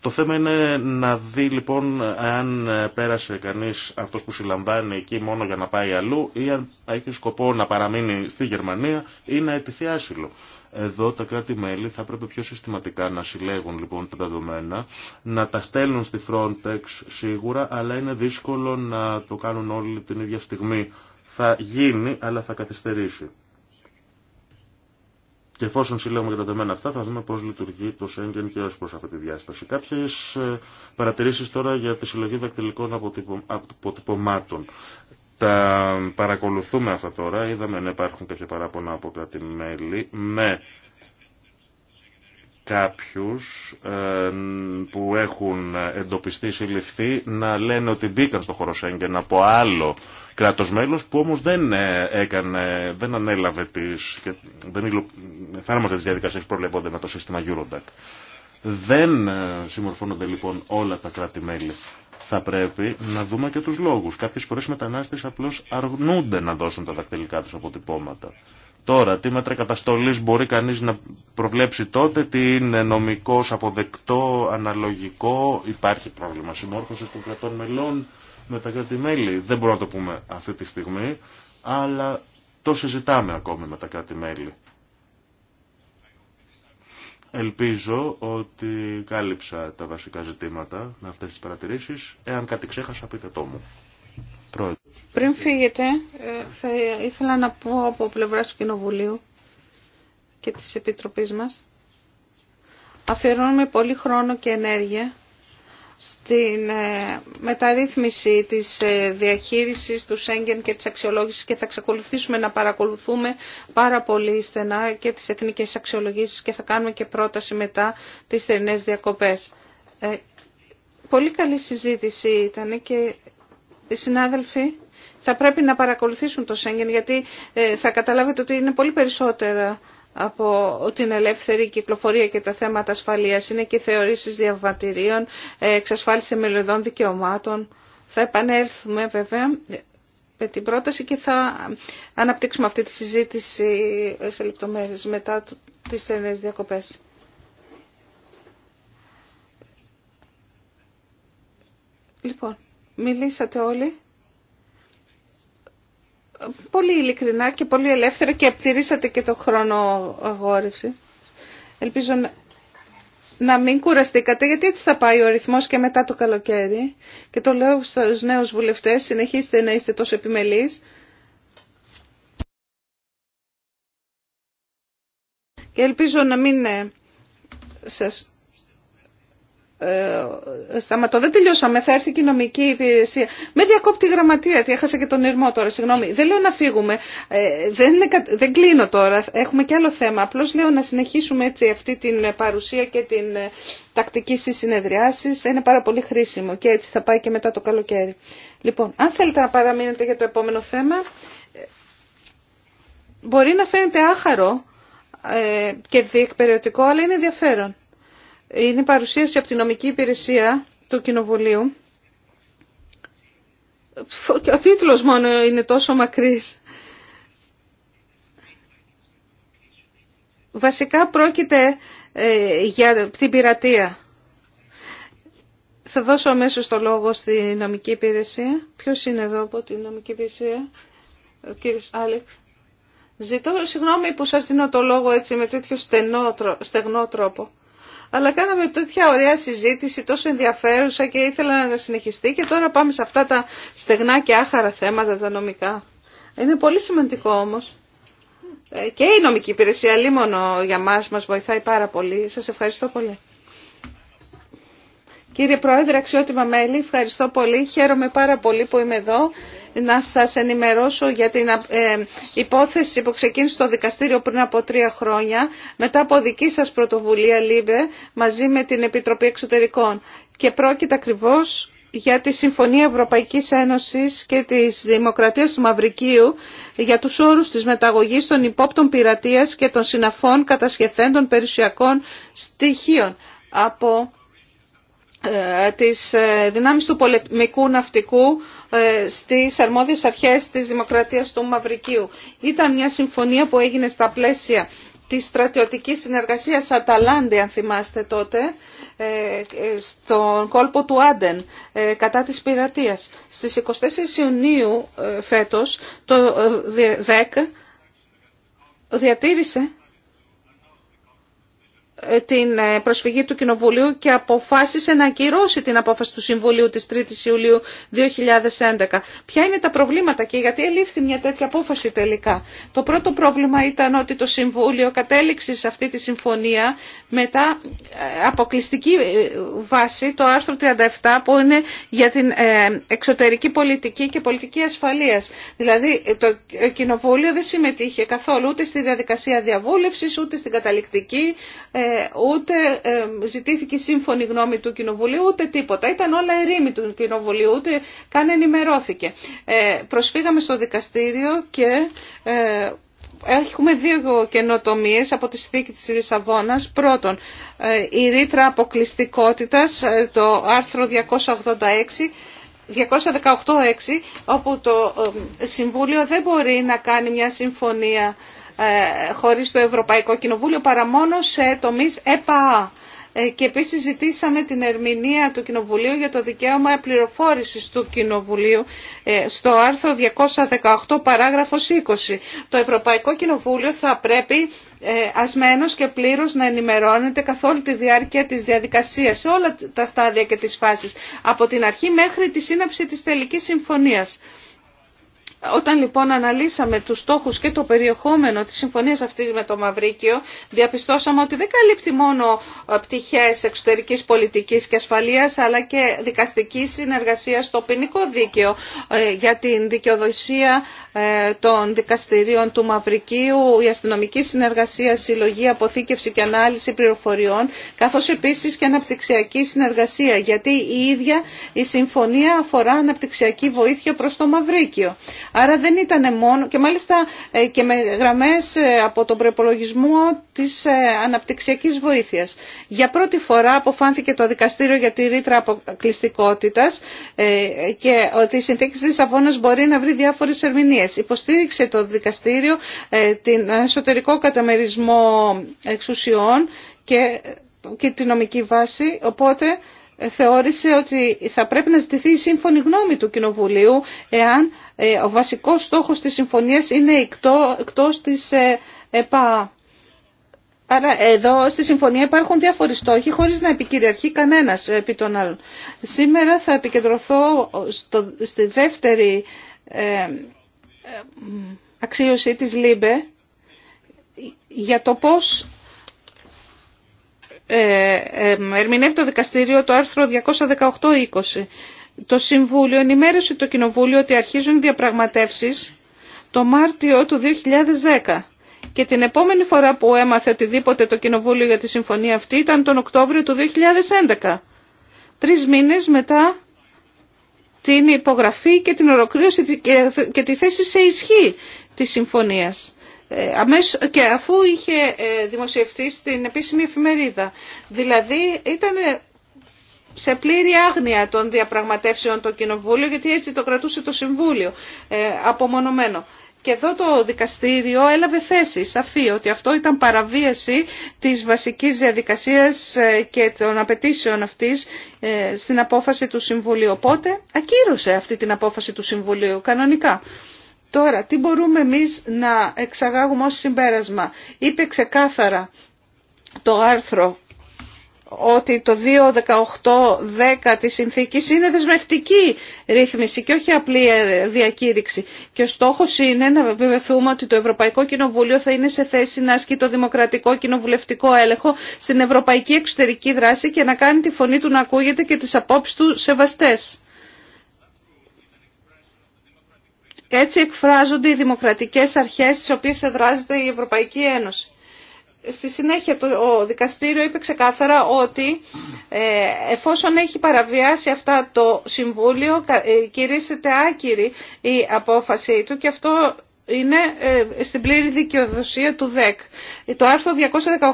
Το θέμα είναι να δει λοιπόν αν πέρασε κανείς αυτός που συλλαμβάνει εκεί μόνο για να πάει αλλού ή αν έχει σκοπό να παραμείνει στη Γερμανία ή να αιτηθεί άσυλο. Εδώ τα κράτη-μέλη θα πρέπει πιο συστηματικά να συλλέγουν λοιπόν τα δεδομένα, να τα στέλνουν στη Frontex σίγουρα, αλλά είναι δύσκολο να το κάνουν όλοι την ίδια στιγμή. Θα γίνει, αλλά θα καθυστερήσει. Και εφόσον συλλέγουμε και τα δεμένα αυτά, θα δούμε πώ λειτουργεί το Σέγγεν και ω προ αυτή τη διάσταση. Κάποιε παρατηρήσει τώρα για τη συλλογή δακτυλικών αποτυπωμάτων. Τα παρακολουθούμε αυτά τώρα. Είδαμε να υπάρχουν κάποια παράπονα κάτι κράτη-μέλη με κάποιους ε, που έχουν εντοπιστεί, συλληφθεί, να λένε ότι μπήκαν στο χώρο Σέγγεν από άλλο κράτος μέλος που όμως δεν ε, έκανε, δεν ανέλαβε τις, και δεν υλο, εφάρμοζε τις διαδικασίες που προβλεπόνται με το σύστημα Eurodac. Δεν ε, συμμορφώνονται λοιπόν όλα τα κράτη-μέλη. Θα πρέπει να δούμε και τους λόγους. Κάποιες φορές οι μετανάστες απλώς αρνούνται να δώσουν τα δακτυλικά τους αποτυπώματα. Τώρα, τι μέτρα καταστολής μπορεί κανείς να προβλέψει τότε, τι είναι νομικός, αποδεκτό, αναλογικό, υπάρχει πρόβλημα συμμόρφωσης των κρατών μελών, με τα κράτη-μέλη. Δεν μπορούμε να το πούμε αυτή τη στιγμή, αλλά το συζητάμε ακόμη με τα κράτη-μέλη. Ελπίζω ότι κάλυψα τα βασικά ζητήματα με αυτές τις παρατηρήσεις. Εάν κάτι ξέχασα, πείτε το μου. Πριν φύγετε, ε, θα ήθελα να πω από πλευράς του Κοινοβουλίου και της Επιτροπής μας. Αφιερώνουμε πολύ χρόνο και ενέργεια στην ε, μεταρρύθμιση της ε, διαχείρισης του Σέγγεν και της αξιολόγησης και θα εξακολουθήσουμε να παρακολουθούμε πάρα πολύ στενά και τις εθνικές αξιολογήσεις και θα κάνουμε και πρόταση μετά τις θερινές διακοπές. Ε, πολύ καλή συζήτηση ήταν και οι συνάδελφοι θα πρέπει να παρακολουθήσουν το Σέγγεν γιατί θα καταλάβετε ότι είναι πολύ περισσότερα από την ελεύθερη κυκλοφορία και τα θέματα ασφαλείας είναι και θεωρήσεις διαβατηρίων, εξασφάλιση θεμελιωδών δικαιωμάτων. Θα επανέλθουμε βέβαια με την πρόταση και θα αναπτύξουμε αυτή τη συζήτηση σε λεπτομέρειες μετά τις τελευταίες διακοπές. Λοιπόν, μιλήσατε όλοι πολύ ειλικρινά και πολύ ελεύθερα και επιτηρήσατε και το χρόνο αγόρευση. Ελπίζω να μην κουραστήκατε, γιατί έτσι θα πάει ο ρυθμός και μετά το καλοκαίρι. Και το λέω στους νέους βουλευτές, συνεχίστε να είστε τόσο επιμελείς. Και ελπίζω να μην ε, σας ε, σταματώ. Δεν τελειώσαμε. Θα έρθει και η νομική υπηρεσία. Με διακόπτη γραμματεία. Τι έχασα και τον ήρμό τώρα. Συγγνώμη. Δεν λέω να φύγουμε. Ε, δεν, δεν κλείνω τώρα. Έχουμε και άλλο θέμα. Απλώ λέω να συνεχίσουμε έτσι αυτή την παρουσία και την ε, τακτική στι συνεδριάσει. Είναι πάρα πολύ χρήσιμο. Και έτσι θα πάει και μετά το καλοκαίρι. Λοιπόν, αν θέλετε να παραμείνετε για το επόμενο θέμα. Μπορεί να φαίνεται άχαρο και διεκπαιρεωτικό, αλλά είναι ενδιαφέρον. Είναι παρουσίαση από την νομική υπηρεσία του Κοινοβουλίου. Ο τίτλος μόνο είναι τόσο μακρύς. Βασικά πρόκειται ε, για την πειρατεία. Θα δώσω αμέσω το λόγο στη νομική υπηρεσία. Ποιος είναι εδώ από την νομική υπηρεσία, ο κύριος Άλεκ. Ζητώ συγγνώμη που σας δίνω το λόγο έτσι με τέτοιο στενό, στεγνό τρόπο αλλά κάναμε τέτοια ωραία συζήτηση, τόσο ενδιαφέρουσα και ήθελα να συνεχιστεί και τώρα πάμε σε αυτά τα στεγνά και άχαρα θέματα τα νομικά. Είναι πολύ σημαντικό όμως. Ε, και η νομική υπηρεσία λίμωνο για μας μας βοηθάει πάρα πολύ. Σας ευχαριστώ πολύ. Κύριε Πρόεδρε, αξιότιμα μέλη, ευχαριστώ πολύ. Χαίρομαι πάρα πολύ που είμαι εδώ να σας ενημερώσω για την ε, υπόθεση που ξεκίνησε το δικαστήριο πριν από τρία χρόνια μετά από δική σας πρωτοβουλία Λίβε, μαζί με την Επιτροπή Εξωτερικών και πρόκειται ακριβώς για τη Συμφωνία Ευρωπαϊκής Ένωσης και της Δημοκρατίας του Μαυρικίου για τους όρους της μεταγωγής των υπόπτων πειρατείας και των συναφών κατασχεθέντων περιουσιακών στοιχείων από ε, τις ε, δυνάμεις του πολεμικού ναυτικού ε, στις αρμόδιες αρχές της Δημοκρατίας του Μαυρικίου. Ήταν μια συμφωνία που έγινε στα πλαίσια της στρατιωτικής συνεργασίας Αταλάντη, αν θυμάστε τότε, στον κόλπο του Άντεν κατά της πειρατείας. Στις 24 Ιουνίου φέτος το ΔΕΚ διατήρησε την ε, προσφυγή του Κοινοβουλίου και αποφάσισε να ακυρώσει την απόφαση του Συμβουλίου της 3ης Ιουλίου 2011. Ποια είναι τα προβλήματα και γιατί ελήφθη μια τέτοια απόφαση τελικά. Το πρώτο πρόβλημα ήταν ότι το Συμβούλιο κατέληξε σε αυτή τη συμφωνία μετά ε, αποκλειστική ε, βάση το άρθρο 37 που είναι για την εξωτερική πολιτική και πολιτική ασφαλείας. Δηλαδή το Κοινοβούλιο δεν συμμετείχε καθόλου ούτε στη διαδικασία διαβούλευσης ούτε στην καταληκτική ούτε ζητήθηκε σύμφωνη γνώμη του Κοινοβουλίου, ούτε τίποτα. Ήταν όλα ερήμη του Κοινοβουλίου, ούτε καν ενημερώθηκε. Ε, προσφύγαμε στο δικαστήριο και ε, έχουμε δύο καινοτομίες από τη συνθήκη της Λισαβόνα. Πρώτον, ε, η ρήτρα αποκλειστικότητας, το άρθρο 286, 218.6, όπου το Συμβούλιο δεν μπορεί να κάνει μια συμφωνία ε, χωρίς το Ευρωπαϊκό Κοινοβούλιο παρά μόνο σε τομείς ΕΠΑΑ. Ε, και επίσης ζητήσαμε την ερμηνεία του Κοινοβουλίου για το δικαίωμα πληροφόρησης του Κοινοβουλίου ε, στο άρθρο 218 παράγραφος 20. Το Ευρωπαϊκό Κοινοβούλιο θα πρέπει ασμένος και πλήρως να ενημερώνεται καθ' όλη τη διάρκεια της διαδικασίας σε όλα τα στάδια και τις φάσεις από την αρχή μέχρι τη σύναψη της τελικής συμφωνίας. Όταν λοιπόν αναλύσαμε τους στόχους και το περιεχόμενο της συμφωνίας αυτής με το Μαυρίκιο, διαπιστώσαμε ότι δεν καλύπτει μόνο ε, πτυχές εξωτερικής πολιτικής και ασφαλείας, αλλά και δικαστική συνεργασία στο ποινικό δίκαιο ε, για την δικαιοδοσία ε, των δικαστηρίων του Μαυρικίου, η αστυνομική συνεργασία, συλλογή, αποθήκευση και ανάλυση πληροφοριών, καθώς επίσης και αναπτυξιακή συνεργασία, γιατί η ίδια η συμφωνία αφορά αναπτυξιακή βοήθεια προς το Μαυρίκιο. Άρα δεν ήταν μόνο και μάλιστα ε, και με γραμμές ε, από τον προπολογισμό της ε, αναπτυξιακής βοήθειας. Για πρώτη φορά αποφάνθηκε το δικαστήριο για τη ρήτρα αποκλειστικότητας και ότι η συνθήκη της Αφώνας μπορεί να βρει διάφορες ερμηνείες. Υποστήριξε το δικαστήριο την εσωτερικό καταμερισμό εξουσιών και και τη νομική βάση, οπότε θεώρησε ότι θα πρέπει να ζητηθεί η σύμφωνη γνώμη του Κοινοβουλίου εάν ε, ο βασικός στόχος της συμφωνίας είναι εκτός της ε, ΕΠΑ. Άρα εδώ στη συμφωνία υπάρχουν διάφοροι στόχοι χωρίς να επικυριαρχεί κανένας επί των άλλων. Σήμερα θα επικεντρωθώ στο, στη δεύτερη ε, αξίωση της ΛΥΜΠΕ για το πώς ε, ε, ερμηνεύει το δικαστήριο το άρθρο 218-20. Το Συμβούλιο ενημέρωσε το Κοινοβούλιο ότι αρχίζουν διαπραγματεύσεις το Μάρτιο του 2010. Και την επόμενη φορά που έμαθε οτιδήποτε το Κοινοβούλιο για τη συμφωνία αυτή ήταν τον Οκτώβριο του 2011. Τρεις μήνες μετά την υπογραφή και την ολοκλήρωση και τη θέση σε ισχύ της συμφωνίας. Ε, και αφού είχε ε, δημοσιευτεί στην επίσημη εφημερίδα. Δηλαδή ήταν ε, σε πλήρη άγνοια των διαπραγματεύσεων το Κοινοβούλιο, γιατί έτσι το κρατούσε το Συμβούλιο απομονωμένο. Και εδώ το δικαστήριο έλαβε θέση σαφή ότι αυτό ήταν παραβίαση της βασικής διαδικασίας και των απαιτήσεων αυτής στην απόφαση του Συμβουλίου. Οπότε ακύρωσε αυτή την απόφαση του Συμβουλίου κανονικά. Τώρα, τι μπορούμε εμείς να εξαγάγουμε ως συμπέρασμα. Είπε ξεκάθαρα το άρθρο ότι το 2.18.10 της συνθήκης είναι δεσμευτική ρύθμιση και όχι απλή ε, διακήρυξη. Και ο στόχος είναι να βεβαιωθούμε ότι το Ευρωπαϊκό Κοινοβούλιο θα είναι σε θέση να ασκεί το δημοκρατικό κοινοβουλευτικό έλεγχο στην ευρωπαϊκή εξωτερική δράση και να κάνει τη φωνή του να ακούγεται και τις απόψεις του σεβαστές. Έτσι εκφράζονται οι δημοκρατικές αρχές στις οποίες εδράζεται η Ευρωπαϊκή Ένωση. Στη συνέχεια το δικαστήριο είπε ξεκάθαρα ότι ε, εφόσον έχει παραβιάσει αυτά το Συμβούλιο ε, κηρύσσεται άκυρη η απόφαση του και αυτό είναι ε, στην πλήρη δικαιοδοσία του ΔΕΚ. Το άρθρο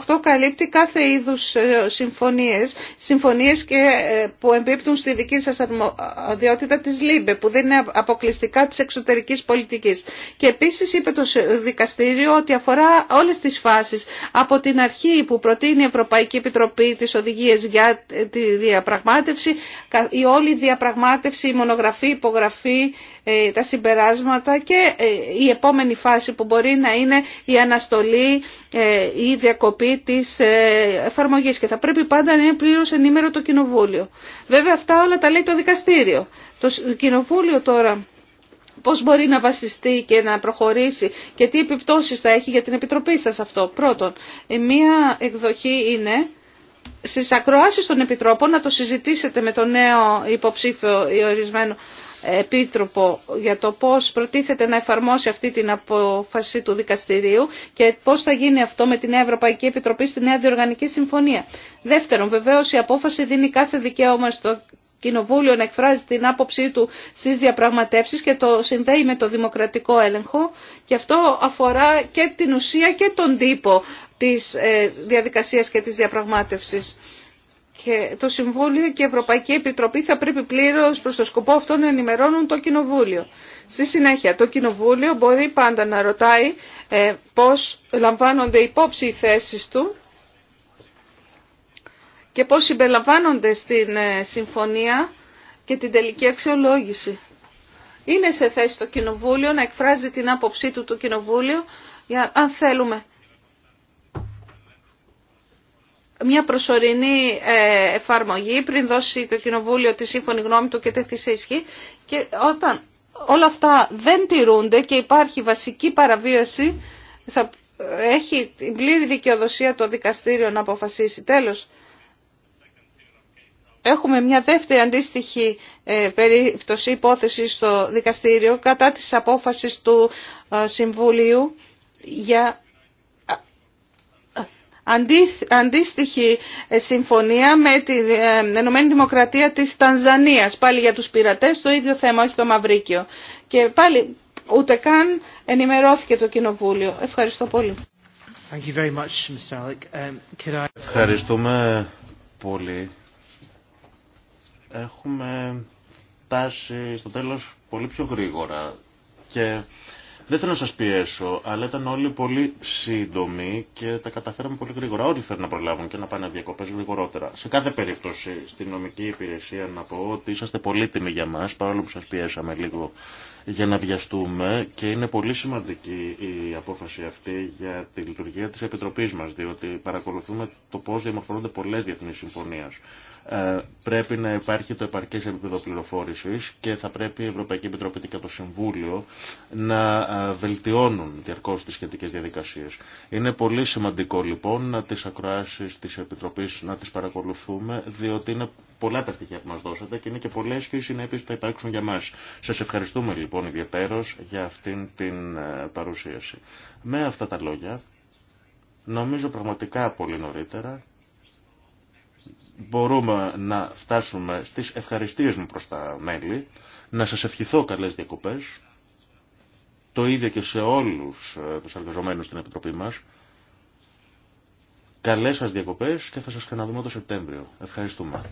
218 καλύπτει κάθε είδους ε, συμφωνίες, συμφωνίες ε, που εμπίπτουν στη δική σας αρμοδιότητα της ΛΥΜΠΕ, που δεν είναι αποκλειστικά της εξωτερικής πολιτικής. Και επίσης είπε το δικαστήριο ότι αφορά όλες τις φάσεις, από την αρχή που προτείνει η Ευρωπαϊκή Επιτροπή τις οδηγίες για τη διαπραγμάτευση, η όλη διαπραγμάτευση, η μονογραφή, η υπογραφή, ε, τα συμπεράσματα και ε, η επόμενη φάση που μπορεί να είναι η αναστολή ε, ή η διακοπή της εφαρμογής και θα πρέπει πάντα να είναι πλήρως ενήμερο το Κοινοβούλιο. Βέβαια αυτά όλα τα λέει το δικαστήριο. Το Κοινοβούλιο τώρα πώς μπορεί να βασιστεί και να προχωρήσει και τι επιπτώσεις θα έχει για την Επιτροπή σας αυτό. Πρώτον, μία εκδοχή είναι στις ακροάσεις των Επιτρόπων να το συζητήσετε με το νέο υποψήφιο ορισμένο Επίτροπο για το πώς προτίθεται να εφαρμόσει αυτή την απόφαση του δικαστηρίου και πώς θα γίνει αυτό με την Ευρωπαϊκή Επιτροπή στη Νέα Διοργανική Συμφωνία. Δεύτερον, βεβαίως η απόφαση δίνει κάθε δικαίωμα στο Κοινοβούλιο να εκφράζει την άποψή του στις διαπραγματεύσεις και το συνδέει με το δημοκρατικό έλεγχο και αυτό αφορά και την ουσία και τον τύπο της ε, διαδικασίας και της διαπραγμάτευσης το Συμβούλιο και η Ευρωπαϊκή Επιτροπή θα πρέπει πλήρως προς το σκοπό αυτό να ενημερώνουν το Κοινοβούλιο. Στη συνέχεια, το Κοινοβούλιο μπορεί πάντα να ρωτάει ε, πώς λαμβάνονται υπόψη οι θέσει του και πώς συμπεριλαμβάνονται στην ε, συμφωνία και την τελική αξιολόγηση. Είναι σε θέση το Κοινοβούλιο να εκφράζει την άποψή του το Κοινοβούλιο για αν θέλουμε μια προσωρινή ε, εφαρμογή πριν δώσει το Κοινοβούλιο τη σύμφωνη γνώμη του και τεθεί σε και όταν όλα αυτά δεν τηρούνται και υπάρχει βασική παραβίαση θα ε, έχει την πλήρη δικαιοδοσία το δικαστήριο να αποφασίσει. Τέλος, έχουμε μια δεύτερη αντίστοιχη ε, περίπτωση υπόθεση στο δικαστήριο κατά της απόφασης του Συμβουλίου για αντίστοιχη ε, συμφωνία με την ε, Ενωμένη Δημοκρατία της Τανζανίας, πάλι για τους πειρατές, το ίδιο θέμα, όχι το Μαυρίκιο. Και πάλι ούτε καν ενημερώθηκε το Κοινοβούλιο. Ευχαριστώ πολύ. Um, Ευχαριστούμε πολύ. Έχουμε φτάσει στο τέλος πολύ πιο γρήγορα και δεν θέλω να σα πιέσω, αλλά ήταν όλοι πολύ σύντομοι και τα καταφέραμε πολύ γρήγορα. Όλοι θέλουν να προλάβουν και να πάνε διακοπέ γρηγορότερα. Σε κάθε περίπτωση, στην νομική υπηρεσία να πω ότι είσαστε πολύτιμοι για μα, παρόλο που σα πιέσαμε λίγο για να βιαστούμε και είναι πολύ σημαντική η απόφαση αυτή για τη λειτουργία τη Επιτροπής μα διότι παρακολουθούμε το πώ διαμορφώνονται πολλέ διεθνεί συμφωνίε. Ε, πρέπει να υπάρχει το επαρκές επίπεδο πληροφόρησης και θα πρέπει η Ευρωπαϊκή Επιτροπή και το Συμβούλιο να ε, βελτιώνουν διαρκώς τις σχετικές διαδικασίες. Είναι πολύ σημαντικό λοιπόν να τις ακροάσεις της Επιτροπής να τις παρακολουθούμε διότι είναι πολλά τα στοιχεία που μας δώσατε και είναι και πολλές και οι συνέπειες που θα υπάρξουν για μας. Σας ευχαριστούμε λοιπόν ιδιαίτερως για αυτήν την ε, παρουσίαση. Με αυτά τα λόγια νομίζω πραγματικά πολύ νωρίτερα μπορούμε να φτάσουμε στις ευχαριστίες μου προς τα μέλη, να σας ευχηθώ καλές διακοπές, το ίδιο και σε όλους ε, τους εργαζομένους στην Επιτροπή μας. Καλές σας διακοπές και θα σας ξαναδούμε το Σεπτέμβριο. Ευχαριστούμε.